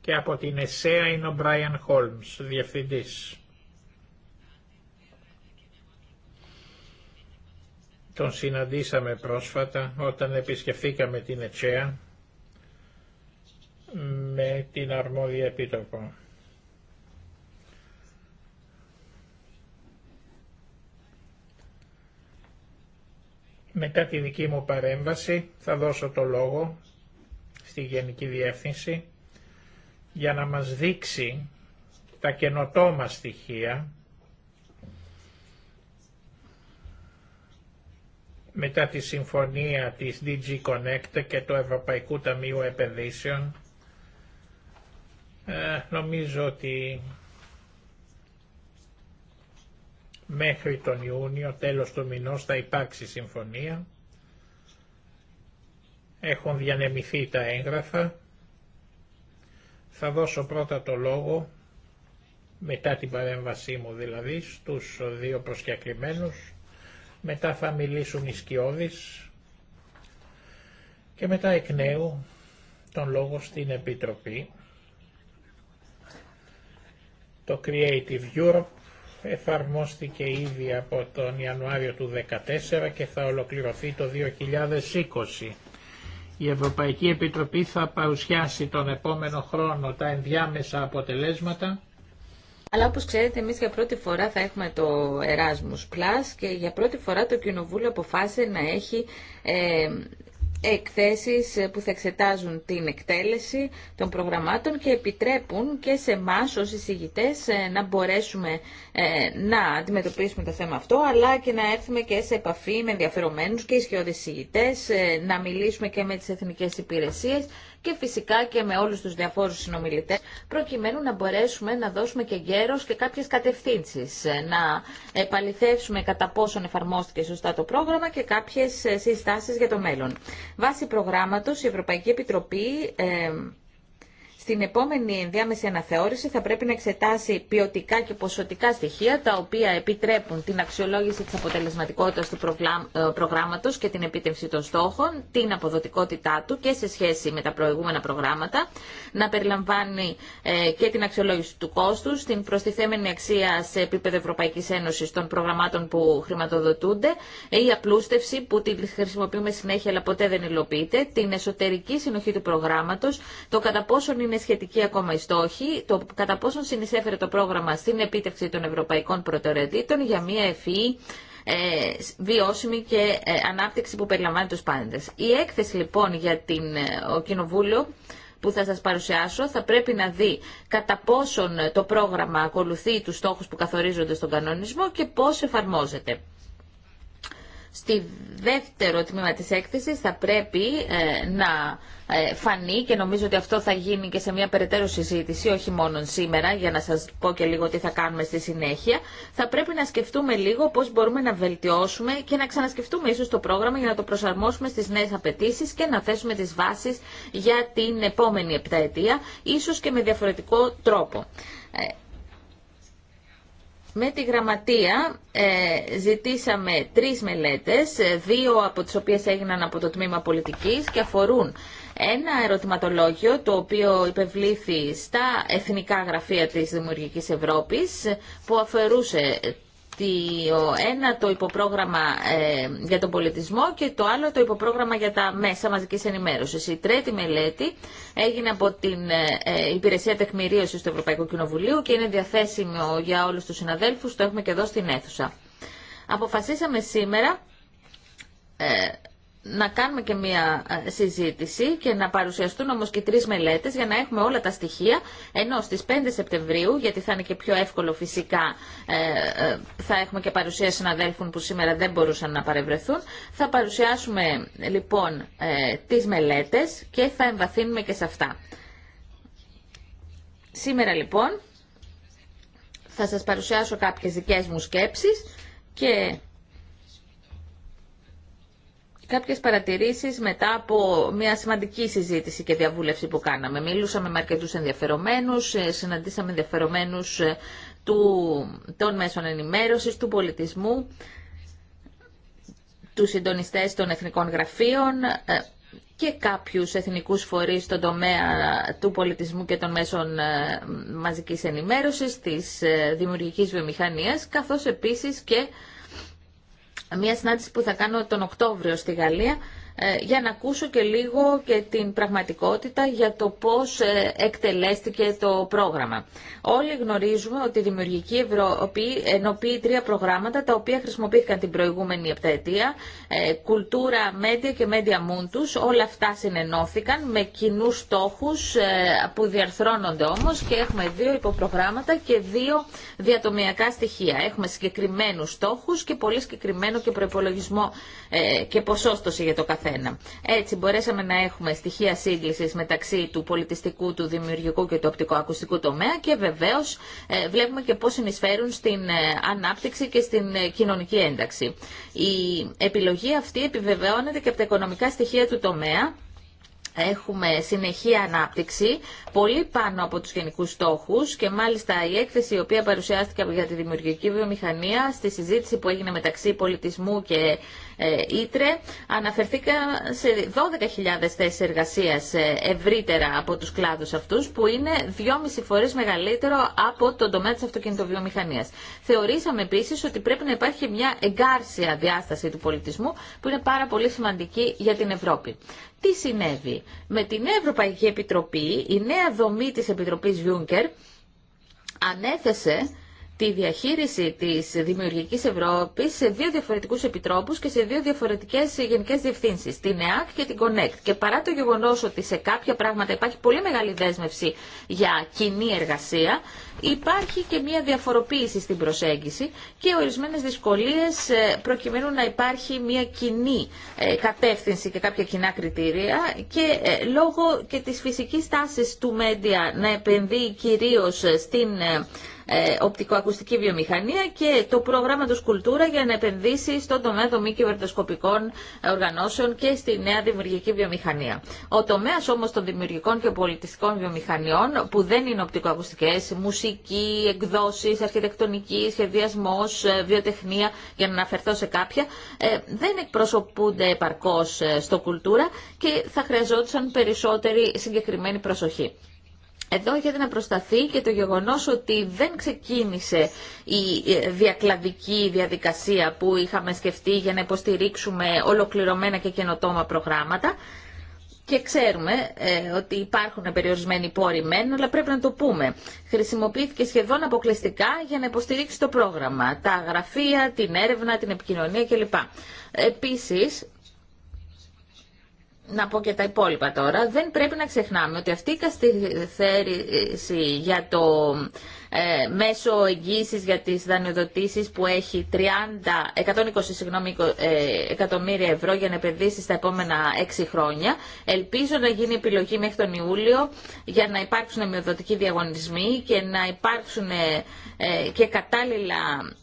και από την ΕΣΕΑ είναι ο Brian Holmes, διευθυντής. Τον συναντήσαμε πρόσφατα όταν επισκεφθήκαμε την ΕΣΕΑ με την αρμόδια επίτροπο. Μετά τη δική μου παρέμβαση θα δώσω το λόγο στη Γενική Διεύθυνση για να μας δείξει τα καινοτόμα στοιχεία μετά τη συμφωνία της DG Connect και του Ευρωπαϊκού Ταμείου Επενδύσεων ε, νομίζω ότι Μέχρι τον Ιούνιο, τέλος του μηνός, θα υπάρξει συμφωνία. Έχουν διανεμηθεί τα έγγραφα. Θα δώσω πρώτα το λόγο, μετά την παρέμβασή μου δηλαδή, στους δύο προσκεκριμένους. Μετά θα μιλήσουν οι σκιώδεις και μετά εκ νέου τον λόγο στην Επιτροπή. Το Creative Europe εφαρμόστηκε ήδη από τον Ιανουάριο του 2014 και θα ολοκληρωθεί το 2020. Η Ευρωπαϊκή Επιτροπή θα παρουσιάσει τον επόμενο χρόνο τα ενδιάμεσα αποτελέσματα. Αλλά όπως ξέρετε εμείς για πρώτη φορά θα έχουμε το Erasmus Plus και για πρώτη φορά το Κοινοβούλιο αποφάσισε να έχει ε, εκθέσεις ε, που θα εξετάζουν την εκτέλεση των προγραμμάτων και επιτρέπουν και σε εμά ως εισηγητές ε, να μπορέσουμε ε, να αντιμετωπίσουμε το θέμα αυτό, αλλά και να έρθουμε και σε επαφή με ενδιαφερομένους και ισχυώδεις εισηγητές, να μιλήσουμε και με τις εθνικές υπηρεσίες και φυσικά και με όλους τους διαφόρους συνομιλητές προκειμένου να μπορέσουμε να δώσουμε και γέρος και κάποιες κατευθύνσεις, ε, να επαληθεύσουμε κατά πόσον εφαρμόστηκε σωστά το πρόγραμμα και κάποιες ε, συστάσεις για το μέλλον. Βάσει προγράμματος η Ευρωπαϊκή Επιτροπή... Ε, στην επόμενη ενδιάμεση αναθεώρηση θα πρέπει να εξετάσει ποιοτικά και ποσοτικά στοιχεία τα οποία επιτρέπουν την αξιολόγηση της αποτελεσματικότητας του ε, προγράμματος και την επίτευξη των στόχων, την αποδοτικότητά του και σε σχέση με τα προηγούμενα προγράμματα, να περιλαμβάνει ε, και την αξιολόγηση του κόστους, την προστιθέμενη αξία σε επίπεδο Ευρωπαϊκής Ένωσης των προγραμμάτων που χρηματοδοτούνται, ε, η απλούστευση που τη χρησιμοποιούμε συνέχεια αλλά ποτέ δεν υλοποιείται, την εσωτερική συνοχή του προγράμματος, το κατά πόσον είναι είναι σχετική ακόμα η στόχη, το κατά πόσον συνεισέφερε το πρόγραμμα στην επίτευξη των ευρωπαϊκών προτεραιοτήτων για μια ευφυή ε, βιώσιμη και ε, ανάπτυξη που περιλαμβάνει τους πάντες. Η έκθεση λοιπόν για την, ε, ο Κοινοβούλιο που θα σας παρουσιάσω θα πρέπει να δει κατά πόσον το πρόγραμμα ακολουθεί τους στόχους που καθορίζονται στον κανονισμό και πώς εφαρμόζεται στη δεύτερο τμήμα της έκθεσης θα πρέπει ε, να ε, φανεί και νομίζω ότι αυτό θα γίνει και σε μια περαιτέρω συζήτηση, όχι μόνο σήμερα, για να σας πω και λίγο τι θα κάνουμε στη συνέχεια, θα πρέπει να σκεφτούμε λίγο πώς μπορούμε να βελτιώσουμε και να ξανασκεφτούμε ίσως το πρόγραμμα για να το προσαρμόσουμε στις νέες απαιτήσει και να θέσουμε τις βάσεις για την επόμενη επταετία, ίσως και με διαφορετικό τρόπο. Ε, με τη γραμματεία ε, ζητήσαμε τρεις μελέτες, ε, δύο από τις οποίες έγιναν από το Τμήμα Πολιτικής και αφορούν ένα ερωτηματολόγιο το οποίο υπευλήθη στα Εθνικά Γραφεία της Δημιουργικής Ευρώπης που αφαιρούσε το ένα το υποπρόγραμμα ε, για τον πολιτισμό και το άλλο το υποπρόγραμμα για τα μέσα μαζικής ενημέρωσης. Η τρίτη μελέτη έγινε από την ε, ε, Υπηρεσία Τεκμηρίωσης του Ευρωπαϊκού Κοινοβουλίου και είναι διαθέσιμο για όλους τους συναδέλφους, το έχουμε και εδώ στην αίθουσα. Αποφασίσαμε σήμερα... Ε, να κάνουμε και μία ε, συζήτηση και να παρουσιαστούν όμως και τρεις μελέτες για να έχουμε όλα τα στοιχεία, ενώ στις 5 Σεπτεμβρίου, γιατί θα είναι και πιο εύκολο φυσικά, ε, ε, θα έχουμε και παρουσία συναδέλφων που σήμερα δεν μπορούσαν να παρευρεθούν, θα παρουσιάσουμε λοιπόν τις μελέτες και θα εμβαθύνουμε και σε αυτά. Σήμερα λοιπόν θα σας παρουσιάσω κάποιες δικές μου σκέψεις και κάποιες παρατηρήσεις μετά από μια σημαντική συζήτηση και διαβούλευση που κάναμε. Μιλούσαμε με αρκετού ενδιαφερομένους, ε, συναντήσαμε ενδιαφερομένους ε, του, των μέσων ενημέρωσης, του πολιτισμού, του συντονιστές των εθνικών γραφείων ε, και κάποιους εθνικούς φορείς στον τομέα του πολιτισμού και των μέσων μαζικής ενημέρωσης, της δημιουργικής βιομηχανίας, καθώς επίσης και μια συνάντηση που θα κάνω τον Οκτώβριο στη Γαλλία ε, για να ακούσω και λίγο και την πραγματικότητα για το πώς ε, εκτελέστηκε το πρόγραμμα. Όλοι γνωρίζουμε ότι η Δημιουργική Ευρώπη ενωπεί τρία προγράμματα τα οποία χρησιμοποιήθηκαν την προηγούμενη επταετία, ε, κουλτούρα, μέντια και μέντια μούντους, όλα αυτά συνενώθηκαν με κοινούς στόχους που διαρθρώνονται όμως και έχουμε δύο υποπρογράμματα και δύο διατομιακά στοιχεία. Έχουμε συγκεκριμένους στόχους και πολύ συγκεκριμένο και προπολογισμό και ποσόστοση για το καθένα καθένα. Έτσι μπορέσαμε να έχουμε στοιχεία σύγκληση μεταξύ του πολιτιστικού, του δημιουργικού και του οπτικοακουστικού τομέα και βεβαίως ε, βλέπουμε και πώ συνεισφέρουν στην ε, ανάπτυξη και στην ε, κοινωνική ένταξη. Η επιλογή αυτή επιβεβαιώνεται και από τα οικονομικά στοιχεία του τομέα Έχουμε συνεχή ανάπτυξη, πολύ πάνω από τους γενικούς στόχους και μάλιστα η έκθεση η οποία παρουσιάστηκε για τη δημιουργική βιομηχανία στη συζήτηση που έγινε μεταξύ πολιτισμού και ε, Ήτρε αναφερθήκα σε 12.000 θέσεις εργασίας ε, ευρύτερα από τους κλάδους αυτούς που είναι 2,5 φορές μεγαλύτερο από τον τομέα της αυτοκινητοβιομηχανίας. Θεωρήσαμε επίσης ότι πρέπει να υπάρχει μια εγκάρσια διάσταση του πολιτισμού που είναι πάρα πολύ σημαντική για την Ευρώπη. Τι συνέβη. Με την Ευρωπαϊκή Επιτροπή, η νέα δομή της Επιτροπής Juncker ανέθεσε τη διαχείριση τη Δημιουργική Ευρώπη σε δύο διαφορετικού επιτρόπους και σε δύο διαφορετικέ γενικέ διευθύνσει: την ΕΑΚ και την CONNECT. Και παρά το γεγονό ότι σε κάποια πράγματα υπάρχει πολύ μεγάλη δέσμευση για κοινή εργασία, υπάρχει και μια διαφοροποίηση στην προσέγγιση και ορισμένε δυσκολίε ε, προκειμένου να υπάρχει μια κοινή ε, κατεύθυνση και κάποια κοινά κριτήρια και ε, λόγω και τη φυσική τάση του Μέντια να επενδύει κυρίω στην ε, οπτικοακουστική βιομηχανία και το πρόγραμμα του Σκουλτούρα για να επενδύσει στον τομέα των μη κυβερνοσκοπικών ε, οργανώσεων και στη νέα δημιουργική βιομηχανία. Ο τομέα όμω των δημιουργικών και πολιτιστικών βιομηχανιών, που δεν είναι οπτικοακουστικέ, μουσική, εκδόσει, αρχιτεκτονική, σχεδιασμό, ε, βιοτεχνία, για να αναφερθώ σε κάποια, δεν εκπροσωπούνται επαρκώ στο Κουλτούρα και θα χρειαζόντουσαν περισσότερη συγκεκριμένη προσοχή. Εδώ έχετε να προσταθεί και το γεγονός ότι δεν ξεκίνησε η ε, διακλαδική διαδικασία που είχαμε σκεφτεί για να υποστηρίξουμε ολοκληρωμένα και καινοτόμα προγράμματα. Και ξέρουμε ε, ότι υπάρχουν περιορισμένοι πόροι μεν, αλλά πρέπει να το πούμε. Χρησιμοποιήθηκε σχεδόν αποκλειστικά για να υποστηρίξει το πρόγραμμα. Τα γραφεία, την έρευνα, την επικοινωνία κλπ. Επίσης, να πω και τα υπόλοιπα τώρα, δεν πρέπει να ξεχνάμε ότι αυτή η καστηθέρηση για το ε, μέσο εγγύηση για τις δανειοδοτήσεις που έχει 30, 120 ε, εκατομμύρια ευρώ για να επενδύσει στα επόμενα 6 χρόνια. Ελπίζω να γίνει επιλογή μέχρι τον Ιούλιο για να υπάρξουν μειοδοτικοί διαγωνισμοί και να υπάρξουν ε, ε, και κατάλληλα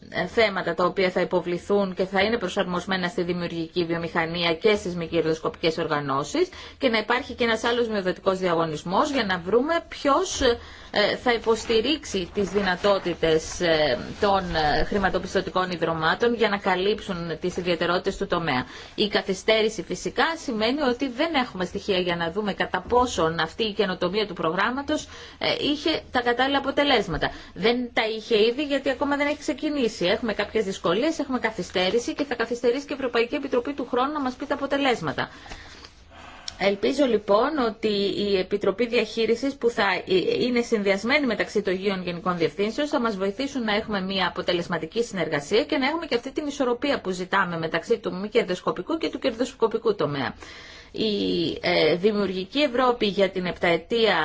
ε, θέματα τα οποία θα υποβληθούν και θα είναι προσαρμοσμένα στη δημιουργική βιομηχανία και στις μη κερδοσκοπικές οργανώσεις και να υπάρχει και ένας άλλος μειοδοτικός διαγωνισμός για να βρούμε ποιος ε, ε, θα υποστηρίξει τις δυνατότητες ε, των ε, χρηματοπιστωτικών ιδρωμάτων για να καλύψουν τις ιδιαιτερότητες του τομέα. Η καθυστέρηση φυσικά σημαίνει ότι δεν έχουμε στοιχεία για να δούμε κατά πόσον αυτή η καινοτομία του προγράμματος είχε τα κατάλληλα αποτελέσματα. Δεν τα είχε ήδη γιατί ακόμα δεν έχει ξεκινήσει. Έχουμε κάποιες δυσκολίες, έχουμε καθυστέρηση και θα καθυστερήσει και η Ευρωπαϊκή Επιτροπή του χρόνου να μας πει τα αποτελέσματα. Ελπίζω λοιπόν ότι η Επιτροπή διαχείριση που θα ε, είναι συνδυασμένη μεταξύ των Γείων Γενικών Διευθύνσεων θα μα βοηθήσουν να έχουμε μια αποτελεσματική συνεργασία και να έχουμε και αυτή την ισορροπία που ζητάμε μεταξύ του μη κερδοσκοπικού και του κερδοσκοπικού τομέα. Η ε, Δημιουργική Ευρώπη για την επταετία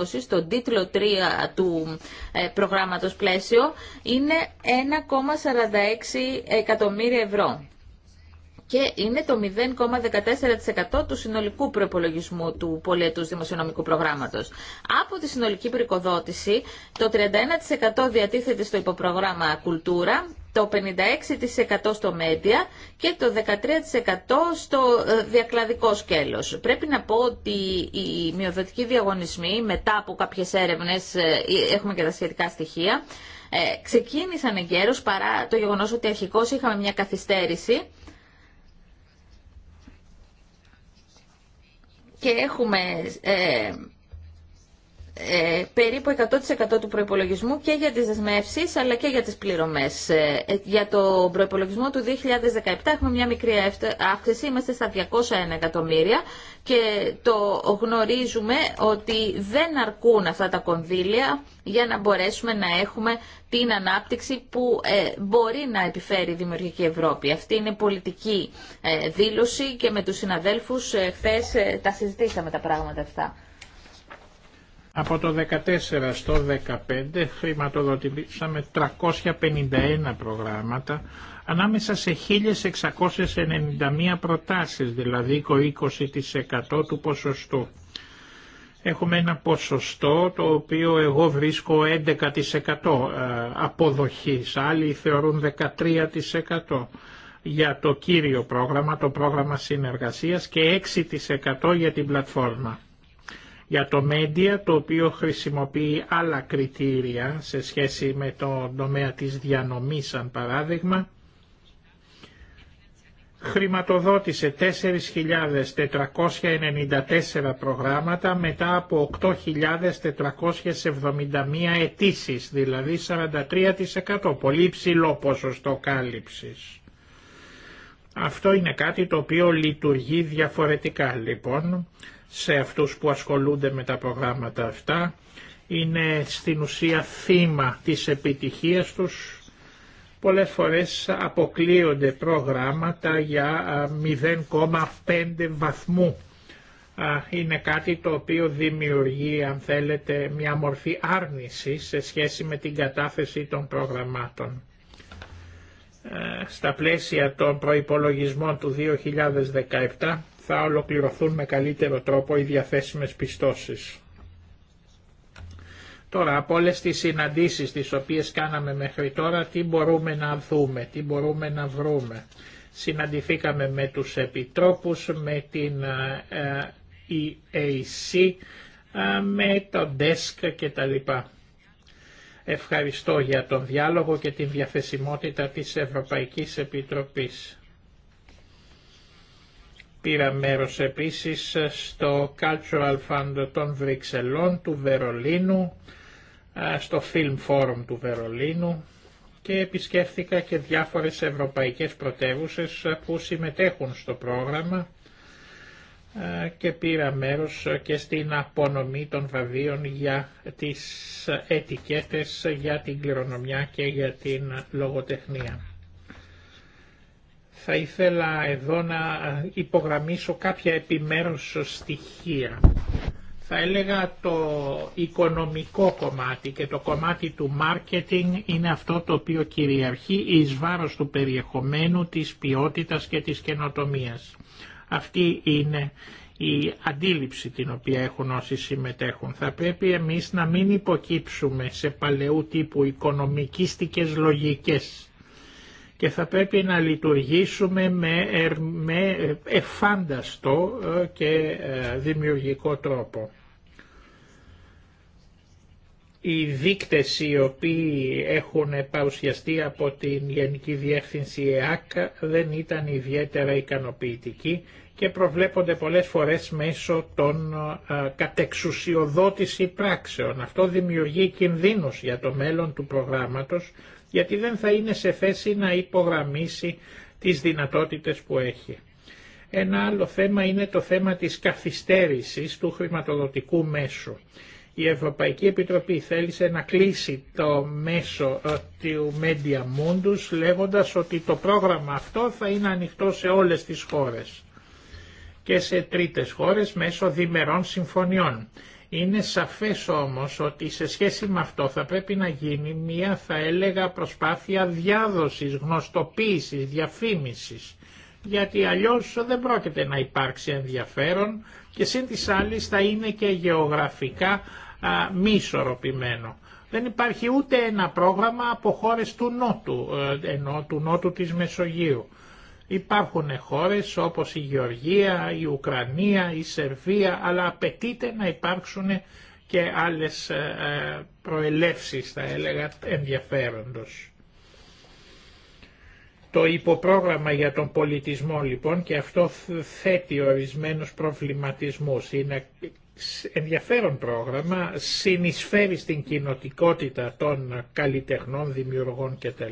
2014-2020 στον τίτλο 3 του ε, προγράμματος πλαίσιο είναι 1,46 εκατομμύρια ευρώ και είναι το 0,14% του συνολικού προπολογισμού του πολέτου δημοσιονομικού προγράμματο. Από τη συνολική προοικοδότηση, το 31% διατίθεται στο υποπρόγραμμα Κουλτούρα, το 56% στο Μέντια και το 13% στο ε, διακλαδικό σκέλος. Πρέπει να πω ότι οι μειοδοτικοί διαγωνισμοί, μετά από κάποιες έρευνες, ε, έχουμε και τα σχετικά στοιχεία, ε, ξεκίνησαν εγκαίρως παρά το γεγονός ότι αρχικώς είχαμε μια καθυστέρηση και έχουμε ε, ε, περίπου 100% του προϋπολογισμού και για τις δεσμεύσεις αλλά και για τις πληρωμές. Ε, ε, για το προϋπολογισμό του 2017 έχουμε μια μικρή αύξηση, είμαστε στα 201 εκατομμύρια και το γνωρίζουμε ότι δεν αρκούν αυτά τα κονδύλια για να μπορέσουμε να έχουμε την ανάπτυξη που ε, μπορεί να επιφέρει η Δημιουργική Ευρώπη. Αυτή είναι πολιτική δήλωση και με τους συναδέλφους χθες τα συζητήσαμε τα πράγματα αυτά. Από το 14 στο 2015 χρηματοδοτήσαμε 351 προγράμματα ανάμεσα σε 1.691 προτάσεις, δηλαδή 20% του ποσοστού. Έχουμε ένα ποσοστό το οποίο εγώ βρίσκω 11% ε, αποδοχής, άλλοι θεωρούν 13% για το κύριο πρόγραμμα, το πρόγραμμα συνεργασίας και 6% για την πλατφόρμα. Για το Μέντια, το οποίο χρησιμοποιεί άλλα κριτήρια σε σχέση με το τομέα της διανομής, σαν παράδειγμα, χρηματοδότησε 4.494 προγράμματα μετά από 8.471 αιτήσει, δηλαδή 43%, πολύ ψηλό ποσοστό κάλυψης. Αυτό είναι κάτι το οποίο λειτουργεί διαφορετικά λοιπόν σε αυτούς που ασχολούνται με τα προγράμματα αυτά. Είναι στην ουσία θύμα της επιτυχίας τους. Πολλές φορές αποκλείονται προγράμματα για 0,5 βαθμού. Είναι κάτι το οποίο δημιουργεί, αν θέλετε, μια μορφή άρνηση σε σχέση με την κατάθεση των προγραμμάτων ε, στα πλαίσια των προϋπολογισμών του 2017 θα ολοκληρωθούν με καλύτερο τρόπο οι διαθέσιμες πιστώσεις. Τώρα από όλε τις συναντήσεις τις οποίες κάναμε μέχρι τώρα τι μπορούμε να δούμε, τι μπορούμε να βρούμε. Συναντηθήκαμε με τους επιτρόπους, με την EAC, ε, ε, ε, με το DESK κτλ. Ευχαριστώ για τον διάλογο και την διαθεσιμότητα της Ευρωπαϊκής Επιτροπής. Πήρα μέρος επίσης στο Cultural Fund των Βρυξελών, του Βερολίνου, στο Film Forum του Βερολίνου και επισκέφθηκα και διάφορες ευρωπαϊκές πρωτεύουσες που συμμετέχουν στο πρόγραμμα και πήρα μέρος και στην απονομή των βραβείων για τις ετικέτες, για την κληρονομιά και για την λογοτεχνία θα ήθελα εδώ να υπογραμμίσω κάποια επιμέρους στοιχεία. Θα έλεγα το οικονομικό κομμάτι και το κομμάτι του marketing είναι αυτό το οποίο κυριαρχεί εις βάρος του περιεχομένου, της ποιότητας και της καινοτομίας. Αυτή είναι η αντίληψη την οποία έχουν όσοι συμμετέχουν. Θα πρέπει εμείς να μην υποκύψουμε σε παλαιού τύπου οικονομικίστικες λογικές και θα πρέπει να λειτουργήσουμε με, ε, εφάνταστο και ε, δημιουργικό τρόπο. Οι δείκτες οι οποίοι έχουν παρουσιαστεί από την Γενική Διεύθυνση ΕΑΚ δεν ήταν ιδιαίτερα ικανοποιητικοί και προβλέπονται πολλές φορές μέσω των ε, κατεξουσιοδότηση πράξεων. Αυτό δημιουργεί κινδύνους για το μέλλον του προγράμματος γιατί δεν θα είναι σε θέση να υπογραμμίσει τις δυνατότητες που έχει. Ένα άλλο θέμα είναι το θέμα της καθυστέρησης του χρηματοδοτικού μέσου. Η Ευρωπαϊκή Επιτροπή θέλησε να κλείσει το μέσο ε, του Media Mundus λέγοντας ότι το πρόγραμμα αυτό θα είναι ανοιχτό σε όλες τις χώρες και σε τρίτες χώρες μέσω διμερών συμφωνιών. Είναι σαφές όμως ότι σε σχέση με αυτό θα πρέπει να γίνει μια θα έλεγα προσπάθεια διάδοσης, γνωστοποίησης, διαφήμισης γιατί αλλιώς δεν πρόκειται να υπάρξει ενδιαφέρον και σύν της άλλης θα είναι και γεωγραφικά α, μη ισορροπημένο. Δεν υπάρχει ούτε ένα πρόγραμμα από χώρες του Νότου, ε, ενώ του Νότου της Μεσογείου. Υπάρχουν χώρες όπως η Γεωργία, η Ουκρανία, η Σερβία, αλλά απαιτείται να υπάρξουν και άλλες ε, προελεύσεις θα έλεγα ενδιαφέροντος. Το υποπρόγραμμα για τον πολιτισμό λοιπόν και αυτό θέτει ορισμένους προβληματισμούς. Είναι ενδιαφέρον πρόγραμμα, συνεισφέρει στην κοινοτικότητα των καλλιτεχνών, δημιουργών κτλ.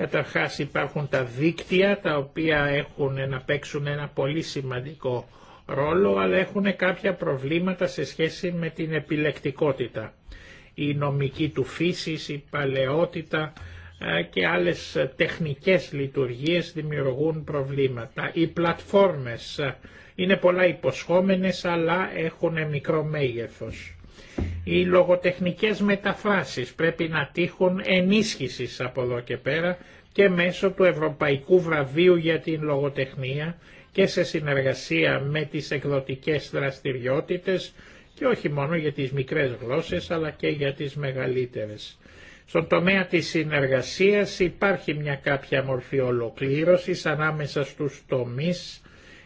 Καταρχάς υπάρχουν τα δίκτυα τα οποία έχουν να παίξουν ένα πολύ σημαντικό ρόλο αλλά έχουν κάποια προβλήματα σε σχέση με την επιλεκτικότητα. Η νομική του φύσης, η παλαιότητα ε, και άλλες τεχνικές λειτουργίες δημιουργούν προβλήματα. Οι πλατφόρμες ε, είναι πολλά υποσχόμενες αλλά έχουν μικρό μέγεθος. Οι λογοτεχνικές μεταφράσεις πρέπει να τύχουν ενίσχυσης από εδώ και πέρα και μέσω του Ευρωπαϊκού Βραβείου για την Λογοτεχνία και σε συνεργασία με τις εκδοτικές δραστηριότητες και όχι μόνο για τις μικρές γλώσσες αλλά και για τις μεγαλύτερες. Στον τομέα της συνεργασίας υπάρχει μια κάποια μορφή ολοκλήρωσης ανάμεσα στους τομείς,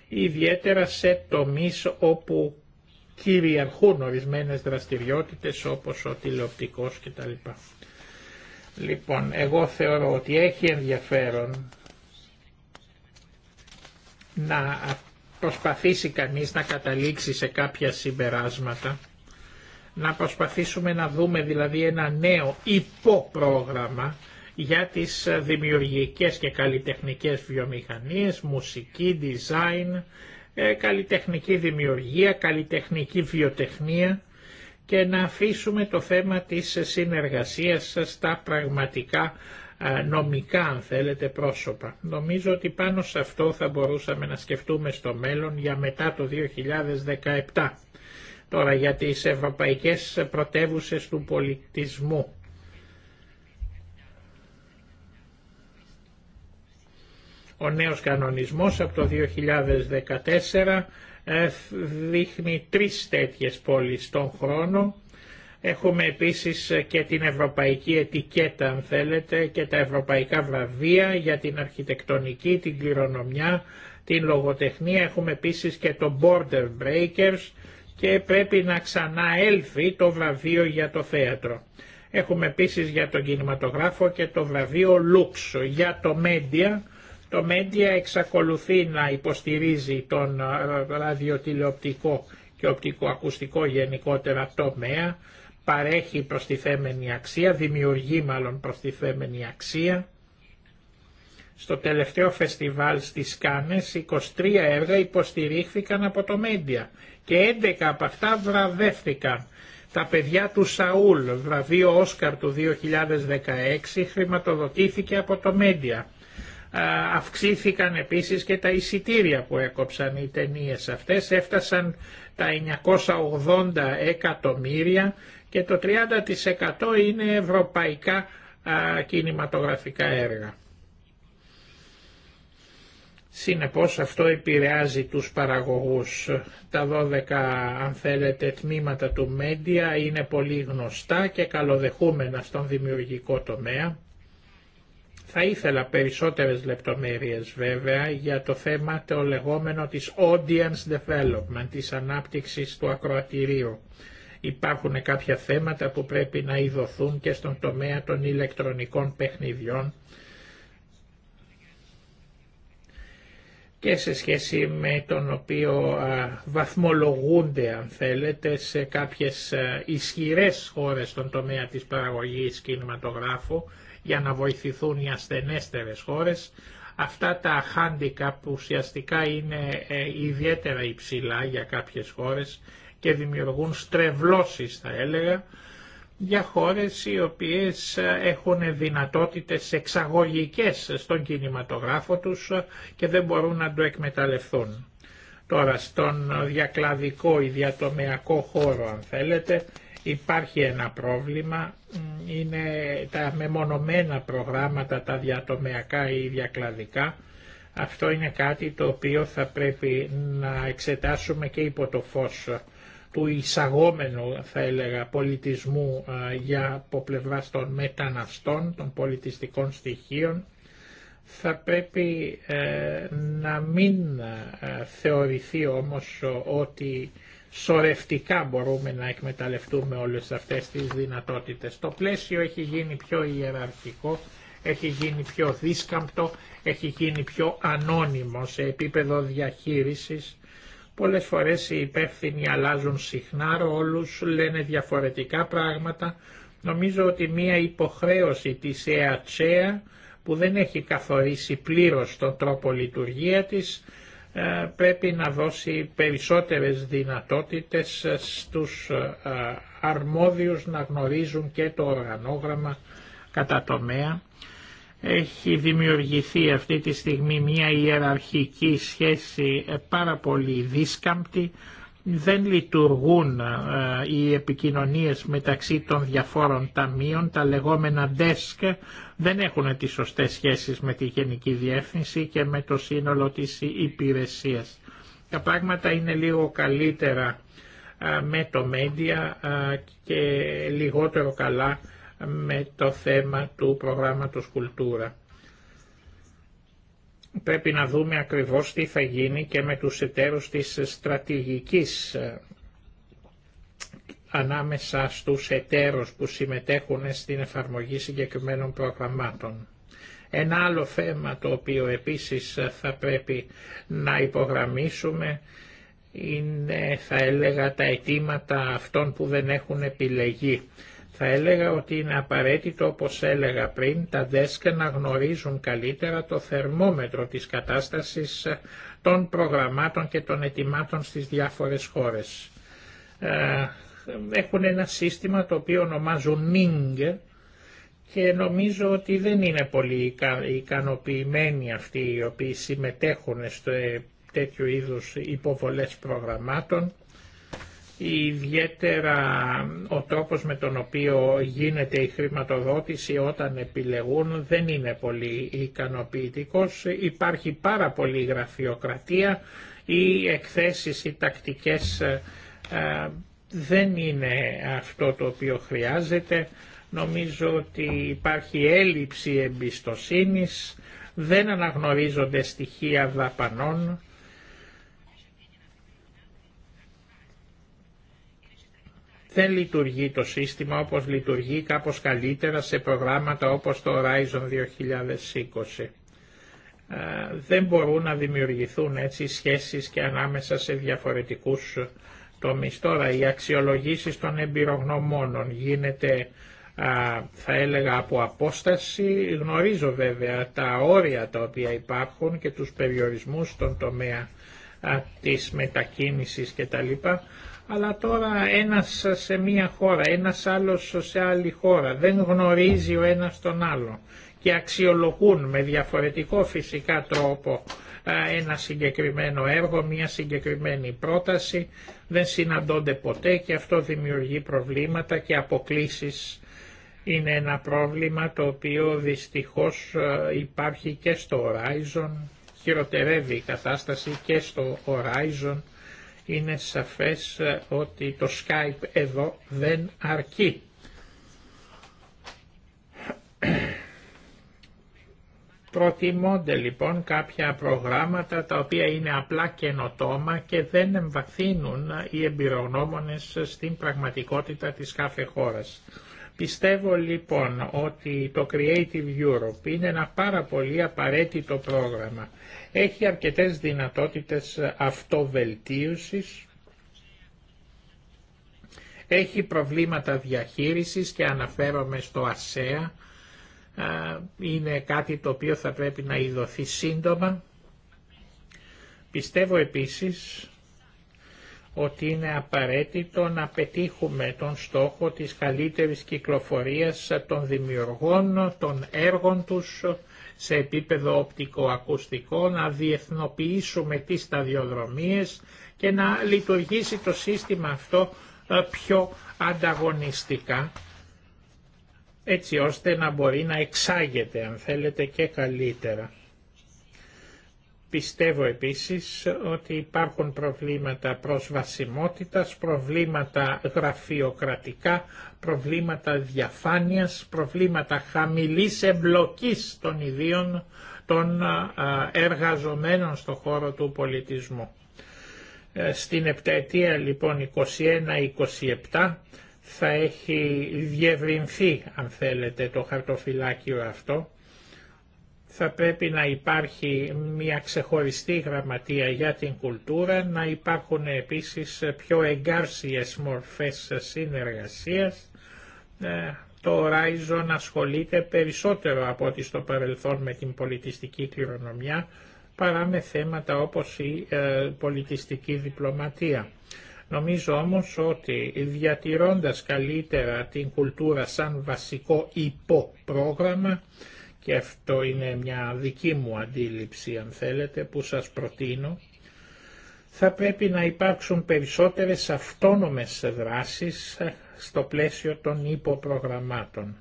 ιδιαίτερα σε τομείς όπου κυριαρχούν ορισμένες δραστηριότητες όπως ο τηλεοπτικός κτλ. Λοιπόν, εγώ θεωρώ ότι έχει ενδιαφέρον να προσπαθήσει κανείς να καταλήξει σε κάποια συμπεράσματα, να προσπαθήσουμε να δούμε δηλαδή ένα νέο υποπρόγραμμα για τις δημιουργικές και καλλιτεχνικές βιομηχανίες, μουσική, design, ε, καλλιτεχνική δημιουργία, καλλιτεχνική βιοτεχνία και να αφήσουμε το θέμα της συνεργασίας στα πραγματικά νομικά αν θέλετε πρόσωπα. Νομίζω ότι πάνω σε αυτό θα μπορούσαμε να σκεφτούμε στο μέλλον για μετά το 2017. Τώρα για τις ευρωπαϊκές πρωτεύουσες του πολιτισμού. Ο νέος κανονισμός από το 2014 ε, δείχνει τρεις τέτοιες πόλεις τον χρόνο. Έχουμε επίσης ε, και την ευρωπαϊκή ετικέτα αν θέλετε και τα ευρωπαϊκά βραβεία για την αρχιτεκτονική, την κληρονομιά, την λογοτεχνία. Έχουμε επίσης και το Border Breakers και πρέπει να ξανά έλθει το βραβείο για το θέατρο. Έχουμε επίσης για τον κινηματογράφο και το βραβείο Λούξο για το Μέντια το Μέντια εξακολουθεί να υποστηρίζει τον ε, ραδιοτηλεοπτικό και οπτικοακουστικό γενικότερα τομέα, παρέχει προστιθέμενη αξία, δημιουργεί μάλλον προστιθέμενη αξία. Στο τελευταίο φεστιβάλ στις Κάνες 23 έργα υποστηρίχθηκαν από το Μέντια και 11 από αυτά βραβεύθηκαν. Τα παιδιά του Σαούλ, βραβείο Όσκαρ του 2016, χρηματοδοτήθηκε από το Μέντια. Αυξήθηκαν επίσης και τα εισιτήρια που έκοψαν οι ταινίε αυτές, έφτασαν τα 980 εκατομμύρια και το 30% είναι ευρωπαϊκά κινηματογραφικά έργα. Συνεπώς αυτό επηρεάζει τους παραγωγούς. Τα 12 αν θέλετε τμήματα του Μέντια είναι πολύ γνωστά και καλοδεχούμενα στον δημιουργικό τομέα θα ήθελα περισσότερες λεπτομέρειες βέβαια για το θέμα το λεγόμενο της audience development, της ανάπτυξης του ακροατηρίου. Υπάρχουν κάποια θέματα που πρέπει να ειδωθούν και στον τομέα των ηλεκτρονικών παιχνιδιών και σε σχέση με τον οποίο βαθμολογούνται αν θέλετε σε κάποιες ισχυρές χώρες στον τομέα της παραγωγής κινηματογράφου για να βοηθηθούν οι ασθενέστερες χώρες. Αυτά τα χάντικα που ουσιαστικά είναι ε, ιδιαίτερα υψηλά για κάποιες χώρες και δημιουργούν στρεβλώσεις θα έλεγα για χώρες οι οποίες ε, έχουν δυνατότητες εξαγωγικές στον κινηματογράφο τους και δεν μπορούν να το εκμεταλλευτούν. Τώρα στον διακλαδικό ή διατομεακό χώρο αν θέλετε Υπάρχει ένα πρόβλημα, είναι τα μεμονωμένα προγράμματα, τα διατομεακά ή διακλαδικά. Αυτό είναι κάτι το οποίο θα πρέπει να εξετάσουμε και υπό το φως του εισαγόμενου, θα έλεγα, πολιτισμού για από πλευρά των μεταναστών, των πολιτιστικών στοιχείων, θα πρέπει ε, να μην ε, θεωρηθεί όμως ότι σορευτικά μπορούμε να εκμεταλλευτούμε όλες αυτές τις δυνατότητες. Το πλαίσιο έχει γίνει πιο ιεραρχικό, έχει γίνει πιο δίσκαμπτο, έχει γίνει πιο ανώνυμο σε επίπεδο διαχείρισης. Πολλές φορές οι υπεύθυνοι αλλάζουν συχνά ρόλους, λένε διαφορετικά πράγματα. Νομίζω ότι μία υποχρέωση της ΕΑΤΣΕΑ που δεν έχει καθορίσει πλήρως τον τρόπο λειτουργία της ε, πρέπει να δώσει περισσότερες δυνατότητες στους ε, αρμόδιους να γνωρίζουν και το οργανόγραμμα κατά τομέα. Έχει δημιουργηθεί αυτή τη στιγμή μια ιεραρχική σχέση ε, πάρα πολύ δίσκαμπτη. Δεν λειτουργούν οι επικοινωνίες μεταξύ των διαφόρων ταμείων, τα λεγόμενα desk δεν έχουν τις σωστές σχέσεις με τη Γενική Διεύθυνση και με το σύνολο της υπηρεσίας. Τα πράγματα είναι λίγο καλύτερα με το Μέντια και λιγότερο καλά με το θέμα του προγράμματος Κουλτούρα. Πρέπει να δούμε ακριβώς τι θα γίνει και με τους εταίρους της στρατηγικής ανάμεσα στους εταίρους που συμμετέχουν στην εφαρμογή συγκεκριμένων προγραμμάτων. Ένα άλλο θέμα το οποίο επίσης θα πρέπει να υπογραμμίσουμε είναι θα έλεγα τα αιτήματα αυτών που δεν έχουν επιλεγεί. Θα έλεγα ότι είναι απαραίτητο όπως έλεγα πριν τα δέσκα να γνωρίζουν καλύτερα το θερμόμετρο της κατάστασης των προγραμμάτων και των αιτημάτων στις διάφορες χώρες. Ε, έχουν ένα σύστημα το οποίο ονομάζουν NING και νομίζω ότι δεν είναι πολύ ικανοποιημένοι αυτοί οι οποίοι συμμετέχουν στο ε, τέτοιου είδους υποβολές προγραμμάτων ιδιαίτερα ο τρόπος με τον οποίο γίνεται η χρηματοδότηση όταν επιλεγούν δεν είναι πολύ ικανοποιητικός. Υπάρχει πάρα πολύ γραφειοκρατία ή εκθέσεις ή τακτικές ε, δεν είναι αυτό το οποίο χρειάζεται. Νομίζω ότι υπάρχει έλλειψη εμπιστοσύνης, δεν αναγνωρίζονται στοιχεία δαπανών. Δεν λειτουργεί το σύστημα όπως λειτουργεί κάπως καλύτερα σε προγράμματα όπως το Horizon 2020. Ε, δεν μπορούν να δημιουργηθούν έτσι σχέσεις και ανάμεσα σε διαφορετικούς Τώρα οι αξιολογήσεις των εμπειρογνωμόνων γίνεται θα έλεγα από απόσταση. Γνωρίζω βέβαια τα όρια τα οποία υπάρχουν και τους περιορισμούς στον τομέα της μετακίνησης κτλ. Αλλά τώρα ένας σε μία χώρα, ένας άλλος σε άλλη χώρα, δεν γνωρίζει ο ένας τον άλλο και αξιολογούν με διαφορετικό φυσικά τρόπο ένα συγκεκριμένο έργο, μια συγκεκριμένη πρόταση, δεν συναντώνται ποτέ και αυτό δημιουργεί προβλήματα και αποκλίσεις. Είναι ένα πρόβλημα το οποίο δυστυχώς ε, υπάρχει και στο Horizon, χειροτερεύει η κατάσταση και στο Horizon. Είναι σαφές ε, ότι το Skype εδώ δεν αρκεί. Προτιμώνται λοιπόν κάποια προγράμματα τα οποία είναι απλά καινοτόμα και δεν εμβαθύνουν οι εμπειρογνώμονες στην πραγματικότητα της κάθε χώρας. Πιστεύω λοιπόν ότι το Creative Europe είναι ένα πάρα πολύ απαραίτητο πρόγραμμα. Έχει αρκετές δυνατότητες αυτοβελτίωσης, έχει προβλήματα διαχείρισης και αναφέρομαι στο ΑΣΕΑ, ε, είναι κάτι το οποίο θα πρέπει να ειδωθεί σύντομα. Πιστεύω επίσης ότι είναι απαραίτητο να πετύχουμε τον στόχο της καλύτερης κυκλοφορίας των δημιουργών, των έργων τους σε επίπεδο οπτικο-ακουστικό, να διεθνοποιήσουμε τις σταδιοδρομίες και να λειτουργήσει το σύστημα αυτό ε, πιο ανταγωνιστικά έτσι ώστε να μπορεί να εξάγεται αν θέλετε και καλύτερα. Πιστεύω επίσης ότι υπάρχουν προβλήματα προσβασιμότητας, προβλήματα γραφειοκρατικά, προβλήματα διαφάνειας, προβλήματα χαμηλής εμπλοκής των ιδίων των εργαζομένων στο χώρο του πολιτισμού. Ε, στην επταετία λοιπόν 21-27 θα έχει διευρυνθεί, αν θέλετε, το χαρτοφυλάκιο αυτό. Θα πρέπει να υπάρχει μια ξεχωριστή γραμματεία για την κουλτούρα, να υπάρχουν επίσης πιο εγκάρσιες μορφές συνεργασίας. Ε, το Horizon ασχολείται περισσότερο από ό,τι στο παρελθόν με την πολιτιστική κληρονομιά, παρά με θέματα όπως η ε, πολιτιστική διπλωματία. Νομίζω όμως ότι διατηρώντας καλύτερα την κουλτούρα σαν βασικό υποπρόγραμμα, και αυτό είναι μια δική μου αντίληψη αν θέλετε που σας προτείνω, θα πρέπει να υπάρξουν περισσότερες αυτόνομες δράσεις στο πλαίσιο των υποπρογραμμάτων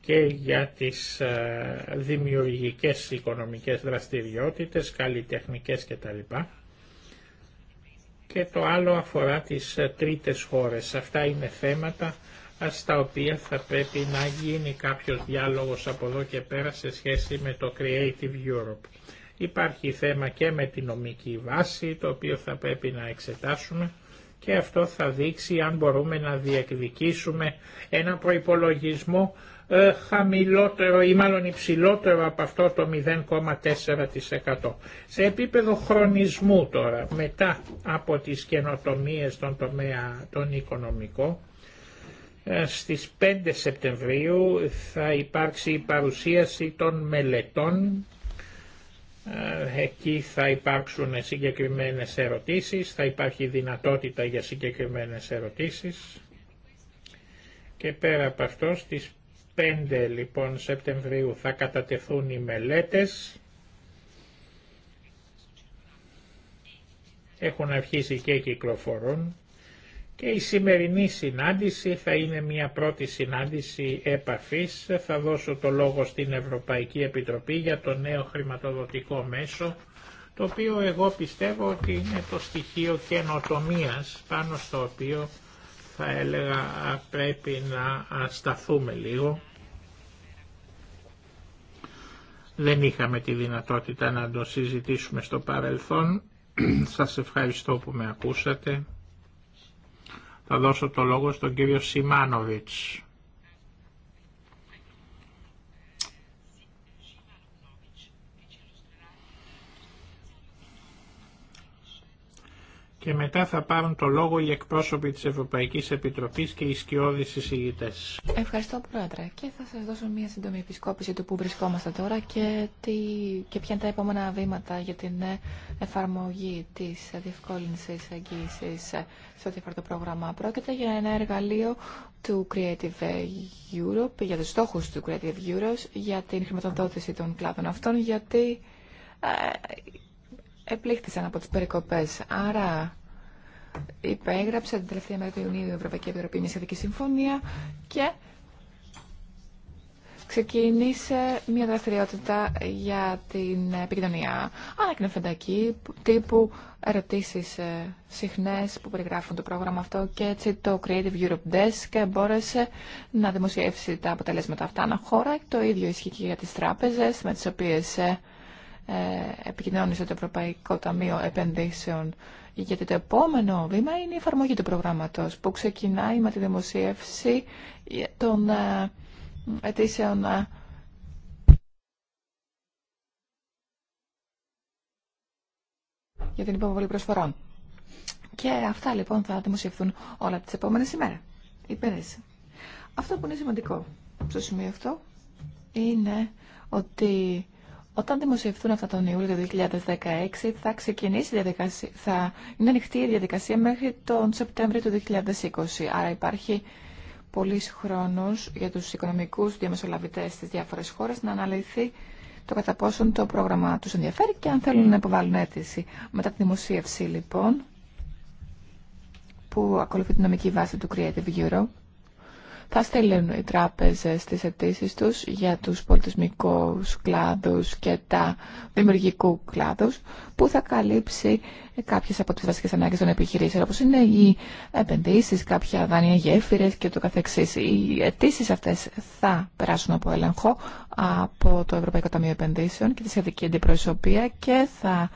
και για τις ε, δημιουργικές οικονομικές δραστηριότητες, καλλιτεχνικές κτλ και το άλλο αφορά τις ε, τρίτες χώρες. Αυτά είναι θέματα ε, στα οποία θα πρέπει να γίνει κάποιος διάλογος από εδώ και πέρα σε σχέση με το Creative Europe. Υπάρχει θέμα και με τη νομική βάση, το οποίο θα πρέπει να εξετάσουμε και αυτό θα δείξει αν μπορούμε να διεκδικήσουμε ένα προϋπολογισμό ε, χαμηλότερο ή μάλλον υψηλότερο από αυτό το 0,4%. Σε επίπεδο χρονισμού τώρα, μετά από τις καινοτομίες των τομέα των οικονομικό, ε, στις 5 Σεπτεμβρίου θα υπάρξει η παρουσίαση των μελετών ε, Εκεί θα υπάρξουν συγκεκριμένες ερωτήσεις, θα υπάρχει δυνατότητα για συγκεκριμένες ερωτήσεις. Και πέρα από αυτό στις 25 λοιπόν Σεπτεμβρίου θα κατατεθούν οι μελέτες. Έχουν αρχίσει και κυκλοφορούν. Και η σημερινή συνάντηση θα είναι μια πρώτη συνάντηση επαφής. Θα δώσω το λόγο στην Ευρωπαϊκή Επιτροπή για το νέο χρηματοδοτικό μέσο, το οποίο εγώ πιστεύω ότι είναι το στοιχείο καινοτομία πάνω στο οποίο θα έλεγα πρέπει να σταθούμε λίγο. Δεν είχαμε τη δυνατότητα να το συζητήσουμε στο παρελθόν. Σας ευχαριστώ που με ακούσατε. Θα δώσω το λόγο στον κύριο Σιμάνοβιτς. και μετά θα πάρουν το λόγο οι εκπρόσωποι της Ευρωπαϊκής Επιτροπής και οι σκιώδεις εισηγητές. Ευχαριστώ Πρόεδρε και θα σας δώσω μια σύντομη επισκόπηση του που βρισκόμαστε τώρα και, τι, και ποια είναι τα επόμενα βήματα για την ε, εφαρμογή της διευκόλυνσης εγγύησης ε, σε ό,τι αφορά το πρόγραμμα. Πρόκειται για ένα εργαλείο του Creative Europe, για τους στόχους του Creative Europe, για την χρηματοδότηση των κλάδων αυτών, γιατί ε, επλήχθησαν από τι περικοπές. Άρα υπέγραψε την τελευταία μέρα του Ιουνίου η Ευρωπαϊκή Επιτροπή μια σχετική συμφωνία και ξεκίνησε μια δραστηριότητα για την επικοινωνία. Ανακοινωθέντα τύπου ερωτήσεις ε, συχνές που περιγράφουν το πρόγραμμα αυτό και έτσι το Creative Europe Desk μπόρεσε να δημοσιεύσει τα αποτελέσματα αυτά αναχώρα. Το ίδιο ισχύει και για τι τράπεζε με τις οποίες ε, ε, επικοινώνησε το Ευρωπαϊκό Ταμείο Επενδύσεων. Γιατί το επόμενο βήμα είναι η εφαρμογή του προγράμματος που ξεκινάει με τη δημοσίευση των ε, αιτήσεων ε, για την υποβολή προσφορών. Και αυτά λοιπόν θα δημοσιευθούν όλα τις επόμενες ημέρα, Υπέρες. Αυτό που είναι σημαντικό στο σημείο αυτό είναι ότι όταν δημοσιευτούν αυτά τον Ιούλιο του 2016 θα ξεκινήσει η διαδικασία, θα είναι ανοιχτή η διαδικασία μέχρι τον Σεπτέμβριο του 2020. Άρα υπάρχει πολλή χρόνο για τους οικονομικούς διαμεσολαβητές στις διάφορες χώρες να αναλυθεί το κατά πόσον το πρόγραμμα του ενδιαφέρει και αν θέλουν να υποβάλουν αίτηση. Μετά τη δημοσίευση λοιπόν που ακολουθεί την νομική βάση του Creative Europe θα στέλνουν οι τράπεζες τις αιτήσει τους για τους πολιτισμικούς κλάδους και τα δημιουργικού κλάδους που θα καλύψει κάποιες από τις βασικές ανάγκες των επιχειρήσεων όπως είναι οι επενδύσεις, κάποια δάνεια γέφυρες και το καθεξής. Οι αιτήσει αυτές θα περάσουν από έλεγχο από το Ευρωπαϊκό Ταμείο Επενδύσεων και τη σχετική αντιπροσωπεία και θα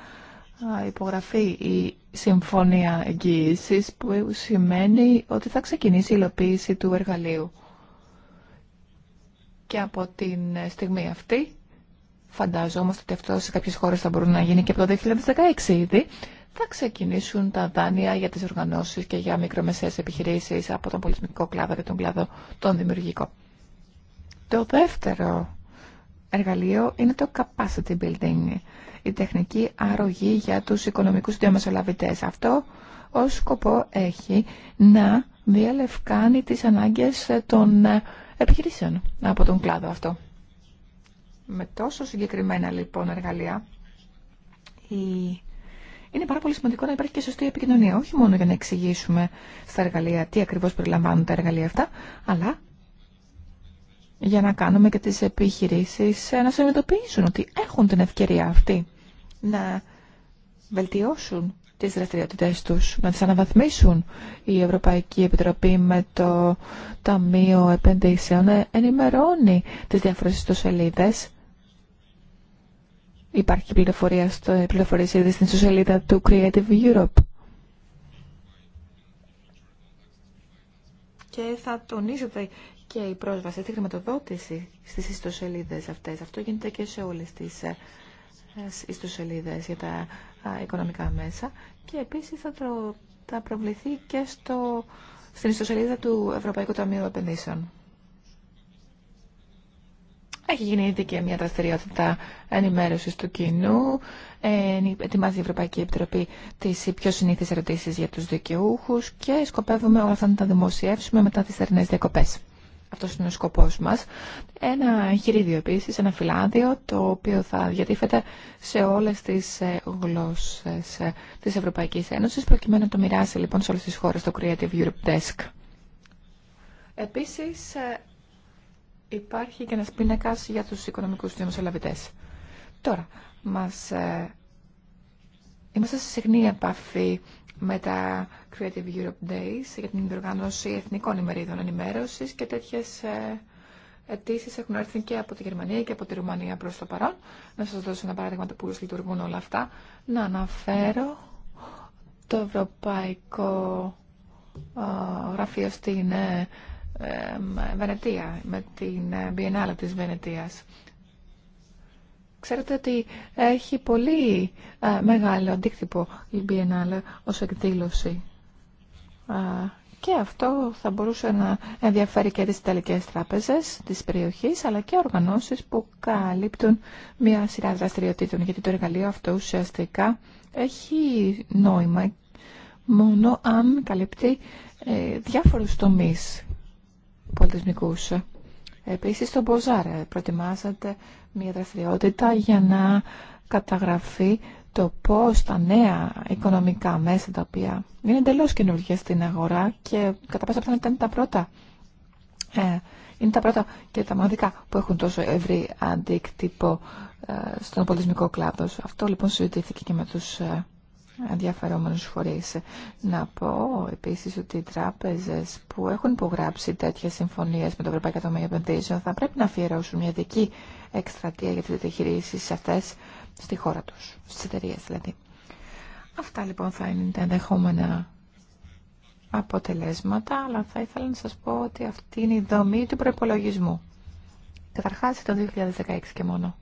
υπογραφεί η Συμφωνία Εγγύησης που σημαίνει ότι θα ξεκινήσει η υλοποίηση του εργαλείου. Και από την στιγμή αυτή, φαντάζομαι ότι αυτό σε κάποιες χώρες θα μπορούν να γίνει και από το 2016 ήδη, θα ξεκινήσουν τα δάνεια για τις οργανώσεις και για μικρομεσαίες επιχειρήσεις από τον πολιτισμικό κλάδο και τον κλάδο τον δημιουργικό. Το δεύτερο εργαλείο είναι το capacity building η τεχνική αρρωγή για τους οικονομικούς διαμεσολαβητές. Αυτό ως σκοπό έχει να διαλευκάνει τις ανάγκες των επιχειρήσεων από τον κλάδο αυτό. Με τόσο συγκεκριμένα λοιπόν εργαλεία είναι πάρα πολύ σημαντικό να υπάρχει και σωστή επικοινωνία. Όχι μόνο για να εξηγήσουμε στα εργαλεία τι ακριβώς περιλαμβάνουν τα εργαλεία αυτά, αλλά για να κάνουμε και τις επιχειρήσεις να συνειδητοποιήσουν ότι έχουν την ευκαιρία αυτή να βελτιώσουν τις δραστηριότητες τους, να τις αναβαθμίσουν η Ευρωπαϊκή Επιτροπή με το Ταμείο Επενδύσεων, ενημερώνει τις διάφορες ιστοσελίδες. Υπάρχει πληροφορία στο, πληροφορία στην ιστοσελίδα του Creative Europe. Και θα τονίζεται και η πρόσβαση τη χρηματοδότηση στις ιστοσελίδες αυτές. Αυτό γίνεται και σε όλες τις ιστοσελίδες για τα οικονομικά μέσα και επίσης θα, τρο, θα προβληθεί και στο, στην ιστοσελίδα του Ευρωπαϊκού Ταμείου Επενδύσεων. Έχει γίνει ήδη και μια δραστηριότητα ενημέρωση του κοινού. ετοιμάζει η Ευρωπαϊκή Επιτροπή τι πιο συνήθει ερωτήσει για του δικαιούχου και σκοπεύουμε όλα αυτά να τα δημοσιεύσουμε μετά τι θερινέ διακοπέ. Αυτό είναι ο σκοπό μας. Ένα εγχειρίδιο επίση, ένα φυλάδιο, το οποίο θα διατίθεται σε όλες τις ε, γλώσσες ε, της Ευρωπαϊκής Ένωσης, προκειμένου να το μοιράσει λοιπόν σε όλε τι χώρες το Creative Europe Desk. Επίση, ε, υπάρχει και ένα πίνακα για τους οικονομικούς δημοσιολαβητέ. Τώρα, μας, είμαστε σε συχνή επαφή με τα Creative Europe Days για την διοργάνωση εθνικών ημερίδων ενημέρωσης και τέτοιες ε, αιτήσει έχουν έρθει και από τη Γερμανία και από τη Ρουμανία προς το παρόν. Να σας δώσω ένα παράδειγμα το πώς λειτουργούν όλα αυτά. Να αναφέρω το Ευρωπαϊκό ε, Γραφείο στην ε, Βενετία, με την Biennale της Βενετίας. Ξέρετε ότι έχει πολύ ε, μεγάλο αντίκτυπο η Biennale ως εκδήλωση. Και αυτό θα μπορούσε να ενδιαφέρει και τις τράπεζες της περιοχής, αλλά και οργανώσεις που καλύπτουν μια σειρά δραστηριοτήτων, γιατί το εργαλείο αυτό ουσιαστικά έχει νόημα μόνο αν καλύπτει ε, διάφορους τομείς πολιτισμικούς. Επίσης, το Μποζάρ προετοιμάζεται μια δραστηριότητα για να καταγραφεί το πώς τα νέα οικονομικά μέσα τα οποία είναι εντελώς καινούργια στην αγορά και κατά πάσα πιθανότητα είναι τα πρώτα ε, είναι τα πρώτα και τα μοναδικά που έχουν τόσο ευρύ αντίκτυπο ε, στον πολιτισμικό κλάδο. Αυτό λοιπόν συζητήθηκε και με τους ε, ενδιαφερόμενους φορεί. Να πω επίσης ότι οι τράπεζες που έχουν υπογράψει τέτοιες συμφωνίες με το Ευρωπαϊκό Τομέα Επενδύσεων θα πρέπει να αφιερώσουν μια δική εκστρατεία για τι επιχειρήσεις αυτές στη χώρα τους, στις εταιρείε δηλαδή. Αυτά λοιπόν θα είναι τα ενδεχόμενα αποτελέσματα, αλλά θα ήθελα να σας πω ότι αυτή είναι η δομή του προπολογισμού. Καταρχάς το 2016 και μόνο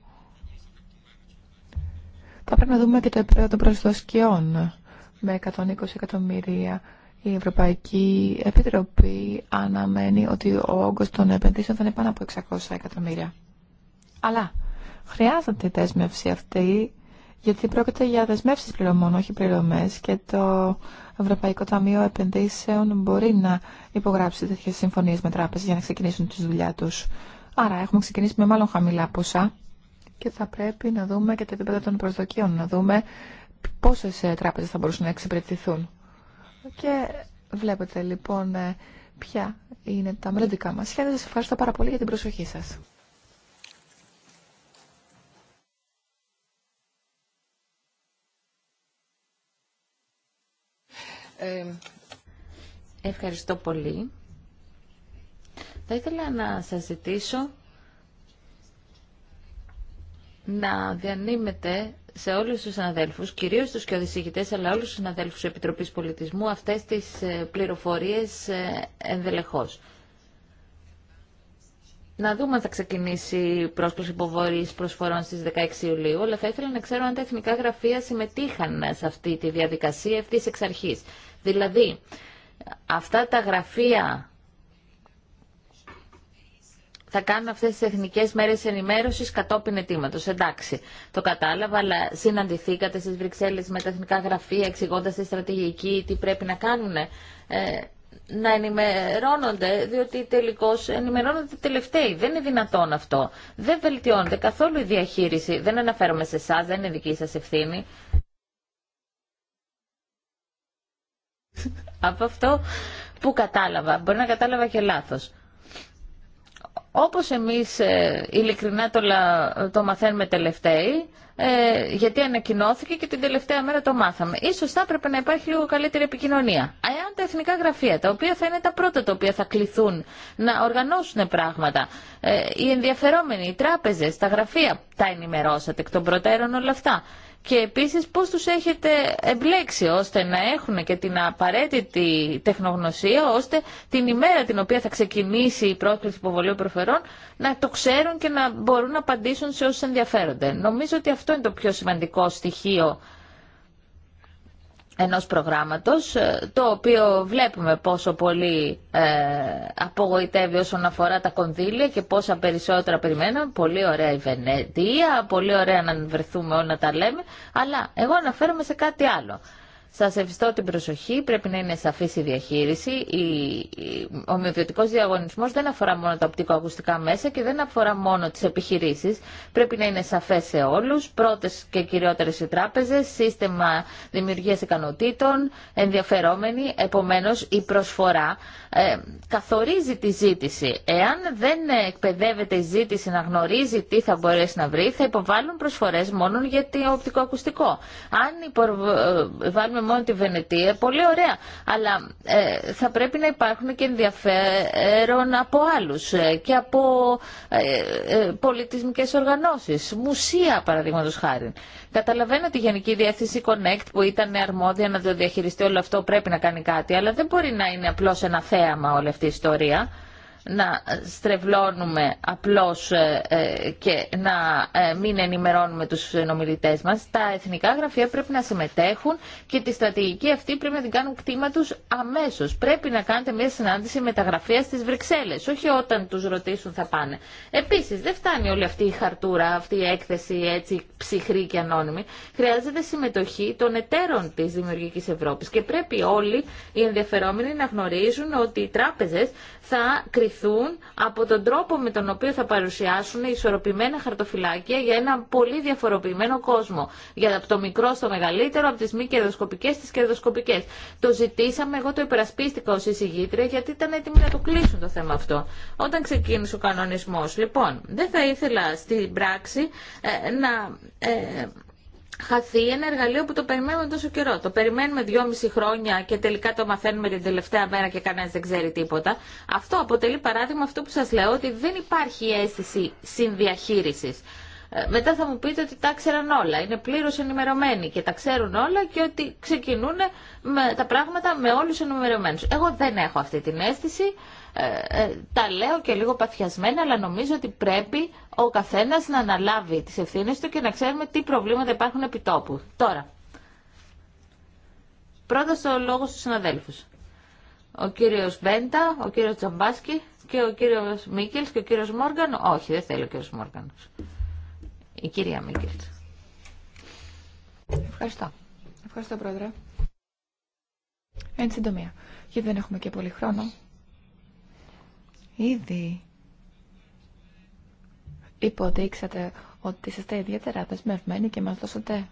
θα πρέπει να δούμε και το επίπεδο των προσδοσκιών με 120 εκατομμύρια. Η Ευρωπαϊκή Επιτροπή αναμένει ότι ο όγκος των επενδύσεων θα είναι πάνω από 600 εκατομμύρια. Αλλά χρειάζεται η δέσμευση αυτή, γιατί πρόκειται για δεσμεύσει πληρωμών, όχι πληρωμέ, και το Ευρωπαϊκό Ταμείο Επενδύσεων μπορεί να υπογράψει τέτοιε συμφωνίε με τράπεζε για να ξεκινήσουν τη δουλειά του. Άρα, έχουμε ξεκινήσει με μάλλον χαμηλά ποσά και θα πρέπει να δούμε και τα επίπεδα των προσδοκίων, να δούμε πόσες ε, τράπεζες θα μπορούσαν να εξυπηρετηθούν. Και βλέπετε λοιπόν ε, ποια είναι τα μελλοντικά μας σχέδια. Σας ευχαριστώ πάρα πολύ για την προσοχή σας. Ε, ευχαριστώ πολύ. Θα ήθελα να σας ζητήσω να διανύμετε σε όλους τους συναδέλφους, κυρίως τους και αλλά όλους τους συναδέλφους της Επιτροπής Πολιτισμού, αυτές τις ε, πληροφορίες ε, ενδελεχώς. Να δούμε αν θα ξεκινήσει η πρόσκληση υποβολή προσφορών στις 16 Ιουλίου, αλλά θα ήθελα να ξέρω αν τα εθνικά γραφεία συμμετείχαν σε αυτή τη διαδικασία ευθύ εξ αρχής. Δηλαδή, αυτά τα γραφεία θα κάνουν αυτές τις εθνικές μέρες ενημέρωσης κατόπιν ετήματος. Εντάξει, το κατάλαβα, αλλά συναντηθήκατε στι Βρυξέλλες με τα εθνικά γραφεία εξηγώντα τη στρατηγική, τι πρέπει να κάνουν. Ε, να ενημερώνονται, διότι τελικώ ενημερώνονται τελευταίοι. Δεν είναι δυνατόν αυτό. Δεν βελτιώνεται καθόλου η διαχείριση. Δεν αναφέρομαι σε εσά, δεν είναι δική σα ευθύνη. Από αυτό που κατάλαβα. Μπορεί να κατάλαβα και λάθος. Όπως εμείς ε, ειλικρινά το, το μαθαίνουμε τελευταίοι, ε, γιατί ανακοινώθηκε και την τελευταία μέρα το μάθαμε. Ίσως θα έπρεπε να υπάρχει λίγο καλύτερη επικοινωνία. Εάν τα εθνικά γραφεία, τα οποία θα είναι τα πρώτα τα οποία θα κληθούν να οργανώσουν πράγματα, ε, οι ενδιαφερόμενοι, οι τράπεζες, τα γραφεία, τα ενημερώσατε εκ των προτέρων όλα αυτά και επίσης πώς τους έχετε εμπλέξει ώστε να έχουν και την απαραίτητη τεχνογνωσία ώστε την ημέρα την οποία θα ξεκινήσει η πρόσκληση υποβολίου προφερών να το ξέρουν και να μπορούν να απαντήσουν σε όσους ενδιαφέρονται. Νομίζω ότι αυτό είναι το πιο σημαντικό στοιχείο ενός προγράμματος, ε, το οποίο βλέπουμε πόσο πολύ ε, απογοητεύει όσον αφορά τα κονδύλια και πόσα περισσότερα περιμέναμε. Πολύ ωραία η Βενετία, πολύ ωραία να βρεθούμε όλα τα λέμε, αλλά εγώ αναφέρομαι σε κάτι άλλο. Σα ευστώ την προσοχή, πρέπει να είναι σαφής η διαχείριση. Ο μειοδιωτικό διαγωνισμό δεν αφορά μόνο τα οπτικοακουστικά μέσα και δεν αφορά μόνο τι επιχειρήσει. Πρέπει να είναι σαφές σε όλου. Πρώτε και κυριότερες οι τράπεζε, σύστημα δημιουργία ικανοτήτων, ενδιαφερόμενοι. επομένω, η προσφορά ε, καθορίζει τη ζήτηση. Εάν δεν εκπαιδεύεται η ζήτηση να γνωρίζει τι θα μπορέσει να βρει, θα υποβάλουν προσφορέ μόνο για το οπτικοακουστικό. Αν ε, μόνο τη Βενετία, πολύ ωραία. Αλλά ε, θα πρέπει να υπάρχουν και ενδιαφέρον από άλλου ε, και από ε, ε, πολιτισμικές οργανώσεις, μουσεία παραδείγματο χάρη. Καταλαβαίνω ότι η Γενική Διεύθυνση Connect που ήταν αρμόδια να το διαχειριστεί όλο αυτό πρέπει να κάνει κάτι, αλλά δεν μπορεί να είναι απλώ ένα θέαμα όλη αυτή η ιστορία να στρεβλώνουμε απλώς ε, ε, και να ε, μην ενημερώνουμε τους συνομιλητές μας. Τα εθνικά γραφεία πρέπει να συμμετέχουν και τη στρατηγική αυτή πρέπει να την κάνουν κτήμα τους αμέσως. Πρέπει να κάνετε μια συνάντηση με τα γραφεία στις Βρυξέλλες, όχι όταν τους ρωτήσουν θα πάνε. Επίσης δεν φτάνει όλη αυτή η χαρτούρα, αυτή η έκθεση έτσι ψυχρή και ανώνυμη. Χρειάζεται συμμετοχή των εταίρων της Δημιουργικής Ευρώπης και πρέπει όλοι οι ενδιαφερόμενοι να γνωρίζουν ότι οι τράπεζες θα από τον τρόπο με τον οποίο θα παρουσιάσουν ισορροπημένα χαρτοφυλάκια για ένα πολύ διαφοροποιημένο κόσμο. Για από το μικρό στο μεγαλύτερο, από τι μη κερδοσκοπικέ στι κερδοσκοπικέ. Το ζητήσαμε, εγώ το υπερασπίστηκα ω εισηγήτρια γιατί ήταν έτοιμοι να το κλείσουν το θέμα αυτό. Όταν ξεκίνησε ο κανονισμό. Λοιπόν, δεν θα ήθελα στην πράξη ε, να. Ε, χαθεί ένα εργαλείο που το περιμένουμε τόσο καιρό. Το περιμένουμε δυόμιση χρόνια και τελικά το μαθαίνουμε την τελευταία μέρα και κανένα δεν ξέρει τίποτα. Αυτό αποτελεί παράδειγμα αυτό που σας λέω ότι δεν υπάρχει αίσθηση συνδιαχείριση. Ε, μετά θα μου πείτε ότι τα ξέραν όλα, είναι πλήρως ενημερωμένοι και τα ξέρουν όλα και ότι ξεκινούν τα πράγματα με όλους ενημερωμένους. Εγώ δεν έχω αυτή την αίσθηση. Ε, ε, τα λέω και λίγο παθιασμένα, αλλά νομίζω ότι πρέπει ο καθένας να αναλάβει τις ευθύνες του και να ξέρουμε τι προβλήματα υπάρχουν επί τόπου. Τώρα, πρώτα στο λόγο στους συναδέλφους. Ο κύριος Μπέντα, ο κύριος Τζαμπάσκι και ο κύριος Μίκελς και ο κύριος Μόργαν. Όχι, δεν θέλει ο κύριος Μόργαν. Η κυρία Μίκελς. Ευχαριστώ. Ευχαριστώ, Πρόεδρε. Εν συντομία, γιατί δεν έχουμε και πολύ χρόνο. Ήδη υποδείξατε ότι είστε ιδιαίτερα δεσμευμένοι και μας δώσατε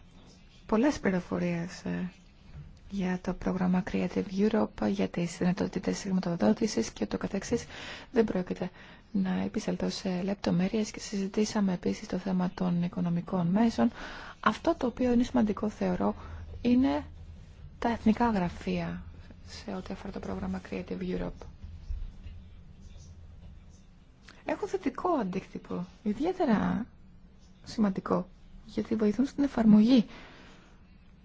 πολλές πληροφορίες ε, για το πρόγραμμα Creative Europe, για τις δυνατότητες χρηματοδότησης και το καθεξής. Δεν πρόκειται να επισελθώ σε λεπτομέρειες και συζητήσαμε επίσης το θέμα των οικονομικών μέσων. Αυτό το οποίο είναι σημαντικό θεωρώ είναι τα εθνικά γραφεία σε ό,τι αφορά το πρόγραμμα Creative Europe έχουν θετικό αντίκτυπο, ιδιαίτερα σημαντικό, γιατί βοηθούν στην εφαρμογή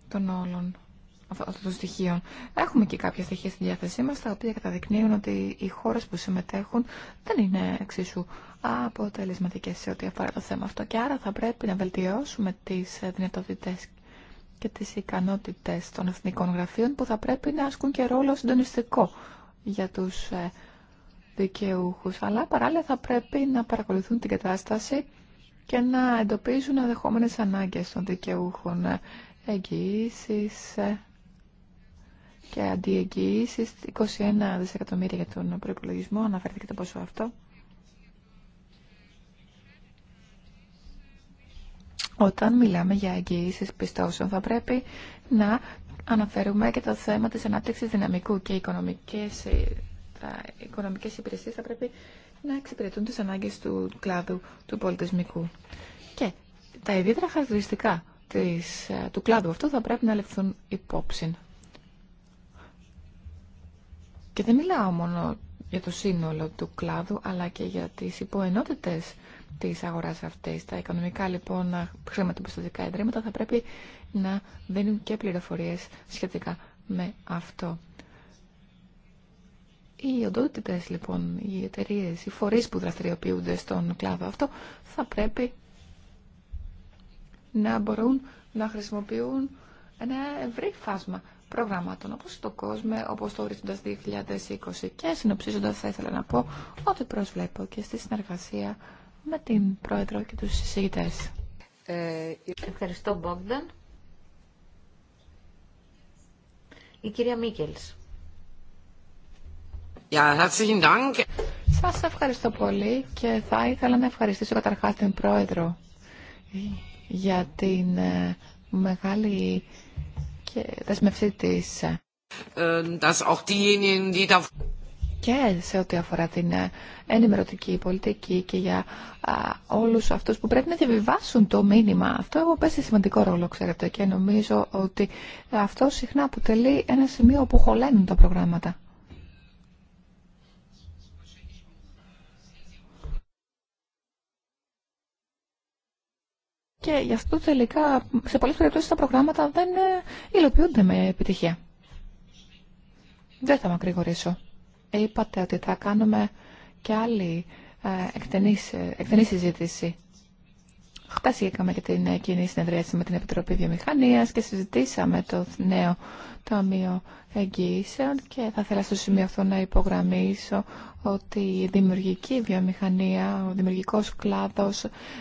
των όλων αυτών των στοιχείων. Έχουμε και κάποια στοιχεία στη διάθεσή μας, τα οποία καταδεικνύουν ότι οι χώρες που συμμετέχουν δεν είναι εξίσου αποτελεσματικές σε ό,τι αφορά το θέμα αυτό και άρα θα πρέπει να βελτιώσουμε τις δυνατότητε και τις ικανότητες των εθνικών γραφείων που θα πρέπει να ασκούν και ρόλο συντονιστικό για τους ε, αλλά παράλληλα θα πρέπει να παρακολουθούν την κατάσταση και να εντοπίζουν αδεχόμενες ανάγκες των δικαιούχων ε, εγγυήσεις ε, και αντιεγγυήσεις. 21 δισεκατομμύρια για τον προϋπολογισμό, αναφέρθηκε το ποσό αυτό. Όταν μιλάμε για εγγυήσεις πιστώσεων θα πρέπει να αναφέρουμε και το θέμα της ανάπτυξης δυναμικού και οικονομικής οικονομικές υπηρεσίες θα πρέπει να εξυπηρετούν τις ανάγκες του κλάδου του πολιτισμικού. Και τα ιδιαίτερα χαρακτηριστικά της, ε, του κλάδου αυτού θα πρέπει να λεφθούν υπόψη. Και δεν μιλάω μόνο για το σύνολο του κλάδου, αλλά και για τις υποενότητες της αγοράς αυτής. Τα οικονομικά λοιπόν χρηματοπιστωτικά ιδρύματα θα πρέπει να δίνουν και πληροφορίες σχετικά με αυτό. Οι οντότητε, λοιπόν, οι εταιρείε, οι φορεί που δραστηριοποιούνται στον κλάδο αυτό θα πρέπει να μπορούν να χρησιμοποιούν ένα ευρύ φάσμα προγραμμάτων όπως το COSME, όπως το ορίζοντα 2020 και συνοψίζοντα θα ήθελα να πω ότι προσβλέπω και στη συνεργασία με την Πρόεδρο και τους συζητητές. ευχαριστώ Η κυρία Μίκελς. Σας ευχαριστώ πολύ και θα ήθελα να ευχαριστήσω καταρχάς την Πρόεδρο για την ε, μεγάλη και δεσμευσή της. Ε, και σε ό,τι αφορά την ε, ενημερωτική πολιτική και για α, όλους αυτούς που πρέπει να διαβιβάσουν το μήνυμα. Αυτό έχω πέσει σημαντικό ρόλο, ξέρετε, και νομίζω ότι αυτό συχνά αποτελεί ένα σημείο που χωλένουν τα προγράμματα. Και γι' αυτό τελικά σε πολλές περιπτώσεις τα προγράμματα δεν ε, υλοποιούνται με επιτυχία. Δεν θα μακρηγορήσω. Είπατε ότι θα κάνουμε και άλλη ε, ε, εκτενή συζήτηση Χθε είχαμε και την κοινή συνεδρίαση με την Επιτροπή Βιομηχανία και συζητήσαμε το νέο Ταμείο Εγγυήσεων και θα ήθελα στο σημείο αυτό να υπογραμμίσω ότι η δημιουργική βιομηχανία, ο δημιουργικό κλάδο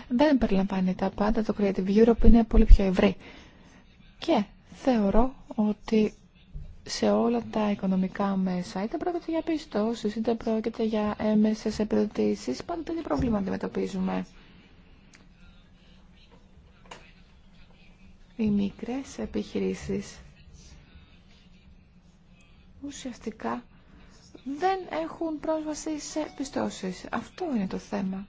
δεν περιλαμβάνει τα πάντα. Το Creative Europe είναι πολύ πιο ευρύ. Και θεωρώ ότι σε όλα τα οικονομικά μέσα, είτε πρόκειται για πιστώσει, είτε πρόκειται για έμεσε επιδοτήσεις, πάντα τέτοια πρόβλημα αντιμετωπίζουμε. οι μικρές επιχειρήσεις ουσιαστικά δεν έχουν πρόσβαση σε πιστώσεις. Αυτό είναι το θέμα.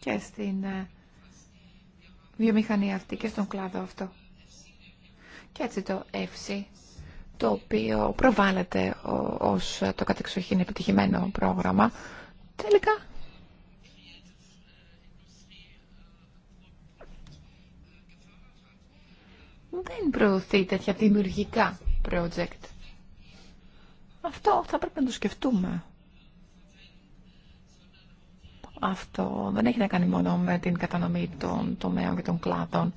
Και στην ε, βιομηχανία αυτή και στον κλάδο αυτό. Και έτσι το ΕΦΣΥ, το οποίο προβάλλεται ως το κατεξοχήν επιτυχημένο πρόγραμμα, τελικά δεν προωθεί τέτοια δημιουργικά project. Αυτό θα πρέπει να το σκεφτούμε. Αυτό δεν έχει να κάνει μόνο με την κατανομή των τομέων και των κλάδων,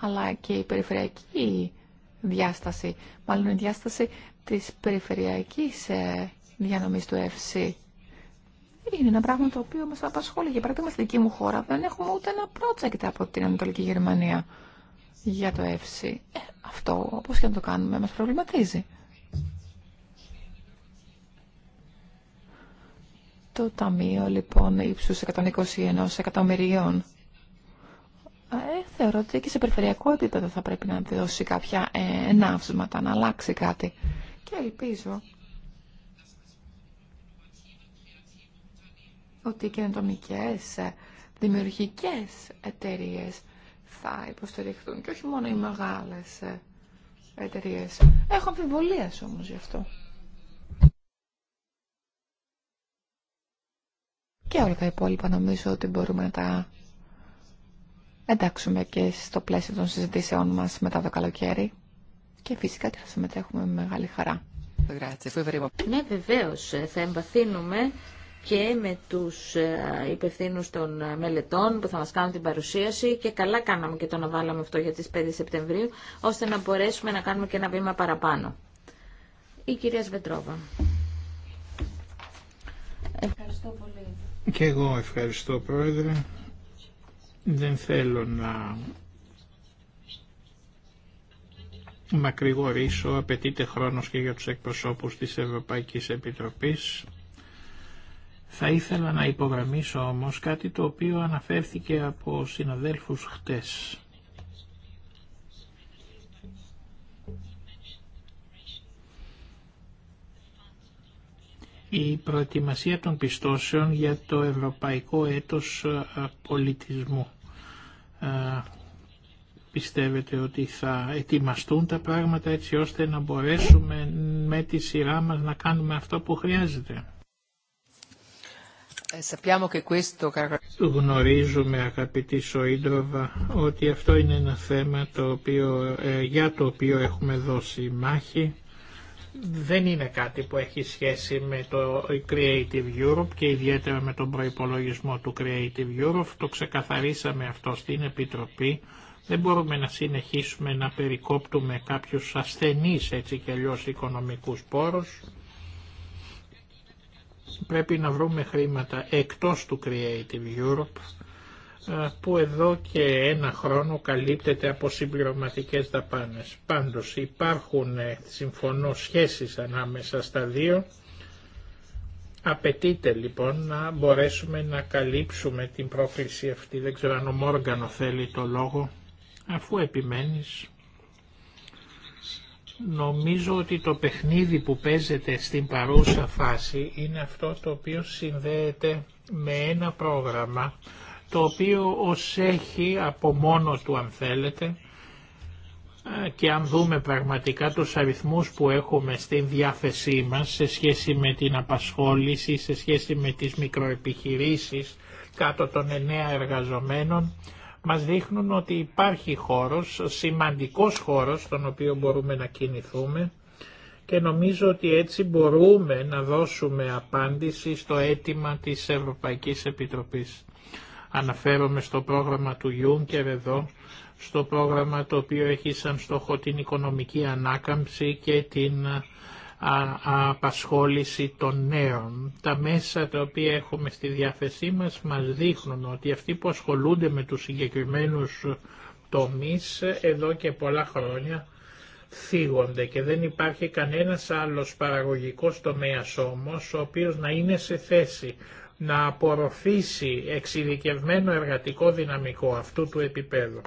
αλλά και η περιφερειακή διάσταση, μάλλον η διάσταση της περιφερειακής ε, διανομής του ΕΦΣΥ. Είναι ένα πράγμα το οποίο μας απασχολεί. Για παράδειγμα, στη δική μου χώρα δεν έχουμε ούτε ένα project από την Ανατολική Γερμανία για το ΕΦΣΙ. αυτό, όπως και να το κάνουμε, μας προβληματίζει. Το Ταμείο, λοιπόν, ύψους 121 εκατομμυρίων. Ε, θεωρώ ότι και σε περιφερειακό επίπεδο θα πρέπει να δώσει κάποια ε, ενάυσματα, να αλλάξει κάτι. Και ελπίζω ότι και καινοτομικές, ε, δημιουργικές εταιρείες θα υποστηριχθούν και όχι μόνο οι μεγάλες ε, εταιρείε. Έχω αμφιβολίες όμως γι' αυτό. Και όλα τα υπόλοιπα νομίζω ότι μπορούμε να τα εντάξουμε και στο πλαίσιο των συζητήσεών μας μετά το καλοκαίρι. Και φυσικά θα συμμετέχουμε με μεγάλη χαρά. Ναι, βεβαίως. Ε, θα εμβαθύνουμε και με τους ε, υπευθύνου των ε, μελετών που θα μας κάνουν την παρουσίαση και καλά κάναμε και το να βάλαμε αυτό για τις 5 Σεπτεμβρίου ώστε να μπορέσουμε να κάνουμε και ένα βήμα παραπάνω. Η κυρία Σβεντρόβα. Ευχαριστώ πολύ. Και εγώ ευχαριστώ πρόεδρε. Δεν θέλω να μακρηγορήσω, απαιτείται χρόνος και για τους εκπροσώπους της Ευρωπαϊκής Επιτροπής. Θα ήθελα να υπογραμμίσω όμως κάτι το οποίο αναφέρθηκε από συναδέλφους χτες. Η προετοιμασία των πιστώσεων για το Ευρωπαϊκό Έτος ε, Πολιτισμού. Ε, πιστεύετε ότι θα ετοιμαστούν τα πράγματα έτσι ώστε να μπορέσουμε με τη σειρά μας να κάνουμε αυτό που χρειάζεται. Ε, sappiamo che questo... Γνωρίζουμε αγαπητή Σοίντροβα ότι αυτό είναι ένα θέμα το οποίο, ε, για το οποίο έχουμε δώσει μάχη. Δεν είναι κάτι που έχει σχέση με το Creative Europe και ιδιαίτερα με τον προϋπολογισμό του Creative Europe. Το ξεκαθαρίσαμε αυτό στην Επιτροπή. Δεν μπορούμε να συνεχίσουμε να περικόπτουμε κάποιους ασθενείς έτσι και αλλιώς οικονομικούς πόρους πρέπει να βρούμε χρήματα εκτός του Creative Europe ε, που εδώ και ένα χρόνο καλύπτεται από συμπληρωματικές δαπάνες. Πάντως υπάρχουν, ε, συμφωνώ, σχέσεις ανάμεσα στα δύο. Απαιτείται λοιπόν να μπορέσουμε να καλύψουμε την πρόκληση αυτή. Δεν ξέρω αν ο Μόργανο θέλει το λόγο, αφού επιμένεις. Νομίζω ότι το παιχνίδι που παίζεται στην παρούσα φάση είναι αυτό το οποίο συνδέεται με ένα πρόγραμμα το οποίο ως έχει από μόνο του αν θέλετε και αν δούμε πραγματικά τους αριθμούς που έχουμε στην διάθεσή μας σε σχέση με την απασχόληση, σε σχέση με τις μικροεπιχειρήσεις κάτω των εννέα εργαζομένων μας δείχνουν ότι υπάρχει χώρος, σημαντικός χώρος, στον οποίο μπορούμε να κινηθούμε και νομίζω ότι έτσι μπορούμε να δώσουμε απάντηση στο αίτημα της Ευρωπαϊκής Επιτροπής. Αναφέρομαι στο πρόγραμμα του Juncker εδώ, στο πρόγραμμα το οποίο έχει σαν στόχο την οικονομική ανάκαμψη και την απασχόληση των νέων. Τα μέσα τα οποία έχουμε στη διάθεσή μας μας δείχνουν ότι αυτοί που ασχολούνται με τους συγκεκριμένους τομείς εδώ και πολλά χρόνια θίγονται και δεν υπάρχει κανένας άλλος παραγωγικός τομέας όμως ο οποίος να είναι σε θέση να απορροφήσει εξειδικευμένο εργατικό δυναμικό αυτού του επίπεδου.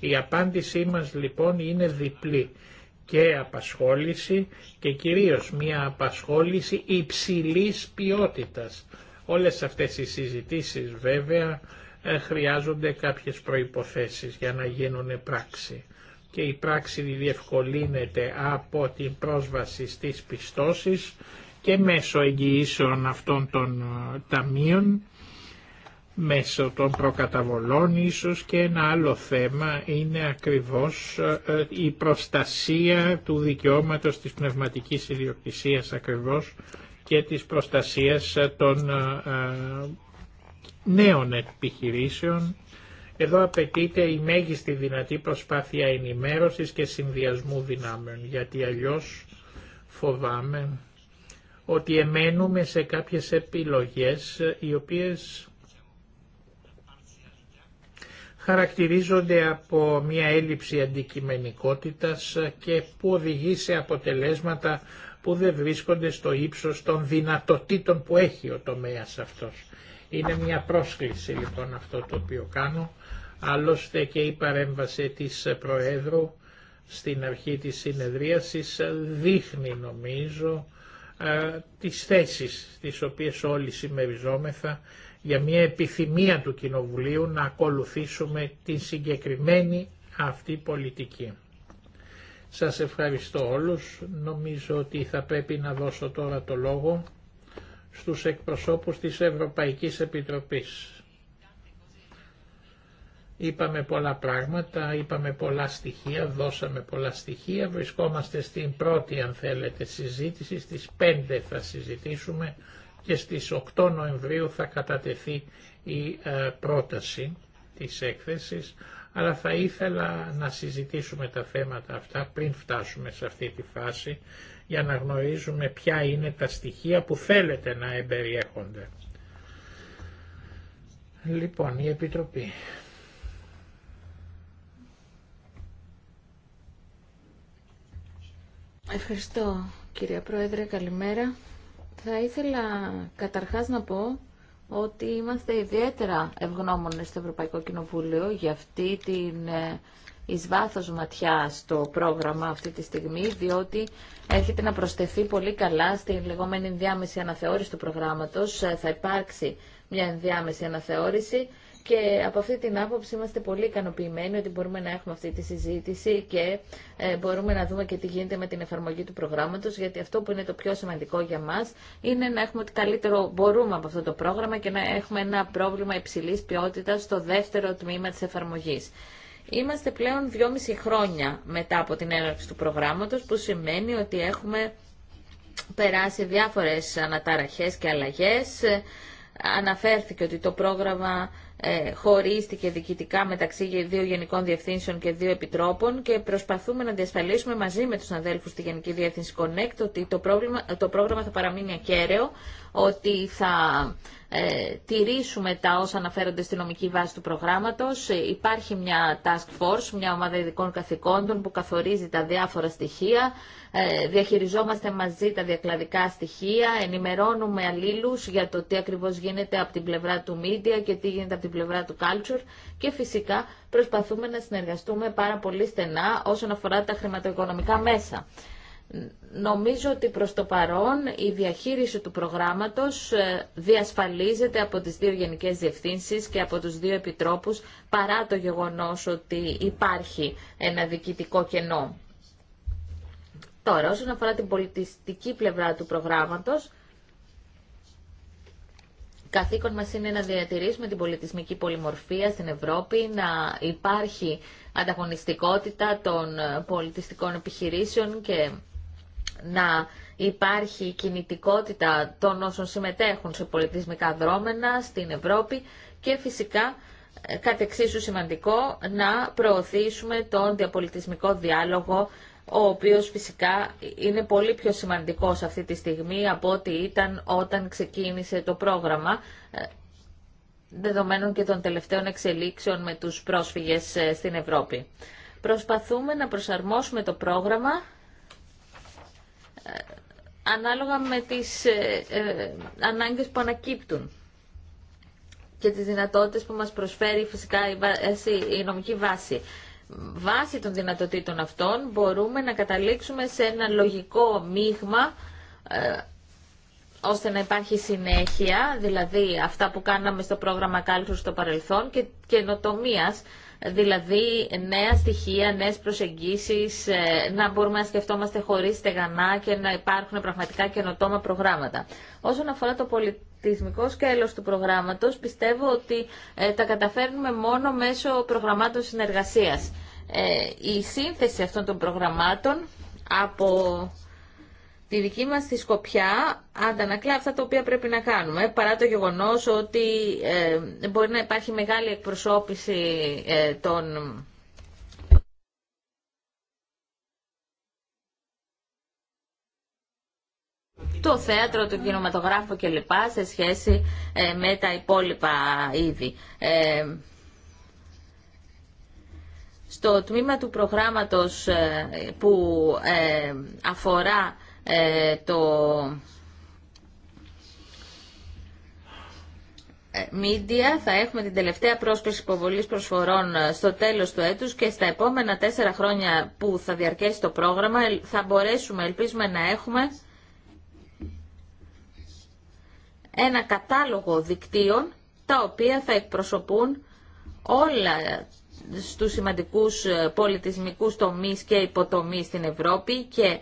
Η απάντησή μας λοιπόν είναι διπλή και απασχόληση και κυρίως μια απασχόληση υψηλής ποιότητας. Όλες αυτές οι συζητήσεις βέβαια ε, χρειάζονται κάποιες προϋποθέσεις για να γίνουν πράξη και η πράξη διευκολύνεται από την πρόσβαση στις πιστώσεις και μέσω εγγυήσεων αυτών των ε, ταμείων μέσω των προκαταβολών ίσως και ένα άλλο θέμα είναι ακριβώς ε, ε, η προστασία του δικαιώματος της πνευματικής ιδιοκτησίας ακριβώς και της προστασίας ε, των νέων επιχειρήσεων. Εδώ απαιτείται η μέγιστη δυνατή προσπάθεια ενημέρωσης και συνδυασμού δυνάμεων, γιατί αλλιώς φοβάμαι ότι εμένουμε σε κάποιες επιλογές οι οποίες χαρακτηρίζονται από μια έλλειψη αντικειμενικότητας και που οδηγεί σε αποτελέσματα που δεν βρίσκονται στο ύψος των δυνατοτήτων που έχει ο τομέας αυτός. Είναι μια πρόσκληση λοιπόν αυτό το οποίο κάνω, άλλωστε και η παρέμβαση της Προέδρου στην αρχή της συνεδρίασης δείχνει νομίζω ε, τις θέσεις τις οποίες όλοι συμμεριζόμεθα για μια επιθυμία του Κοινοβουλίου να ακολουθήσουμε την συγκεκριμένη αυτή πολιτική. Σας ευχαριστώ όλους. Νομίζω ότι θα πρέπει να δώσω τώρα το λόγο στους εκπροσώπους της Ευρωπαϊκής Επιτροπής. Είπαμε πολλά πράγματα, είπαμε πολλά στοιχεία, δώσαμε πολλά στοιχεία. Βρισκόμαστε στην πρώτη, αν θέλετε, συζήτηση. Στις πέντε θα συζητήσουμε και στις 8 Νοεμβρίου θα κατατεθεί η ε, πρόταση της έκθεσης, αλλά θα ήθελα να συζητήσουμε τα θέματα αυτά πριν φτάσουμε σε αυτή τη φάση, για να γνωρίζουμε ποια είναι τα στοιχεία που θέλετε να εμπεριέχονται. Λοιπόν, η Επιτροπή. Ευχαριστώ κυρία Πρόεδρε, καλημέρα. Θα ήθελα καταρχάς να πω ότι είμαστε ιδιαίτερα ευγνώμονες στο Ευρωπαϊκό Κοινοβούλιο για αυτή την ε, εις βάθος ματιά στο πρόγραμμα αυτή τη στιγμή, διότι έρχεται να προστεθεί πολύ καλά στην λεγόμενη ενδιάμεση αναθεώρηση του προγράμματος. Ε, θα υπάρξει μια ενδιάμεση αναθεώρηση και από αυτή την άποψη είμαστε πολύ ικανοποιημένοι ότι μπορούμε να έχουμε αυτή τη συζήτηση και ε, μπορούμε να δούμε και τι γίνεται με την εφαρμογή του προγράμματος γιατί αυτό που είναι το πιο σημαντικό για μας είναι να έχουμε ότι καλύτερο μπορούμε από αυτό το πρόγραμμα και να έχουμε ένα πρόβλημα υψηλής ποιότητας στο δεύτερο τμήμα της εφαρμογής. Είμαστε πλέον 2,5 χρόνια μετά από την έναρξη του προγράμματος που σημαίνει ότι έχουμε περάσει διάφορες αναταραχές και αλλαγέ. Αναφέρθηκε ότι το πρόγραμμα ε, χωρίστηκε διοικητικά μεταξύ δύο γενικών διευθύνσεων και δύο επιτρόπων και προσπαθούμε να διασφαλίσουμε μαζί με τους αδέλφους στη Γενική Διεύθυνση Connect ότι το, πρόβλημα, το πρόγραμμα θα παραμείνει ακέραιο, ότι θα ε, τηρήσουμε τα όσα αναφέρονται στη νομική βάση του προγράμματος. Ε, υπάρχει μια task force, μια ομάδα ειδικών καθηκόντων που καθορίζει τα διάφορα στοιχεία. Ε, διαχειριζόμαστε μαζί τα διακλαδικά στοιχεία, ενημερώνουμε αλλήλους για το τι ακριβώς γίνεται από την πλευρά του media και τι γίνεται από την πλευρά του culture και φυσικά προσπαθούμε να συνεργαστούμε πάρα πολύ στενά όσον αφορά τα χρηματοοικονομικά μέσα. Νομίζω ότι προς το παρόν η διαχείριση του προγράμματος ε, διασφαλίζεται από τις δύο γενικές διευθύνσεις και από τους δύο επιτρόπους παρά το γεγονός ότι υπάρχει ένα διοικητικό κενό. Τώρα, όσον αφορά την πολιτιστική πλευρά του προγράμματος, καθήκον μας είναι να διατηρήσουμε την πολιτισμική πολυμορφία στην Ευρώπη, να υπάρχει ανταγωνιστικότητα των πολιτιστικών επιχειρήσεων και να υπάρχει κινητικότητα των όσων συμμετέχουν σε πολιτισμικά δρόμενα στην Ευρώπη και φυσικά ε, κατ' εξίσου σημαντικό να προωθήσουμε τον διαπολιτισμικό διάλογο ο οποίος φυσικά είναι πολύ πιο σημαντικός αυτή τη στιγμή από ό,τι ήταν όταν ξεκίνησε το πρόγραμμα ε, δεδομένων και των τελευταίων εξελίξεων με τους πρόσφυγες ε, στην Ευρώπη. Προσπαθούμε να προσαρμόσουμε το πρόγραμμα ανάλογα με τις ε, ε, ανάγκες που ανακύπτουν και τις δυνατότητες που μας προσφέρει φυσικά η, η νομική βάση. Βάσει των δυνατοτήτων αυτών μπορούμε να καταλήξουμε σε ένα λογικό μείγμα ε, ώστε να υπάρχει συνέχεια, δηλαδή αυτά που κάναμε στο πρόγραμμα κάλυψης στο παρελθόν και καινοτομίας, δηλαδή νέα στοιχεία, νέες προσεγγίσεις, ε, να μπορούμε να σκεφτόμαστε χωρίς στεγανά και να υπάρχουν πραγματικά καινοτόμα προγράμματα. Όσον αφορά το πολιτισμικό σκέλος του προγράμματος, πιστεύω ότι ε, τα καταφέρνουμε μόνο μέσω προγραμμάτων συνεργασίας. Ε, η σύνθεση αυτών των προγραμμάτων από Τη δική μας τη σκοπιά αντανακλά αυτά τα οποία πρέπει να κάνουμε, παρά το γεγονός ότι ε, μπορεί να υπάρχει μεγάλη εκπροσώπηση ε, των... το θέατρο, το κινηματογράφο κλπ. σε σχέση ε, με τα υπόλοιπα είδη. στο τμήμα του προγράμματος που αφορά ε, το ε, Media θα έχουμε την τελευταία πρόσκληση υποβολής προσφορών ε, στο τέλος του έτους και στα επόμενα τέσσερα χρόνια που θα διαρκέσει το πρόγραμμα θα μπορέσουμε, ελπίζουμε να έχουμε ένα κατάλογο δικτύων τα οποία θα εκπροσωπούν όλα στους σημαντικούς πολιτισμικούς τομείς και υποτομείς στην Ευρώπη και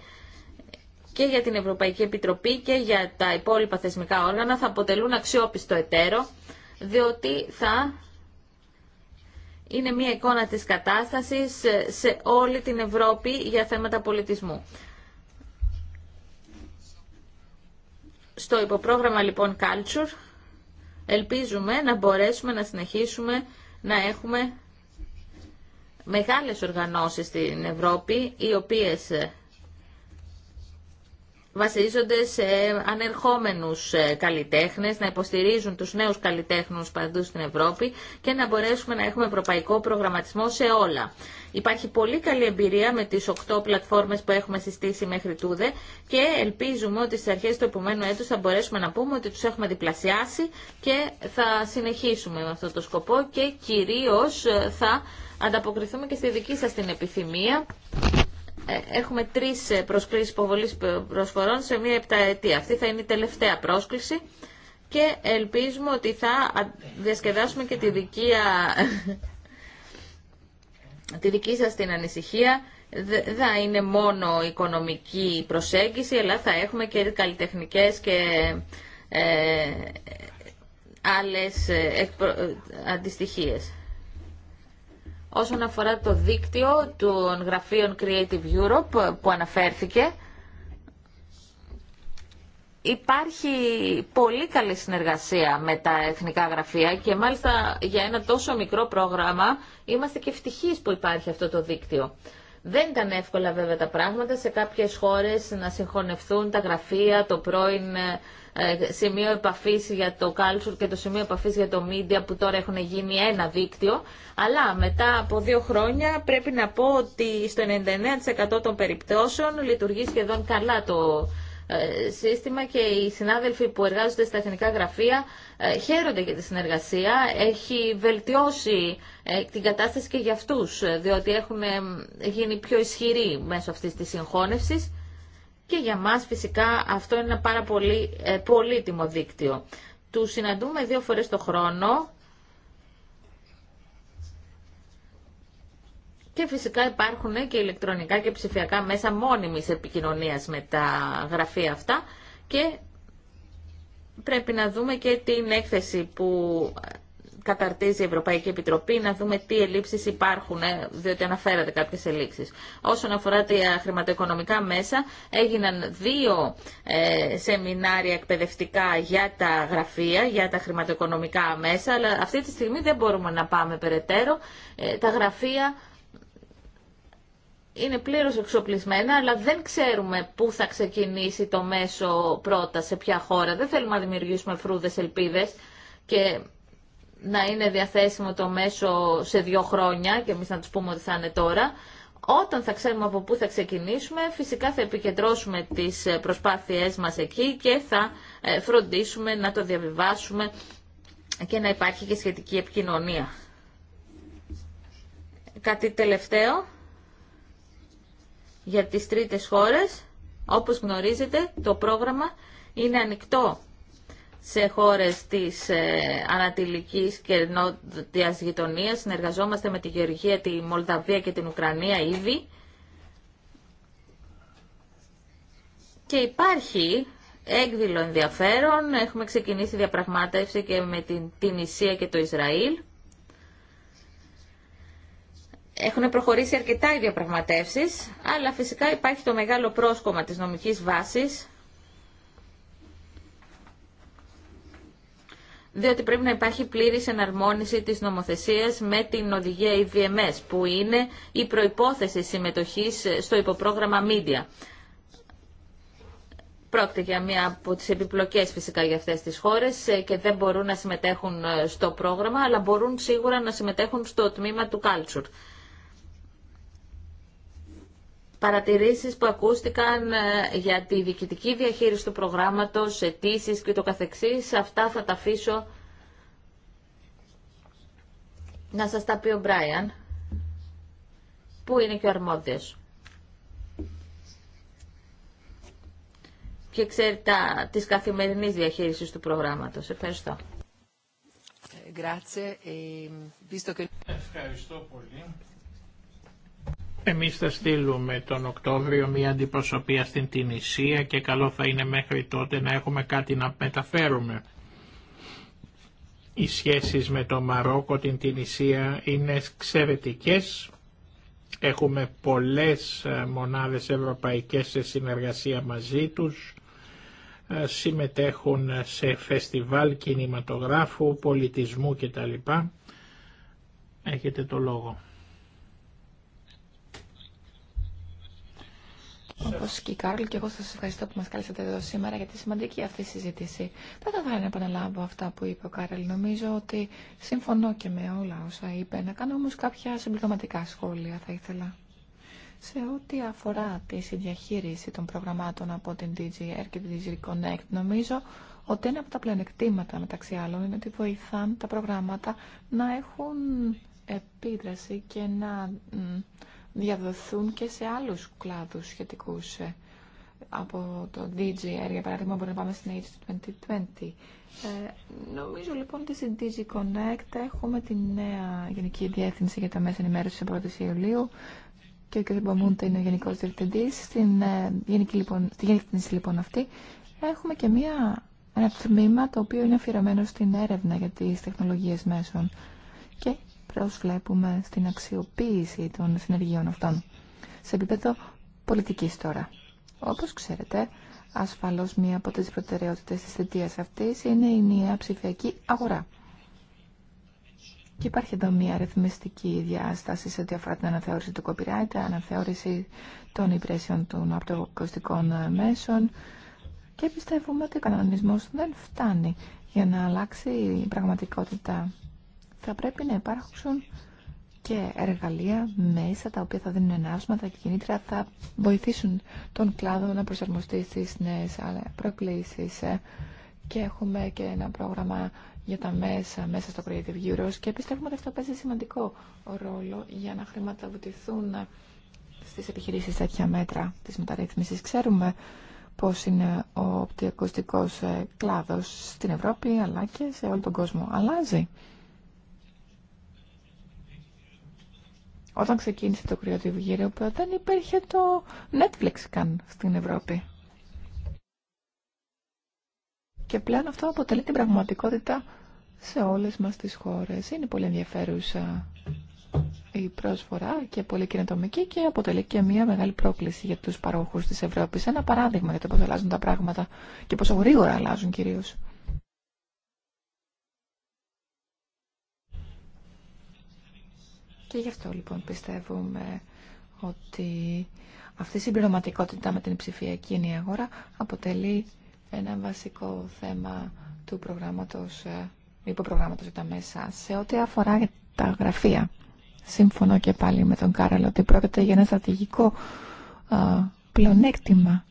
και για την Ευρωπαϊκή Επιτροπή και για τα υπόλοιπα θεσμικά όργανα θα αποτελούν αξιόπιστο εταίρο, διότι θα είναι μια εικόνα της κατάστασης σε όλη την Ευρώπη για θέματα πολιτισμού. Στο υποπρόγραμμα λοιπόν Culture ελπίζουμε να μπορέσουμε να συνεχίσουμε να έχουμε μεγάλες οργανώσεις στην Ευρώπη οι οποίες βασίζονται σε ανερχόμενους ε, καλλιτέχνες, να υποστηρίζουν τους νέους καλλιτέχνους παντού στην Ευρώπη και να μπορέσουμε να έχουμε ευρωπαϊκό προγραμματισμό σε όλα. Υπάρχει πολύ καλή εμπειρία με τις 8 πλατφόρμες που έχουμε συστήσει μέχρι τούδε και ελπίζουμε ότι στις αρχές του επομένου έτους θα μπορέσουμε να πούμε ότι τους έχουμε διπλασιάσει και θα συνεχίσουμε με αυτό το σκοπό και κυρίως ε, θα ανταποκριθούμε και στη δική σας την επιθυμία ε, έχουμε τρεις ε, προσκλήσεις υποβολή ε, προσφορών σε μία επταετία. Αυτή θα είναι η τελευταία πρόσκληση και ελπίζουμε ότι θα διασκεδάσουμε και τη δική, τη δική σας την ανησυχία. Δεν θα είναι μόνο οικονομική προσέγγιση, αλλά θα έχουμε και καλλιτεχνικές και ε, άλλες αντιστοιχίες όσον αφορά το δίκτυο των γραφείων Creative Europe που αναφέρθηκε. Υπάρχει πολύ καλή συνεργασία με τα εθνικά γραφεία και μάλιστα για ένα τόσο μικρό πρόγραμμα είμαστε και ευτυχείς που υπάρχει αυτό το δίκτυο. Δεν ήταν εύκολα βέβαια τα πράγματα σε κάποιες χώρες να συγχωνευτούν τα γραφεία, το πρώην ε, ε, σημείο επαφή για το culture και το σημείο επαφή για το media που τώρα έχουν γίνει ένα δίκτυο. Αλλά μετά από δύο χρόνια πρέπει να πω ότι στο 99% των περιπτώσεων λειτουργεί σχεδόν καλά το ε, σύστημα και οι συνάδελφοι που εργάζονται στα εθνικά γραφεία ε, χαίρονται για τη συνεργασία. Έχει βελτιώσει την κατάσταση και για αυτούς, διότι έχουν γίνει πιο ισχυροί μέσω αυτής της συγχώνευσης και για μας φυσικά αυτό είναι ένα πάρα πολύ ε, πολύτιμο δίκτυο. Του συναντούμε δύο φορές το χρόνο και φυσικά υπάρχουν και ηλεκτρονικά και ψηφιακά μέσα μόνιμης επικοινωνίας με τα γραφεία αυτά και πρέπει να δούμε και την έκθεση που καταρτίζει η Ευρωπαϊκή Επιτροπή, να δούμε τι ελλείψεις υπάρχουν, ε, διότι αναφέρατε κάποιες ελλείψεις. Όσον αφορά τα χρηματοοικονομικά μέσα, έγιναν δύο ε, σεμινάρια εκπαιδευτικά για τα γραφεία, για τα χρηματοοικονομικά μέσα, αλλά αυτή τη στιγμή δεν μπορούμε να πάμε περαιτέρω. Ε, τα γραφεία είναι πλήρως εξοπλισμένα, αλλά δεν ξέρουμε πού θα ξεκινήσει το μέσο πρώτα, σε ποια χώρα. Δεν θέλουμε να δημιουργήσουμε φρούδες ελπίδες και να είναι διαθέσιμο το μέσο σε δύο χρόνια και εμείς να τους πούμε ότι θα είναι τώρα. Όταν θα ξέρουμε από πού θα ξεκινήσουμε, φυσικά θα επικεντρώσουμε τις προσπάθειές μας εκεί και θα ε, φροντίσουμε να το διαβιβάσουμε και να υπάρχει και σχετική επικοινωνία. Κάτι τελευταίο για τις τρίτες χώρες. Όπως γνωρίζετε, το πρόγραμμα είναι ανοιχτό σε χώρες της ε, ανατολικής και νότιας γειτονίας. Συνεργαζόμαστε με τη Γεωργία, τη Μολδαβία και την Ουκρανία ήδη. Και υπάρχει έκδηλο ενδιαφέρον. Έχουμε ξεκινήσει διαπραγμάτευση και με την, την και το Ισραήλ. Έχουν προχωρήσει αρκετά οι διαπραγματεύσεις, αλλά φυσικά υπάρχει το μεγάλο πρόσκομα της νομικής βάσης διότι πρέπει να υπάρχει πλήρης εναρμόνιση της νομοθεσίας με την οδηγία EVMS, που είναι η προϋπόθεση συμμετοχής στο υποπρόγραμμα Media. Πρόκειται για μία από τις επιπλοκές φυσικά για αυτές τις χώρες ε, και δεν μπορούν να συμμετέχουν ε, στο πρόγραμμα, αλλά μπορούν σίγουρα να συμμετέχουν στο τμήμα του Culture παρατηρήσεις που ακούστηκαν ε, για τη διοικητική διαχείριση του προγράμματος, αιτήσει και το καθεξής. Αυτά θα τα αφήσω να σας τα πει ο Μπράιαν, που είναι και ο αρμόδιος. Και ξέρει τα, της καθημερινής διαχείρισης του προγράμματος. Ευχαριστώ. Ε, Ευχαριστώ πολύ. Εμείς θα στείλουμε τον Οκτώβριο μια αντιπροσωπεία στην Τινησία και καλό θα είναι μέχρι τότε να έχουμε κάτι να μεταφέρουμε. Οι σχέσεις με το Μαρόκο, την Τινησία είναι εξαιρετικέ. Έχουμε πολλές ε, μονάδες ευρωπαϊκές σε συνεργασία μαζί τους. Ε, συμμετέχουν σε φεστιβάλ κινηματογράφου, πολιτισμού κτλ. Έχετε το λόγο. Όπω και η Κάρλ και εγώ σα ευχαριστώ που μα καλέσατε εδώ σήμερα για τη σημαντική αυτή συζήτηση. Δεν θα ήθελα να επαναλάβω αυτά που είπε ο Κάρλ. Νομίζω ότι συμφωνώ και με όλα όσα είπε. Να κάνω όμω κάποια συμπληρωματικά σχόλια θα ήθελα. Σε ό,τι αφορά τη συνδιαχείριση των προγραμμάτων από την DGR και την DG Connect, νομίζω ότι ένα από τα πλεονεκτήματα μεταξύ άλλων είναι ότι βοηθάν τα προγράμματα να έχουν επίδραση και να διαδοθούν και σε άλλους κλάδους σχετικούς ε, από το DJR, για παράδειγμα, μπορούμε να πάμε στην Age 2020. Ε, νομίζω λοιπόν ότι στην DG Connect έχουμε τη νέα Γενική Διεύθυνση για τα Μέσα Ενημέρωση 1η Ιουλίου και ο κ. Μπαμούντα είναι ο Γενικός Διευθυντής. Στην, ε, γενική, λοιπόν, στη Διεύθυνση λοιπόν αυτή έχουμε και μια, ένα τμήμα το οποίο είναι αφιερωμένο στην έρευνα για τις τεχνολογίες μέσων. Και προσβλέπουμε στην αξιοποίηση των συνεργειών αυτών. Σε επίπεδο πολιτικής τώρα. Όπως ξέρετε, ασφαλώς μία από τις προτεραιότητες της θετίας αυτής είναι η νέα ψηφιακή αγορά. Και υπάρχει εδώ μία ρυθμιστική διάσταση σε ό,τι αφορά την αναθεώρηση του copyright, αναθεώρηση των υπηρεσιών των απτοκοστικών μέσων και πιστεύουμε ότι ο κανονισμός δεν φτάνει για να αλλάξει η πραγματικότητα θα πρέπει να υπάρχουν και εργαλεία μέσα τα οποία θα δίνουν ενάψματα και κινήτρα θα βοηθήσουν τον κλάδο να προσαρμοστεί στις νέες προκλήσεις ε. και έχουμε και ένα πρόγραμμα για τα μέσα μέσα στο Creative Euros και πιστεύουμε ότι αυτό παίζει σημαντικό ρόλο για να χρηματοδοτηθούν ε, στις επιχειρήσεις τέτοια μέτρα της μεταρρύθμισης. Ξέρουμε πώς είναι ο οπτικοστικός ε, κλάδος στην Ευρώπη αλλά και σε όλο τον κόσμο. Αλλάζει. Όταν ξεκίνησε το Creative που που δεν υπήρχε το Netflix καν στην Ευρώπη. Και πλέον αυτό αποτελεί την πραγματικότητα σε όλες μας τις χώρες. Είναι πολύ ενδιαφέρουσα η πρόσφορα και πολύ κοινοτομική και αποτελεί και μια μεγάλη πρόκληση για τους παρόχους της Ευρώπης. Ένα παράδειγμα για το πώς αλλάζουν τα πράγματα και πόσο γρήγορα αλλάζουν κυρίως. Και γι' αυτό λοιπόν πιστεύουμε ότι αυτή η συμπληρωματικότητα με την ψηφιακή ενιαία αγορά αποτελεί ένα βασικό θέμα του προγράμματος, ε, υποπρογράμματος για τα μέσα. Σε ό,τι αφορά τα γραφεία, σύμφωνο και πάλι με τον Κάραλο ότι πρόκειται για ένα στρατηγικό ε, πλονέκτημα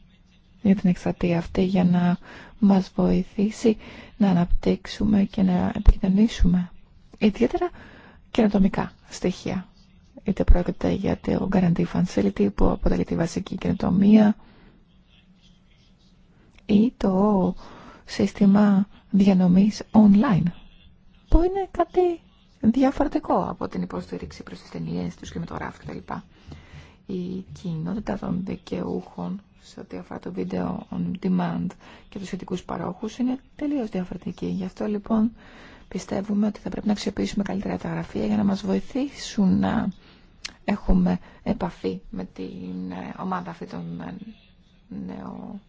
για την εκστρατεία αυτή για να μας βοηθήσει να αναπτύξουμε και να επικοινωνήσουμε. Ιδιαίτερα καινοτομικά στοιχεία. Είτε πρόκειται για το Guarantee Facility που αποτελεί τη βασική καινοτομία ή το σύστημα διανομής online που είναι κάτι διαφορετικό από την υποστήριξη προς τις ταινίες, τους κινηματογράφους κτλ. Η κοινότητα των δικαιούχων σε ό,τι αφορά το βίντεο on demand και τους σχετικούς παρόχους είναι τελείως διαφορετική. Γι' αυτό λοιπόν Πιστεύουμε ότι θα πρέπει να αξιοποιήσουμε καλύτερα τα γραφεία για να μας βοηθήσουν να έχουμε επαφή με την ε, ομάδα αυτή των ε, νέων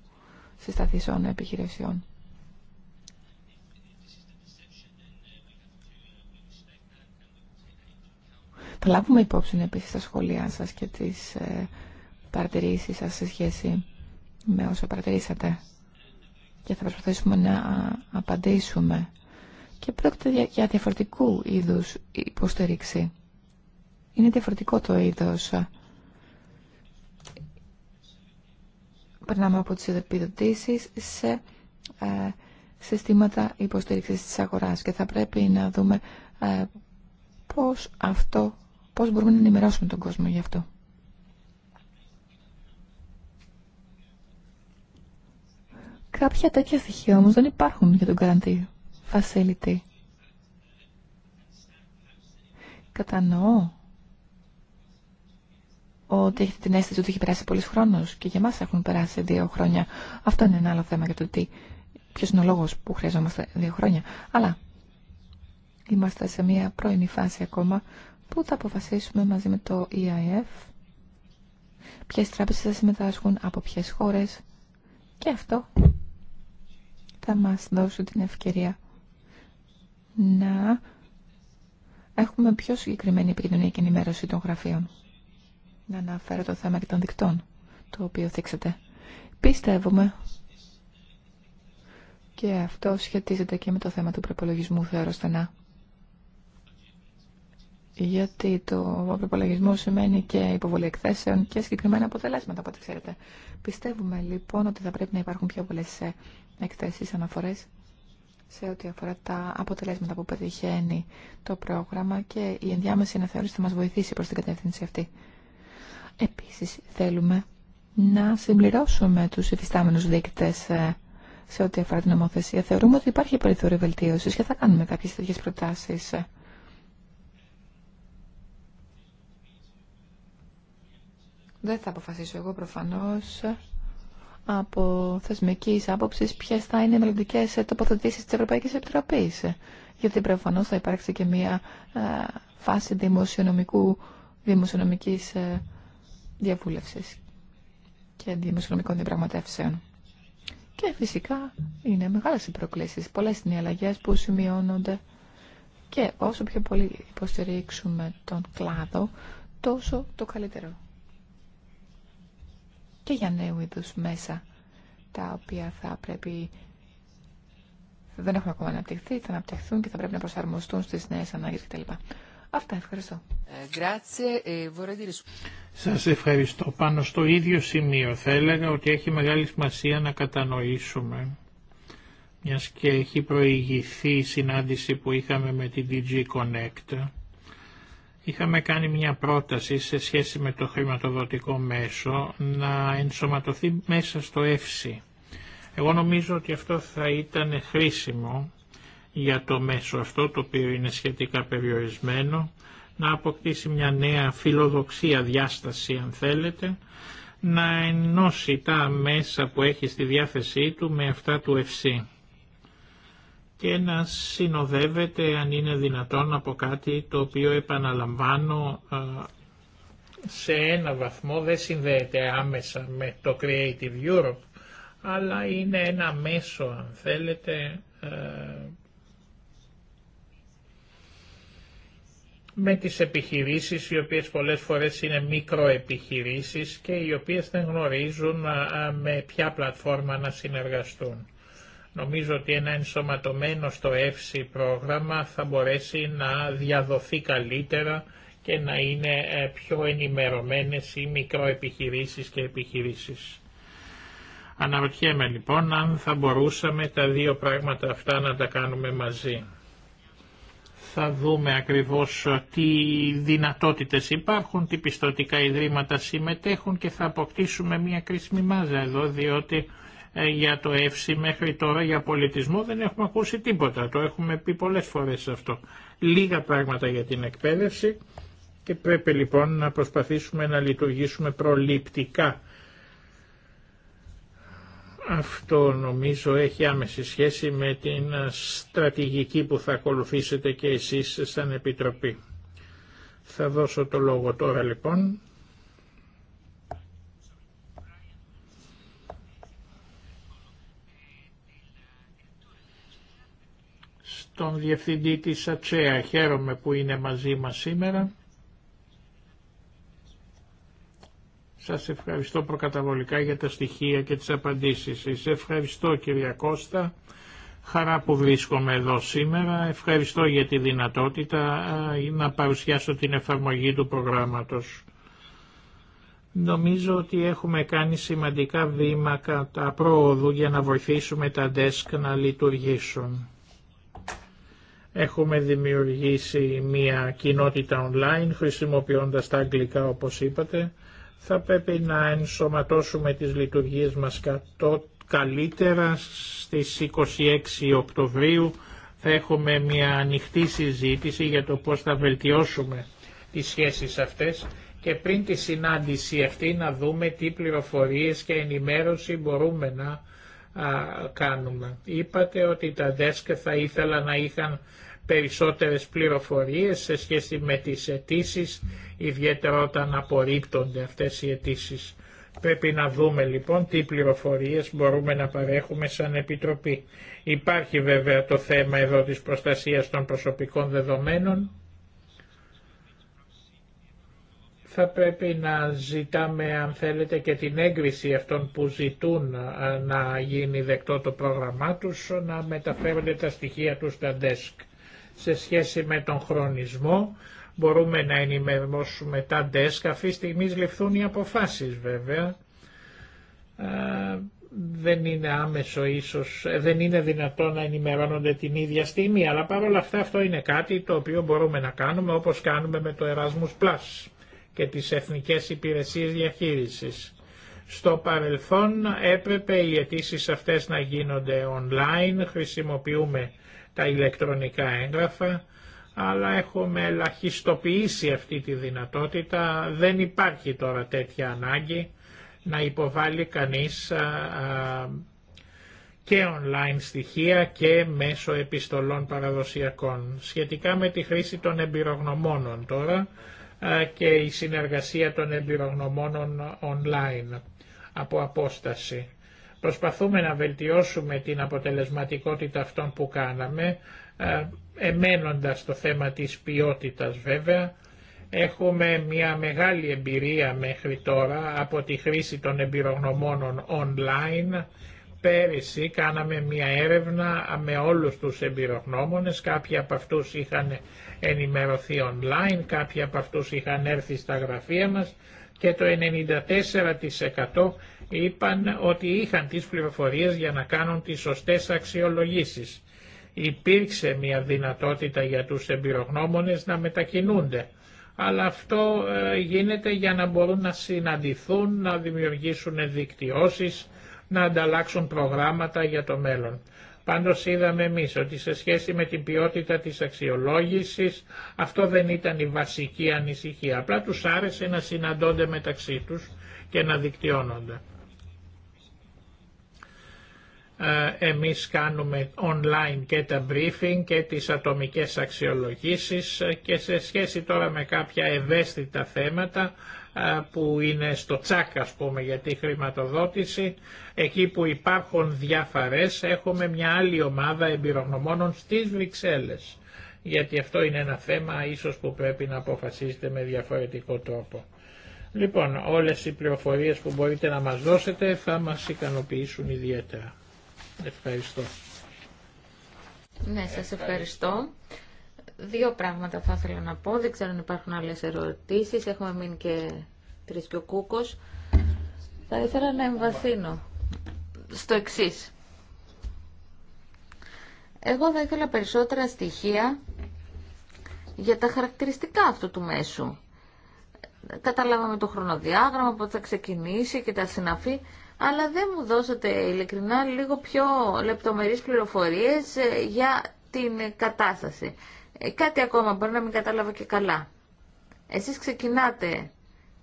συσταθήσεων επιχειρήσεων. Θα λάβουμε υπόψη επίσης τα σχόλιά σας και τις ε, παρατηρήσεις σας σε σχέση με όσα παρατηρήσατε και θα προσπαθήσουμε να απαντήσουμε και πρόκειται για διαφορετικού είδους υποστήριξη. Είναι διαφορετικό το είδος. Περνάμε από τις επιδοτήσεις σε ε, συστήματα υποστήριξης της αγοράς και θα πρέπει να δούμε ε, πώς αυτό, πώς μπορούμε να ενημερώσουμε τον κόσμο γι' αυτό. Κάποια τέτοια στοιχεία όμως δεν υπάρχουν για τον καραντίο. Facility. Κατανοώ ότι έχετε την αίσθηση ότι έχει περάσει πολλής χρόνος και για μας έχουν περάσει δύο χρόνια. Αυτό είναι ένα άλλο θέμα για το τι, ποιος είναι ο λόγος που χρειαζόμαστε δύο χρόνια. Αλλά είμαστε σε μια πρώιμη φάση ακόμα που θα αποφασίσουμε μαζί με το EIF ποιες τράπεζες θα συμμετάσχουν, από ποιες χώρες και αυτό θα μας δώσει την ευκαιρία να έχουμε πιο συγκεκριμένη επικοινωνία και ενημέρωση των γραφείων. Να αναφέρω το θέμα και των δικτών, το οποίο θίξατε. Πιστεύουμε, και αυτό σχετίζεται και με το θέμα του προπολογισμού, θεωρώ στενά. Γιατί το προπολογισμό σημαίνει και υποβολή εκθέσεων και συγκεκριμένα αποτελέσματα, από ξέρετε. Πιστεύουμε λοιπόν ότι θα πρέπει να υπάρχουν πιο πολλές ε, εκθέσεις, αναφορές, σε ό,τι αφορά τα αποτελέσματα που πετυχαίνει το πρόγραμμα και η ενδιάμεση αναθεώρηση θα μας βοηθήσει προς την κατεύθυνση αυτή. Επίσης θέλουμε να συμπληρώσουμε τους υφιστάμενους δείκτες ε, σε ό,τι αφορά την νομοθεσία. Θεωρούμε ότι υπάρχει περιθώριο βελτίωσης και θα κάνουμε κάποιες τέτοιες προτάσεις. Δεν θα αποφασίσω εγώ προφανώς από θεσμική άποψη ποιε θα είναι οι μελλοντικέ τοποθετήσει της Ευρωπαϊκής Επιτροπής. Γιατί προφανώ θα υπάρξει και μία ε, φάση δημοσιονομικού, δημοσιονομικής ε, διαβούλευσης και δημοσιονομικών διαπραγματεύσεων. Και φυσικά είναι μεγάλε οι προκλήσει, πολλές είναι οι αλλαγέ που σημειώνονται και όσο πιο πολύ υποστηρίξουμε τον κλάδο, τόσο το καλύτερο και για νέου είδου μέσα, τα οποία θα πρέπει δεν έχουν ακόμα αναπτυχθεί, θα αναπτυχθούν και θα πρέπει να προσαρμοστούν στις νέες ανάγκες κτλ. Αυτά, ευχαριστώ. Ε, ε, Σας ευχαριστώ. Πάνω στο ίδιο σημείο θα έλεγα ότι έχει μεγάλη σημασία να κατανοήσουμε μιας και έχει προηγηθεί η συνάντηση που είχαμε με την DG Connect Είχαμε κάνει μια πρόταση σε σχέση με το χρηματοδοτικό μέσο να ενσωματωθεί μέσα στο ΕΦΣΥ. Εγώ νομίζω ότι αυτό θα ήταν χρήσιμο για το μέσο αυτό, το οποίο είναι σχετικά περιορισμένο, να αποκτήσει μια νέα φιλοδοξία διάσταση αν θέλετε, να ενώσει τα μέσα που έχει στη διάθεσή του με αυτά του ΕΦΣΥ και να συνοδεύεται αν είναι δυνατόν από κάτι το οποίο επαναλαμβάνω σε ένα βαθμό δεν συνδέεται άμεσα με το Creative Europe αλλά είναι ένα μέσο αν θέλετε με τις επιχειρήσεις οι οποίες πολλές φορές είναι μικροεπιχειρήσεις και οι οποίες δεν γνωρίζουν με ποια πλατφόρμα να συνεργαστούν. Νομίζω ότι ένα ενσωματωμένο στο ΕΦΣΙ πρόγραμμα θα μπορέσει να διαδοθεί καλύτερα και να είναι ε, πιο ενημερωμένες οι μικροεπιχειρήσεις και επιχειρήσεις. Αναρωτιέμαι λοιπόν αν θα μπορούσαμε τα δύο πράγματα αυτά να τα κάνουμε μαζί. Θα δούμε ακριβώς ε, τι δυνατότητες υπάρχουν, τι πιστοτικά ιδρύματα συμμετέχουν και θα αποκτήσουμε μια κρίσιμη μάζα εδώ, διότι ε, για το ΕΦΣΙ μέχρι τώρα για πολιτισμό δεν έχουμε ακούσει τίποτα. Το έχουμε πει πολλές φορές αυτό. Λίγα πράγματα για την εκπαίδευση και πρέπει λοιπόν να προσπαθήσουμε να λειτουργήσουμε προληπτικά. Αυτό νομίζω έχει άμεση σχέση με την στρατηγική που θα ακολουθήσετε και εσείς σαν Επιτροπή. Θα δώσω το λόγο τώρα λοιπόν τον Διευθυντή της ΑΤΣΕΑ. Χαίρομαι που είναι μαζί μας σήμερα. Σας ευχαριστώ προκαταβολικά για τα στοιχεία και τις απαντήσεις σας. Ευχαριστώ κυρία Κώστα. Χαρά που βρίσκομαι εδώ σήμερα. Ευχαριστώ για τη δυνατότητα να παρουσιάσω την εφαρμογή του προγράμματος. Νομίζω ότι έχουμε κάνει σημαντικά βήματα πρόοδου για να βοηθήσουμε τα desk να λειτουργήσουν. Έχουμε δημιουργήσει μια κοινότητα online χρησιμοποιώντας τα αγγλικά όπως είπατε. Θα πρέπει να ενσωματώσουμε τις λειτουργίες μας καλύτερα στις 26 Οκτωβρίου θα έχουμε μια ανοιχτή συζήτηση για το πώς θα βελτιώσουμε τις σχέσεις αυτές και πριν τη συνάντηση αυτή να δούμε τι πληροφορίες και ενημέρωση μπορούμε να κάνουμε. Είπατε ότι τα ΔΕΣΚ θα ήθελα να είχαν περισσότερες πληροφορίες σε σχέση με τις αιτήσει, ιδιαίτερα όταν απορρίπτονται αυτές οι αιτήσει. Πρέπει να δούμε λοιπόν τι πληροφορίες μπορούμε να παρέχουμε σαν Επιτροπή. Υπάρχει βέβαια το θέμα εδώ της προστασίας των προσωπικών δεδομένων θα πρέπει να ζητάμε αν θέλετε και την έγκριση αυτών που ζητούν να γίνει δεκτό το πρόγραμμά τους να μεταφέρονται τα στοιχεία τους στα desk. Σε σχέση με τον χρονισμό μπορούμε να ενημερώσουμε τα desk. Αυτή τη στιγμή ληφθούν οι αποφάσεις βέβαια. Δεν είναι άμεσο ίσως, ε, δεν είναι δυνατό να ενημερώνονται την ίδια στιγμή, αλλά παρόλα αυτά αυτό είναι κάτι το οποίο μπορούμε να κάνουμε όπως κάνουμε με το Erasmus+ και τις Εθνικές Υπηρεσίες Διαχείρισης. Στο παρελθόν έπρεπε οι αιτήσει αυτές να γίνονται online, χρησιμοποιούμε τα ηλεκτρονικά έγγραφα, αλλά έχουμε ελαχιστοποιήσει αυτή τη δυνατότητα, δεν υπάρχει τώρα τέτοια ανάγκη να υποβάλει κανείς και online στοιχεία και μέσω επιστολών παραδοσιακών. Σχετικά με τη χρήση των εμπειρογνωμόνων τώρα, και η συνεργασία των εμπειρογνωμόνων online από απόσταση. Προσπαθούμε να βελτιώσουμε την αποτελεσματικότητα αυτών που κάναμε, εμένοντας το θέμα της ποιότητας βέβαια. Έχουμε μια μεγάλη εμπειρία μέχρι τώρα από τη χρήση των εμπειρογνωμόνων online Πέρυσι κάναμε μια έρευνα με όλους τους εμπειρογνώμονες, κάποιοι από αυτούς είχαν ενημερωθεί online, κάποιοι από αυτούς είχαν έρθει στα γραφεία μας και το 94% είπαν ότι είχαν τις πληροφορίες για να κάνουν τις σωστές αξιολογήσεις. Υπήρξε μια δυνατότητα για τους εμπειρογνώμονες να μετακινούνται, αλλά αυτό ε, γίνεται για να μπορούν να συναντηθούν, να δημιουργήσουν δικτυώσεις, να ανταλλάξουν προγράμματα για το μέλλον. Πάντως είδαμε εμείς ότι σε σχέση με την ποιότητα της αξιολόγησης αυτό δεν ήταν η βασική ανησυχία. Απλά τους άρεσε να συναντώνται μεταξύ τους και να δικτυώνονται. Ε, εμείς κάνουμε online και τα briefing και τις ατομικές αξιολογήσεις και σε σχέση τώρα με κάποια ευαίσθητα θέματα που είναι στο τσάκ ας πούμε για τη χρηματοδότηση. Εκεί που υπάρχουν διάφαρες έχουμε μια άλλη ομάδα εμπειρογνωμόνων στις Βρυξέλλες. Γιατί αυτό είναι ένα θέμα ίσως που πρέπει να αποφασίσετε με διαφορετικό τρόπο. Λοιπόν, όλες οι πληροφορίες που μπορείτε να μας δώσετε θα μας ικανοποιήσουν ιδιαίτερα. Ευχαριστώ. Ναι, σας ευχαριστώ. Δύο πράγματα θα ήθελα να πω. Δεν ξέρω αν υπάρχουν άλλε ερωτήσεις. Έχουμε μείνει και τρεις και ο κούκο. Θα ήθελα να εμβαθύνω στο εξή. Εγώ θα ήθελα περισσότερα στοιχεία για τα χαρακτηριστικά αυτού του μέσου. Καταλάβαμε το χρονοδιάγραμμα, πότε θα ξεκινήσει και τα συναφή, αλλά δεν μου δώσατε ειλικρινά λίγο πιο λεπτομερείς πληροφορίες ε, για την κατάσταση. Ε, κάτι ακόμα, μπορεί να μην κατάλαβα και καλά. Εσείς ξεκινάτε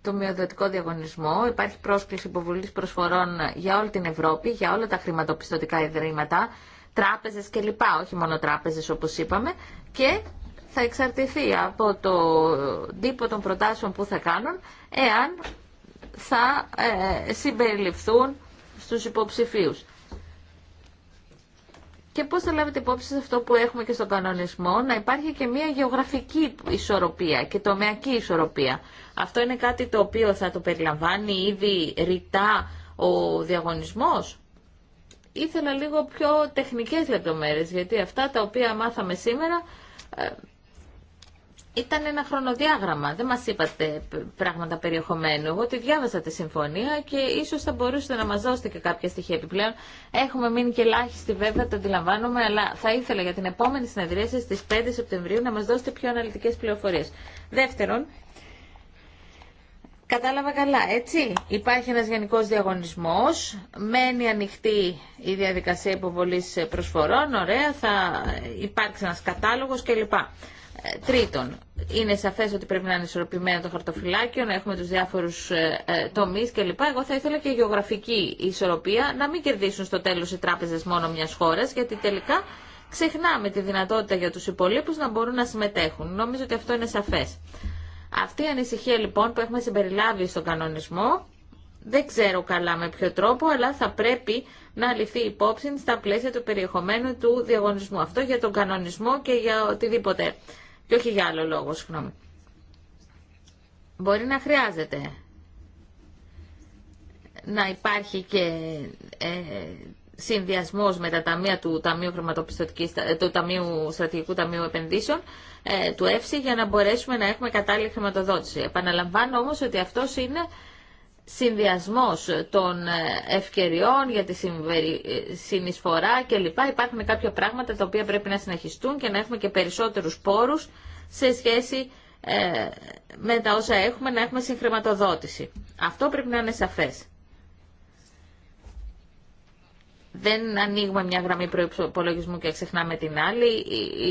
το μειοδοτικό διαγωνισμό, υπάρχει πρόσκληση υποβολής προσφορών για όλη την Ευρώπη, για όλα τα χρηματοπιστωτικά ιδρύματα, τράπεζες κλπ, όχι μόνο τράπεζες όπως είπαμε, και θα εξαρτηθεί από το τύπο των προτάσεων που θα κάνουν, εάν θα ε, ε συμπεριληφθούν στους υποψηφίους και πώς θα λάβετε υπόψη σε αυτό που έχουμε και στον κανονισμό, να υπάρχει και μια γεωγραφική ισορροπία και τομεακή ισορροπία. Αυτό είναι κάτι το οποίο θα το περιλαμβάνει ήδη ρητά ο διαγωνισμός. Ήθελα λίγο πιο τεχνικές λεπτομέρειες, γιατί αυτά τα οποία μάθαμε σήμερα ε, ήταν ένα χρονοδιάγραμμα. Δεν μα είπατε πράγματα περιεχομένου. Εγώ τη διάβασα τη συμφωνία και ίσω θα μπορούσατε να μα δώσετε και κάποια στοιχεία επιπλέον. Έχουμε μείνει και ελάχιστοι βέβαια, το αντιλαμβάνομαι, αλλά θα ήθελα για την επόμενη συνεδρία σα στις 5 Σεπτεμβρίου να μα δώσετε πιο αναλυτικέ πληροφορίε. Δεύτερον, Κατάλαβα καλά, έτσι. Υπάρχει ένας γενικός διαγωνισμός, μένει ανοιχτή η διαδικασία υποβολής προσφορών, ωραία, θα υπάρξει ένα κατάλογος κλπ. Τρίτον, είναι σαφέ ότι πρέπει να είναι ισορροπημένο το χαρτοφυλάκιο, να έχουμε του διάφορου ε, ε τομεί κλπ. Εγώ θα ήθελα και γεωγραφική ισορροπία, να μην κερδίσουν στο τέλο οι τράπεζε μόνο μια χώρα, γιατί τελικά ξεχνάμε τη δυνατότητα για του υπολείπου να μπορούν να συμμετέχουν. Νομίζω ότι αυτό είναι σαφέ. Αυτή η ανησυχία λοιπόν που έχουμε συμπεριλάβει στον κανονισμό, δεν ξέρω καλά με ποιο τρόπο, αλλά θα πρέπει να ληφθεί υπόψη στα πλαίσια του περιεχομένου του διαγωνισμού. Αυτό για τον κανονισμό και για οτιδήποτε και όχι για άλλο λόγο, συγγνώμη. Μπορεί να χρειάζεται να υπάρχει και ε, συνδυασμός με τα ταμεία του Ταμείου, ε, του ταμείου Στρατηγικού Ταμείου Επενδύσεων ε, του ΕΦΣΥ για να μπορέσουμε να έχουμε κατάλληλη χρηματοδότηση. Επαναλαμβάνω όμως ότι αυτός είναι συνδυασμός των ε, ευκαιριών για τη συνεισφορά κλπ. Υπάρχουν κάποια πράγματα τα οποία πρέπει να συνεχιστούν και να έχουμε και περισσότερους πόρους σε σχέση ε, με τα όσα έχουμε, να έχουμε συγχρηματοδότηση. Αυτό πρέπει να είναι σαφές δεν ανοίγουμε μια γραμμή προπολογισμού και ξεχνάμε την άλλη.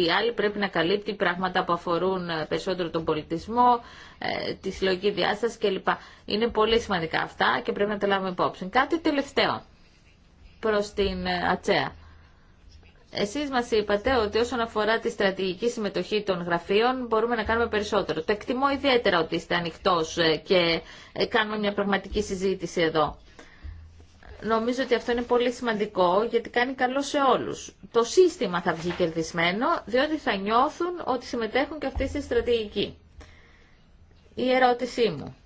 Η άλλη πρέπει να καλύπτει πράγματα που αφορούν ε, περισσότερο τον πολιτισμό, ε, τη συλλογική διάσταση κλπ. Είναι πολύ σημαντικά αυτά και πρέπει να τα λάβουμε υπόψη. Κάτι τελευταίο προς την ε, Ατσέα. Εσείς μας είπατε ότι όσον αφορά τη στρατηγική συμμετοχή των γραφείων μπορούμε να κάνουμε περισσότερο. Το εκτιμώ ιδιαίτερα ότι είστε ανοιχτό και κάνουμε μια πραγματική συζήτηση εδώ. Νομίζω ότι αυτό είναι πολύ σημαντικό γιατί κάνει καλό σε όλους. Το σύστημα θα βγει κερδισμένο διότι θα νιώθουν ότι συμμετέχουν και αυτοί στη στρατηγική. Η ερώτησή μου.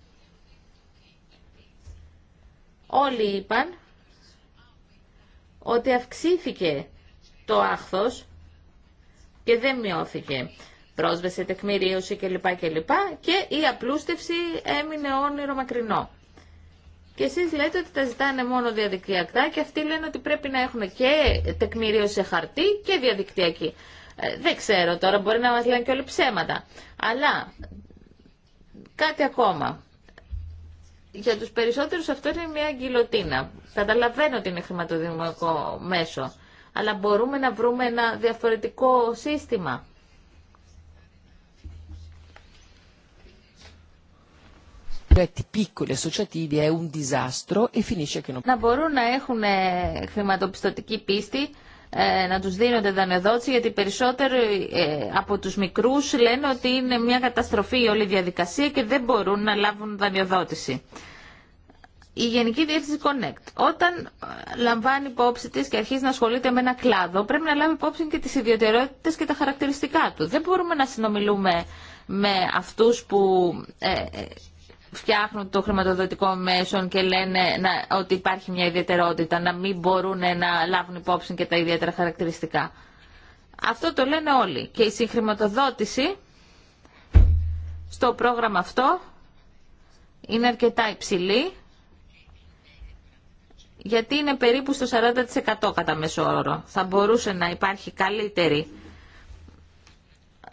Όλοι είπαν ότι αυξήθηκε το άχθος και δεν μειώθηκε πρόσβεση, τεκμηρίωση κλπ. κλπ. Και η απλούστευση έμεινε όνειρο μακρινό. Και εσείς λέτε ότι τα ζητάνε μόνο διαδικτυακά και αυτοί λένε ότι πρέπει να έχουν και τεκμηρίωση σε χαρτί και διαδικτυακή. Ε, δεν ξέρω τώρα, μπορεί να μα λένε και όλοι ψέματα. Αλλά κάτι ακόμα. Για τους περισσότερους αυτό είναι μια γκυλοτίνα. Καταλαβαίνω ότι είναι χρηματοδημοτικό μέσο. Αλλά μπορούμε να βρούμε ένα διαφορετικό σύστημα. piccoli e associativi è un disastro e finisce che non... Να μπορούν να έχουν ε, χρηματοπιστωτική πίστη ε, να τους δίνονται δανειοδότηση γιατί περισσότεροι ε, από τους μικρούς λένε ότι είναι μια καταστροφή η όλη διαδικασία και δεν μπορούν να λάβουν δανειοδότηση. Η Γενική Διεύθυνση Connect, όταν λαμβάνει υπόψη τη και αρχίζει να ασχολείται με ένα κλάδο, πρέπει να λάβει υπόψη και τις ιδιαιτερότητες και τα χαρακτηριστικά του. Δεν μπορούμε να συνομιλούμε με αυτούς που ε, φτιάχνουν το χρηματοδοτικό μέσο και λένε ότι υπάρχει μια ιδιαιτερότητα, να μην μπορούν να λάβουν υπόψη και τα ιδιαίτερα χαρακτηριστικά. Αυτό το λένε όλοι. Και η συγχρηματοδότηση στο πρόγραμμα αυτό είναι αρκετά υψηλή γιατί είναι περίπου στο 40% κατά μέσο όρο. Θα μπορούσε να υπάρχει καλύτερη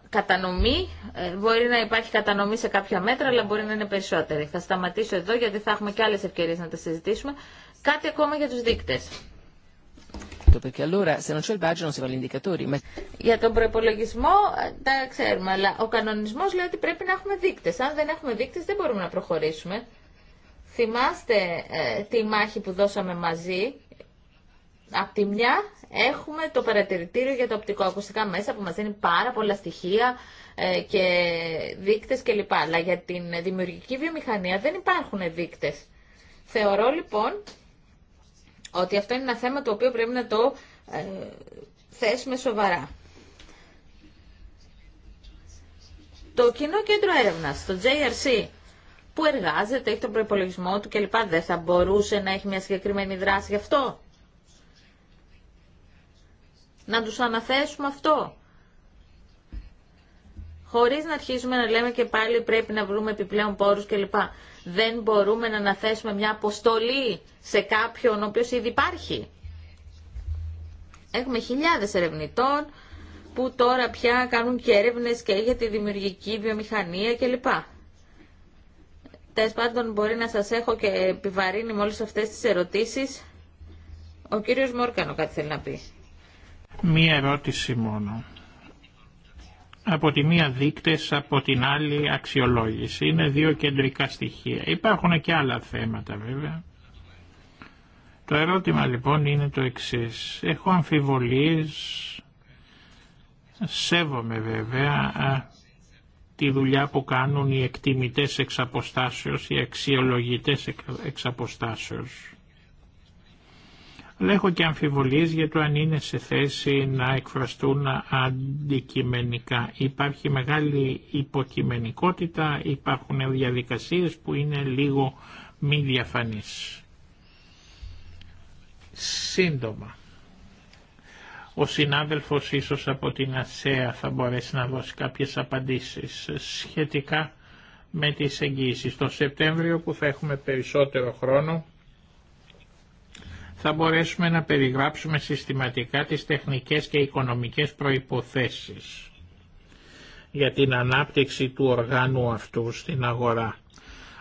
κατανομή. Ε, μπορεί να υπάρχει κατανομή σε κάποια μέτρα, αλλά μπορεί να είναι περισσότερη. Θα σταματήσω εδώ γιατί θα έχουμε και άλλε ευκαιρίες να τα συζητήσουμε. Κάτι ακόμα για τους δείκτες. Για τον προπολογισμό ε, τα ξέρουμε, αλλά ο κανονισμό λέει ότι πρέπει να έχουμε δείκτες. Αν δεν έχουμε δείκτε, δεν μπορούμε να προχωρήσουμε. Θυμάστε ε, τη μάχη που δώσαμε μαζί Απ' τη μια έχουμε το παρατηρητήριο για τα οπτικοακουστικά μέσα που μας δίνει πάρα πολλά στοιχεία ε, και δείκτες κλπ. Αλλά για την δημιουργική βιομηχανία δεν υπάρχουν δείκτες. Θεωρώ λοιπόν ότι αυτό είναι ένα θέμα το οποίο πρέπει να το ε, θέσουμε σοβαρά. Το Κοινό Κέντρο Έρευνας, το JRC, που εργάζεται, έχει τον προπολογισμό του κλπ. Δεν θα μπορούσε να έχει μια συγκεκριμένη δράση γι' αυτό να τους αναθέσουμε αυτό. Χωρίς να αρχίσουμε να λέμε και πάλι πρέπει να βρούμε επιπλέον πόρους κλπ. Δεν μπορούμε να αναθέσουμε μια αποστολή σε κάποιον ο οποίος ήδη υπάρχει. Έχουμε χιλιάδες ερευνητών που τώρα πια κάνουν και έρευνες και για τη δημιουργική βιομηχανία κλπ. Τέλο πάντων μπορεί να σας έχω και επιβαρύνει με όλες αυτές τις ερωτήσεις. Ο κύριος Μόρκανο κάτι θέλει να πει. Μία ερώτηση μόνο. Από τη μία δείκτες, από την άλλη αξιολόγηση. Είναι δύο κεντρικά στοιχεία. Υπάρχουν και άλλα θέματα βέβαια. Το ερώτημα λοιπόν είναι το εξής. Έχω αμφιβολίες, σέβομαι βέβαια τη δουλειά που κάνουν οι εκτιμητές εξ οι αξιολογητές εξ αλλά έχω και αμφιβολίες για το αν είναι σε θέση να εκφραστούν αντικειμενικά. Υπάρχει μεγάλη υποκειμενικότητα, υπάρχουν διαδικασίες που είναι λίγο μη διαφανείς. Σύντομα. Ο συνάδελφος ίσως από την ΑΣΕΑ θα μπορέσει να δώσει κάποιες απαντήσεις σχετικά με τις εγγύσεις. Το Σεπτέμβριο που θα έχουμε περισσότερο χρόνο θα μπορέσουμε να περιγράψουμε συστηματικά τις τεχνικές και οικονομικές προϋποθέσεις για την ανάπτυξη του οργάνου αυτού στην αγορά.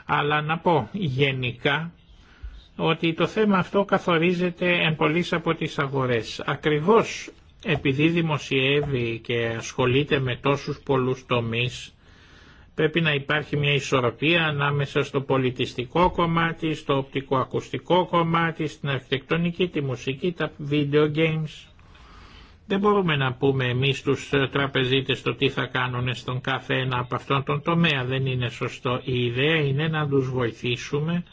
Αλλά να πω γενικά ότι το θέμα αυτό καθορίζεται εν πολλής από τις αγορές. Ακριβώς επειδή δημοσιεύει και ασχολείται με τόσους πολλούς τομείς, Πρέπει να υπάρχει μια ισορροπία ανάμεσα στο πολιτιστικό κομμάτι, στο οπτικοακουστικό κομμάτι, στην αρχιτεκτονική, τη μουσική, τα video games. Δεν μπορούμε να πούμε εμείς τους ε, τραπεζίτες το τι θα κάνουν στον κάθε ένα από αυτόν τον τομέα. Δεν είναι σωστό. Η ιδέα είναι να τους βοηθήσουμε,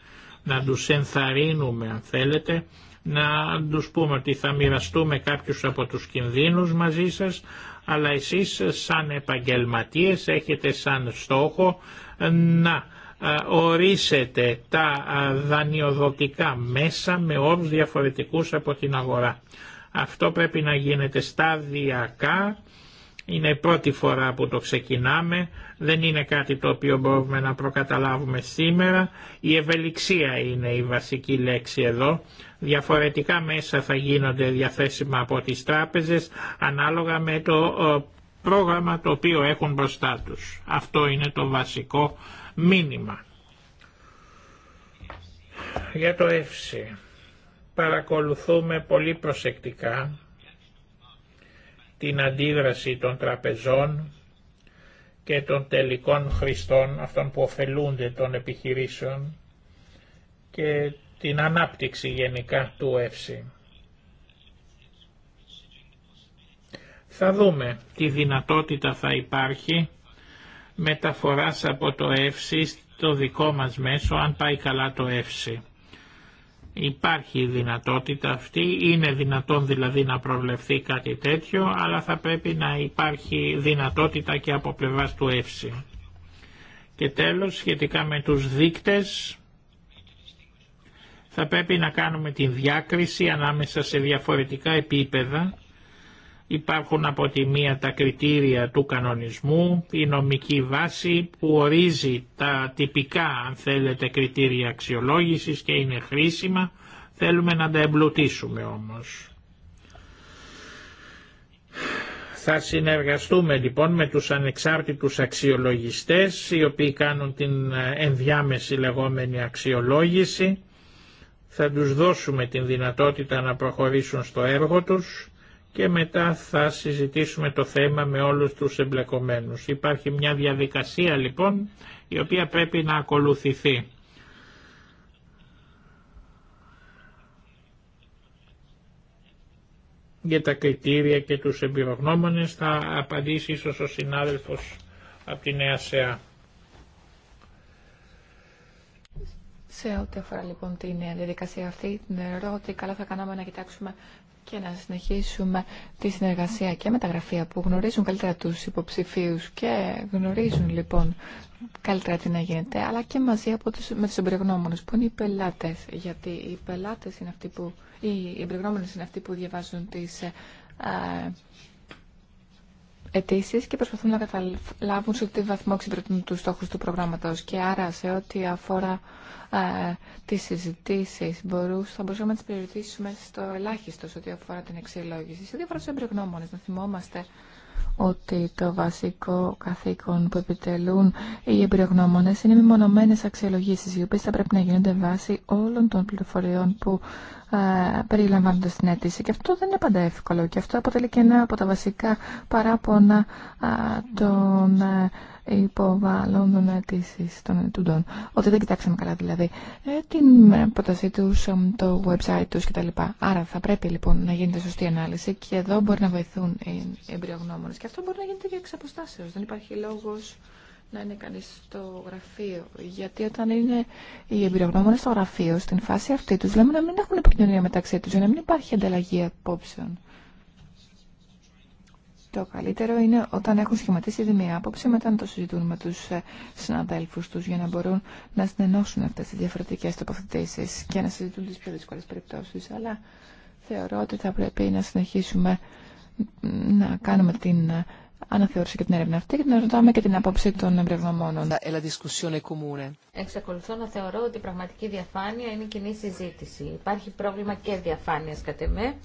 να τους ενθαρρύνουμε αν θέλετε, να τους πούμε ότι θα μοιραστούμε κάποιους από τους κινδύνους μαζί σας, αλλά εσείς σαν επαγγελματίες έχετε σαν στόχο να ε, ορίσετε τα ε, δανειοδοτικά μέσα με όρους διαφορετικούς από την αγορά. Αυτό πρέπει να γίνεται σταδιακά, είναι η πρώτη φορά που το ξεκινάμε, δεν είναι κάτι το οποίο μπορούμε να προκαταλάβουμε σήμερα. Η ευελιξία είναι η βασική λέξη εδώ. Διαφορετικά μέσα θα γίνονται διαθέσιμα από τις τράπεζες ανάλογα με το ε, πρόγραμμα το οποίο έχουν μπροστά τους. Αυτό είναι το βασικό μήνυμα. Για το ΕΦΣΥ παρακολουθούμε πολύ προσεκτικά την αντίδραση των τραπεζών και των τελικών χρηστών, αυτών που ωφελούνται των επιχειρήσεων και την ανάπτυξη γενικά του ΕΦΣΥ. Θα δούμε τι δυνατότητα θα υπάρχει μεταφοράς από το ΕΦΣΥ στο δικό μας μέσο αν πάει καλά το ΕΦΣΥ. Υπάρχει η δυνατότητα αυτή, είναι δυνατόν δηλαδή να προβλεφθεί κάτι τέτοιο, αλλά θα πρέπει να υπάρχει δυνατότητα και από πλευράς του Και τέλος, σχετικά με τους δείκτες, θα πρέπει να κάνουμε την διάκριση ανάμεσα σε διαφορετικά επίπεδα. Υπάρχουν από τη μία τα κριτήρια του κανονισμού, η νομική βάση που ορίζει τα τυπικά αν θέλετε κριτήρια αξιολόγησης και είναι χρήσιμα, θέλουμε να τα εμπλουτίσουμε όμως. Θα συνεργαστούμε λοιπόν με τους ανεξάρτητους αξιολογιστές οι οποίοι κάνουν την ενδιάμεση λεγόμενη αξιολόγηση θα τους δώσουμε την δυνατότητα να προχωρήσουν στο έργο τους και μετά θα συζητήσουμε το θέμα με όλους τους εμπλεκομένους. Υπάρχει μια διαδικασία λοιπόν η οποία πρέπει να ακολουθηθεί. Για τα κριτήρια και τους εμπειρογνώμονες θα απαντήσει ίσως ο συνάδελφος από τη Νέα ΣΕΑ. Σε ό,τι αφορά λοιπόν την ε, διαδικασία αυτή, την ότι καλά θα κάναμε να κοιτάξουμε και να συνεχίσουμε τη συνεργασία και με τα γραφεία που γνωρίζουν καλύτερα τους υποψηφίους και γνωρίζουν λοιπόν καλύτερα τι να γίνεται, αλλά και μαζί από τους, με τους εμπειρογνώμονες που είναι οι πελάτες, γιατί οι πελάτες είναι αυτοί που, οι εμπειρογνώμονες είναι αυτοί που διαβάζουν τις ε, ε αιτήσει και προσπαθούν να καταλάβουν σε τι βαθμό εξυπηρετούν του στόχου του προγράμματο. Και άρα, σε ό,τι αφορά ε, τι συζητήσει, θα μπορούσαμε να τι περιορίσουμε στο ελάχιστο σε ό,τι αφορά την εξελόγηση. Σε ό,τι αφορά του εμπειρογνώμονε, να θυμόμαστε ότι το βασικό καθήκον που επιτελούν οι εμπειρογνώμονε είναι μεμονωμένε αξιολογήσει, οι οποίε θα πρέπει να γίνονται βάσει όλων των πληροφοριών που ε, περιλαμβάνονται στην αίτηση. Και αυτό δεν είναι πάντα εύκολο και αυτό αποτελεί και ένα από τα βασικά παράπονα ε, των ε, υποβάλλοντων αίτηση των ετούντων. Ότι δεν κοιτάξαμε καλά δηλαδή την πρότασή του, το website του κτλ. Άρα θα πρέπει λοιπόν να γίνεται σωστή ανάλυση και εδώ μπορεί να βοηθούν οι εμπειρογνώμονε. Και αυτό μπορεί να γίνεται και εξ Δεν υπάρχει λόγο να είναι κανείς στο γραφείο. Γιατί όταν είναι οι εμπειρογνώμονες στο γραφείο, στην φάση αυτή τους λέμε να μην έχουν επικοινωνία μεταξύ τους, να μην υπάρχει ανταλλαγή απόψεων. Το καλύτερο είναι όταν έχουν σχηματίσει ήδη μία άποψη, μετά να το συζητούν με τους ε, συναδέλφους τους για να μπορούν να συνενώσουν αυτές τις διαφορετικές τοποθετήσει και να συζητούν τις πιο δύσκολες περιπτώσεις. Αλλά θεωρώ ότι θα πρέπει να συνεχίσουμε να κάνουμε την ε, Αναθεώρησε και την έρευνα αυτή και την ρωτάμε και την άποψη των εμπρευνομόνων. Εξακολουθώ να θεωρώ ότι η πραγματική διαφάνεια είναι κοινή συζήτηση. Υπάρχει πρόβλημα και διαφάνεια κατά με.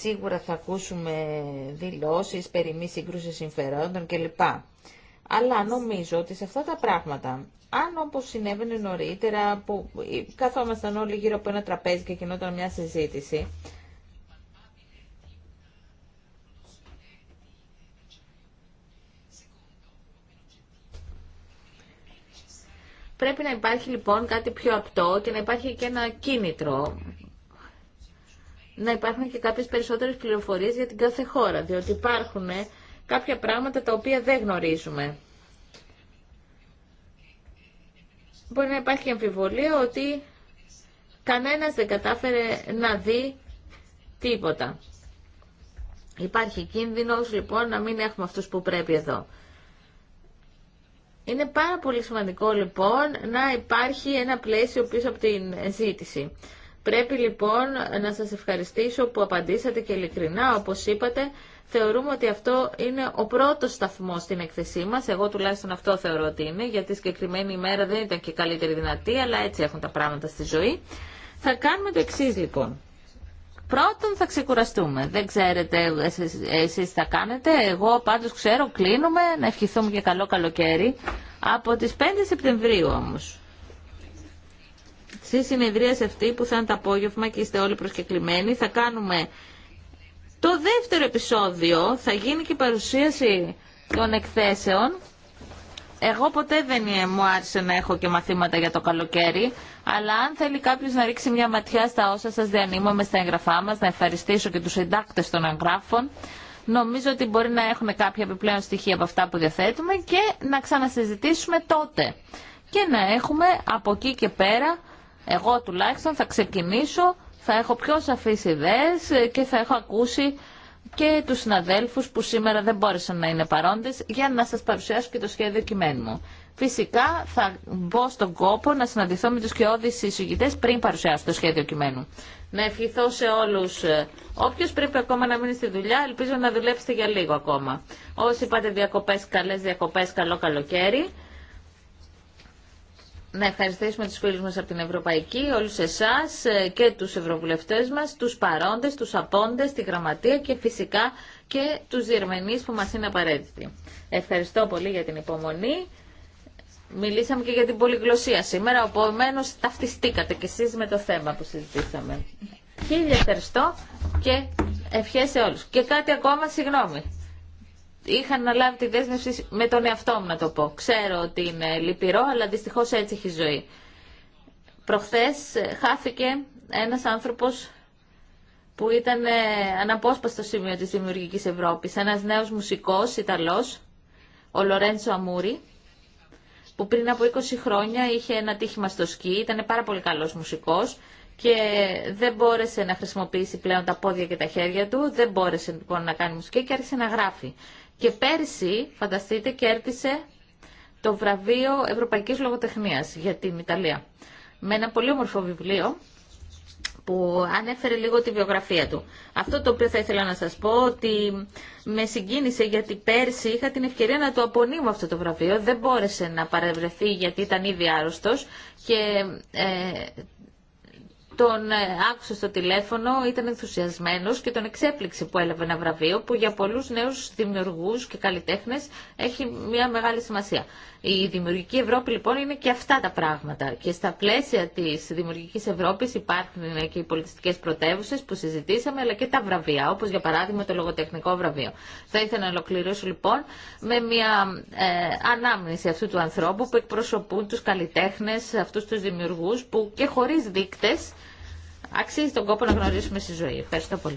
Σίγουρα θα ακούσουμε δηλώσει, περί μη σύγκρουση συμφερόντων κλπ. Αλλά νομίζω ότι σε αυτά τα πράγματα, αν όπω συνέβαινε νωρίτερα, που καθόμασταν όλοι γύρω από ένα τραπέζι και κινόταν μια συζήτηση, Πρέπει να υπάρχει λοιπόν κάτι πιο απτό και να υπάρχει και ένα κίνητρο. Να υπάρχουν και κάποιες περισσότερες πληροφορίες για την κάθε χώρα, διότι υπάρχουν ε, κάποια πράγματα τα οποία δεν γνωρίζουμε. Μπορεί να υπάρχει αμφιβολία ότι κανένας δεν κατάφερε να δει τίποτα. Υπάρχει κίνδυνος λοιπόν να μην έχουμε αυτούς που πρέπει εδώ. Είναι πάρα πολύ σημαντικό λοιπόν να υπάρχει ένα πλαίσιο πίσω από την ζήτηση. Πρέπει λοιπόν να σας ευχαριστήσω που απαντήσατε και ειλικρινά όπως είπατε. Θεωρούμε ότι αυτό είναι ο πρώτος σταθμός στην εκθεσή μας. Εγώ τουλάχιστον αυτό θεωρώ ότι είναι γιατί συγκεκριμένη ημέρα δεν ήταν και καλύτερη δυνατή αλλά έτσι έχουν τα πράγματα στη ζωή. Θα κάνουμε το εξή λοιπόν. Πρώτον θα ξεκουραστούμε. Δεν ξέρετε εσείς, τι θα κάνετε. Εγώ πάντως ξέρω, κλείνουμε, να ευχηθούμε για καλό καλοκαίρι. Από τις 5 Σεπτεμβρίου όμως. Στη συνεδρία σε αυτή που θα είναι το απόγευμα και είστε όλοι προσκεκλημένοι, θα κάνουμε το δεύτερο επεισόδιο, θα γίνει και η παρουσίαση των εκθέσεων εγώ ποτέ δεν μου άρεσε να έχω και μαθήματα για το καλοκαίρι, αλλά αν θέλει κάποιο να ρίξει μια ματιά στα όσα σα διανύμαμε στα εγγραφά μα, να ευχαριστήσω και του συντάκτε των εγγράφων. Νομίζω ότι μπορεί να έχουν κάποια επιπλέον στοιχεία από αυτά που διαθέτουμε και να ξανασυζητήσουμε τότε. Και να έχουμε από εκεί και πέρα, εγώ τουλάχιστον θα ξεκινήσω, θα έχω πιο σαφείς ιδέες και θα έχω ακούσει και τους συναδέλφους που σήμερα δεν μπόρεσαν να είναι παρόντες για να σας παρουσιάσω και το σχέδιο κειμένου μου. Φυσικά θα μπω στον κόπο να συναντηθώ με τους κοιόδης συζητητές πριν παρουσιάσω το σχέδιο κειμένου. Να ευχηθώ σε όλους. Ε, όποιος πρέπει ακόμα να μείνει στη δουλειά, ελπίζω να δουλέψετε για λίγο ακόμα. Όσοι πάτε διακοπές, καλές διακοπές, καλό καλοκαίρι να ευχαριστήσουμε τους φίλους μας από την Ευρωπαϊκή, όλους εσάς ε, και τους ευρωβουλευτές μας, τους παρόντες, τους απόντες, τη γραμματεία και φυσικά και τους διερμενείς που μας είναι απαραίτητοι. Ευχαριστώ πολύ για την υπομονή. Μιλήσαμε και για την πολυγλωσία σήμερα, οπότε ταυτιστήκατε κι εσείς με το θέμα που συζητήσαμε. Χίλια ευχαριστώ και ευχές σε όλους. Και κάτι ακόμα, συγγνώμη είχα λάβει τη δέσμευση με τον εαυτό μου να το πω. Ξέρω ότι είναι λυπηρό, αλλά δυστυχώ έτσι έχει ζωή. Προχθέ ε, χάθηκε ένα άνθρωπο που ήταν ε, αναπόσπαστο σημείο τη Δημιουργική Ευρώπη. Ένα νέο μουσικό, Ιταλός, ο Λορέντσο Αμούρι, που πριν από 20 χρόνια είχε ένα τύχημα στο σκι, ήταν πάρα πολύ καλός μουσικός και δεν μπόρεσε να χρησιμοποιήσει πλέον τα πόδια και τα χέρια του, δεν μπόρεσε λοιπόν να κάνει μουσική και άρχισε να γράφει. Και πέρσι, φανταστείτε, κέρδισε το βραβείο Ευρωπαϊκής Λογοτεχνίας για την Ιταλία. Με ένα πολύ όμορφο βιβλίο που ανέφερε λίγο τη βιογραφία του. Αυτό το οποίο θα ήθελα να σας πω ότι με συγκίνησε γιατί πέρσι είχα την ευκαιρία να το απονείμω αυτό το βραβείο. Δεν μπόρεσε να παρευρεθεί γιατί ήταν ήδη άρρωστος και ε, τον ε, άκουσε στο τηλέφωνο, ήταν ενθουσιασμένος και τον εξέπληξε που έλαβε ένα βραβείο που για πολλούς νέους δημιουργούς και καλλιτέχνες έχει μια μεγάλη σημασία. Η Δημιουργική Ευρώπη λοιπόν είναι και αυτά τα πράγματα. Και στα πλαίσια τη Δημιουργική Ευρώπη υπάρχουν ε, και οι πολιτιστικέ πρωτεύουσε που συζητήσαμε, αλλά και τα βραβεία, όπω για παράδειγμα το λογοτεχνικό βραβείο. Θα ήθελα να ολοκληρώσω λοιπόν με μια ε, ανάμνηση αυτού του ανθρώπου που εκπροσωπούν του καλλιτέχνε, αυτού του δημιουργού που και χωρί δείκτε αξίζει τον κόπο να γνωρίσουμε στη ζωή. Ευχαριστώ πολύ.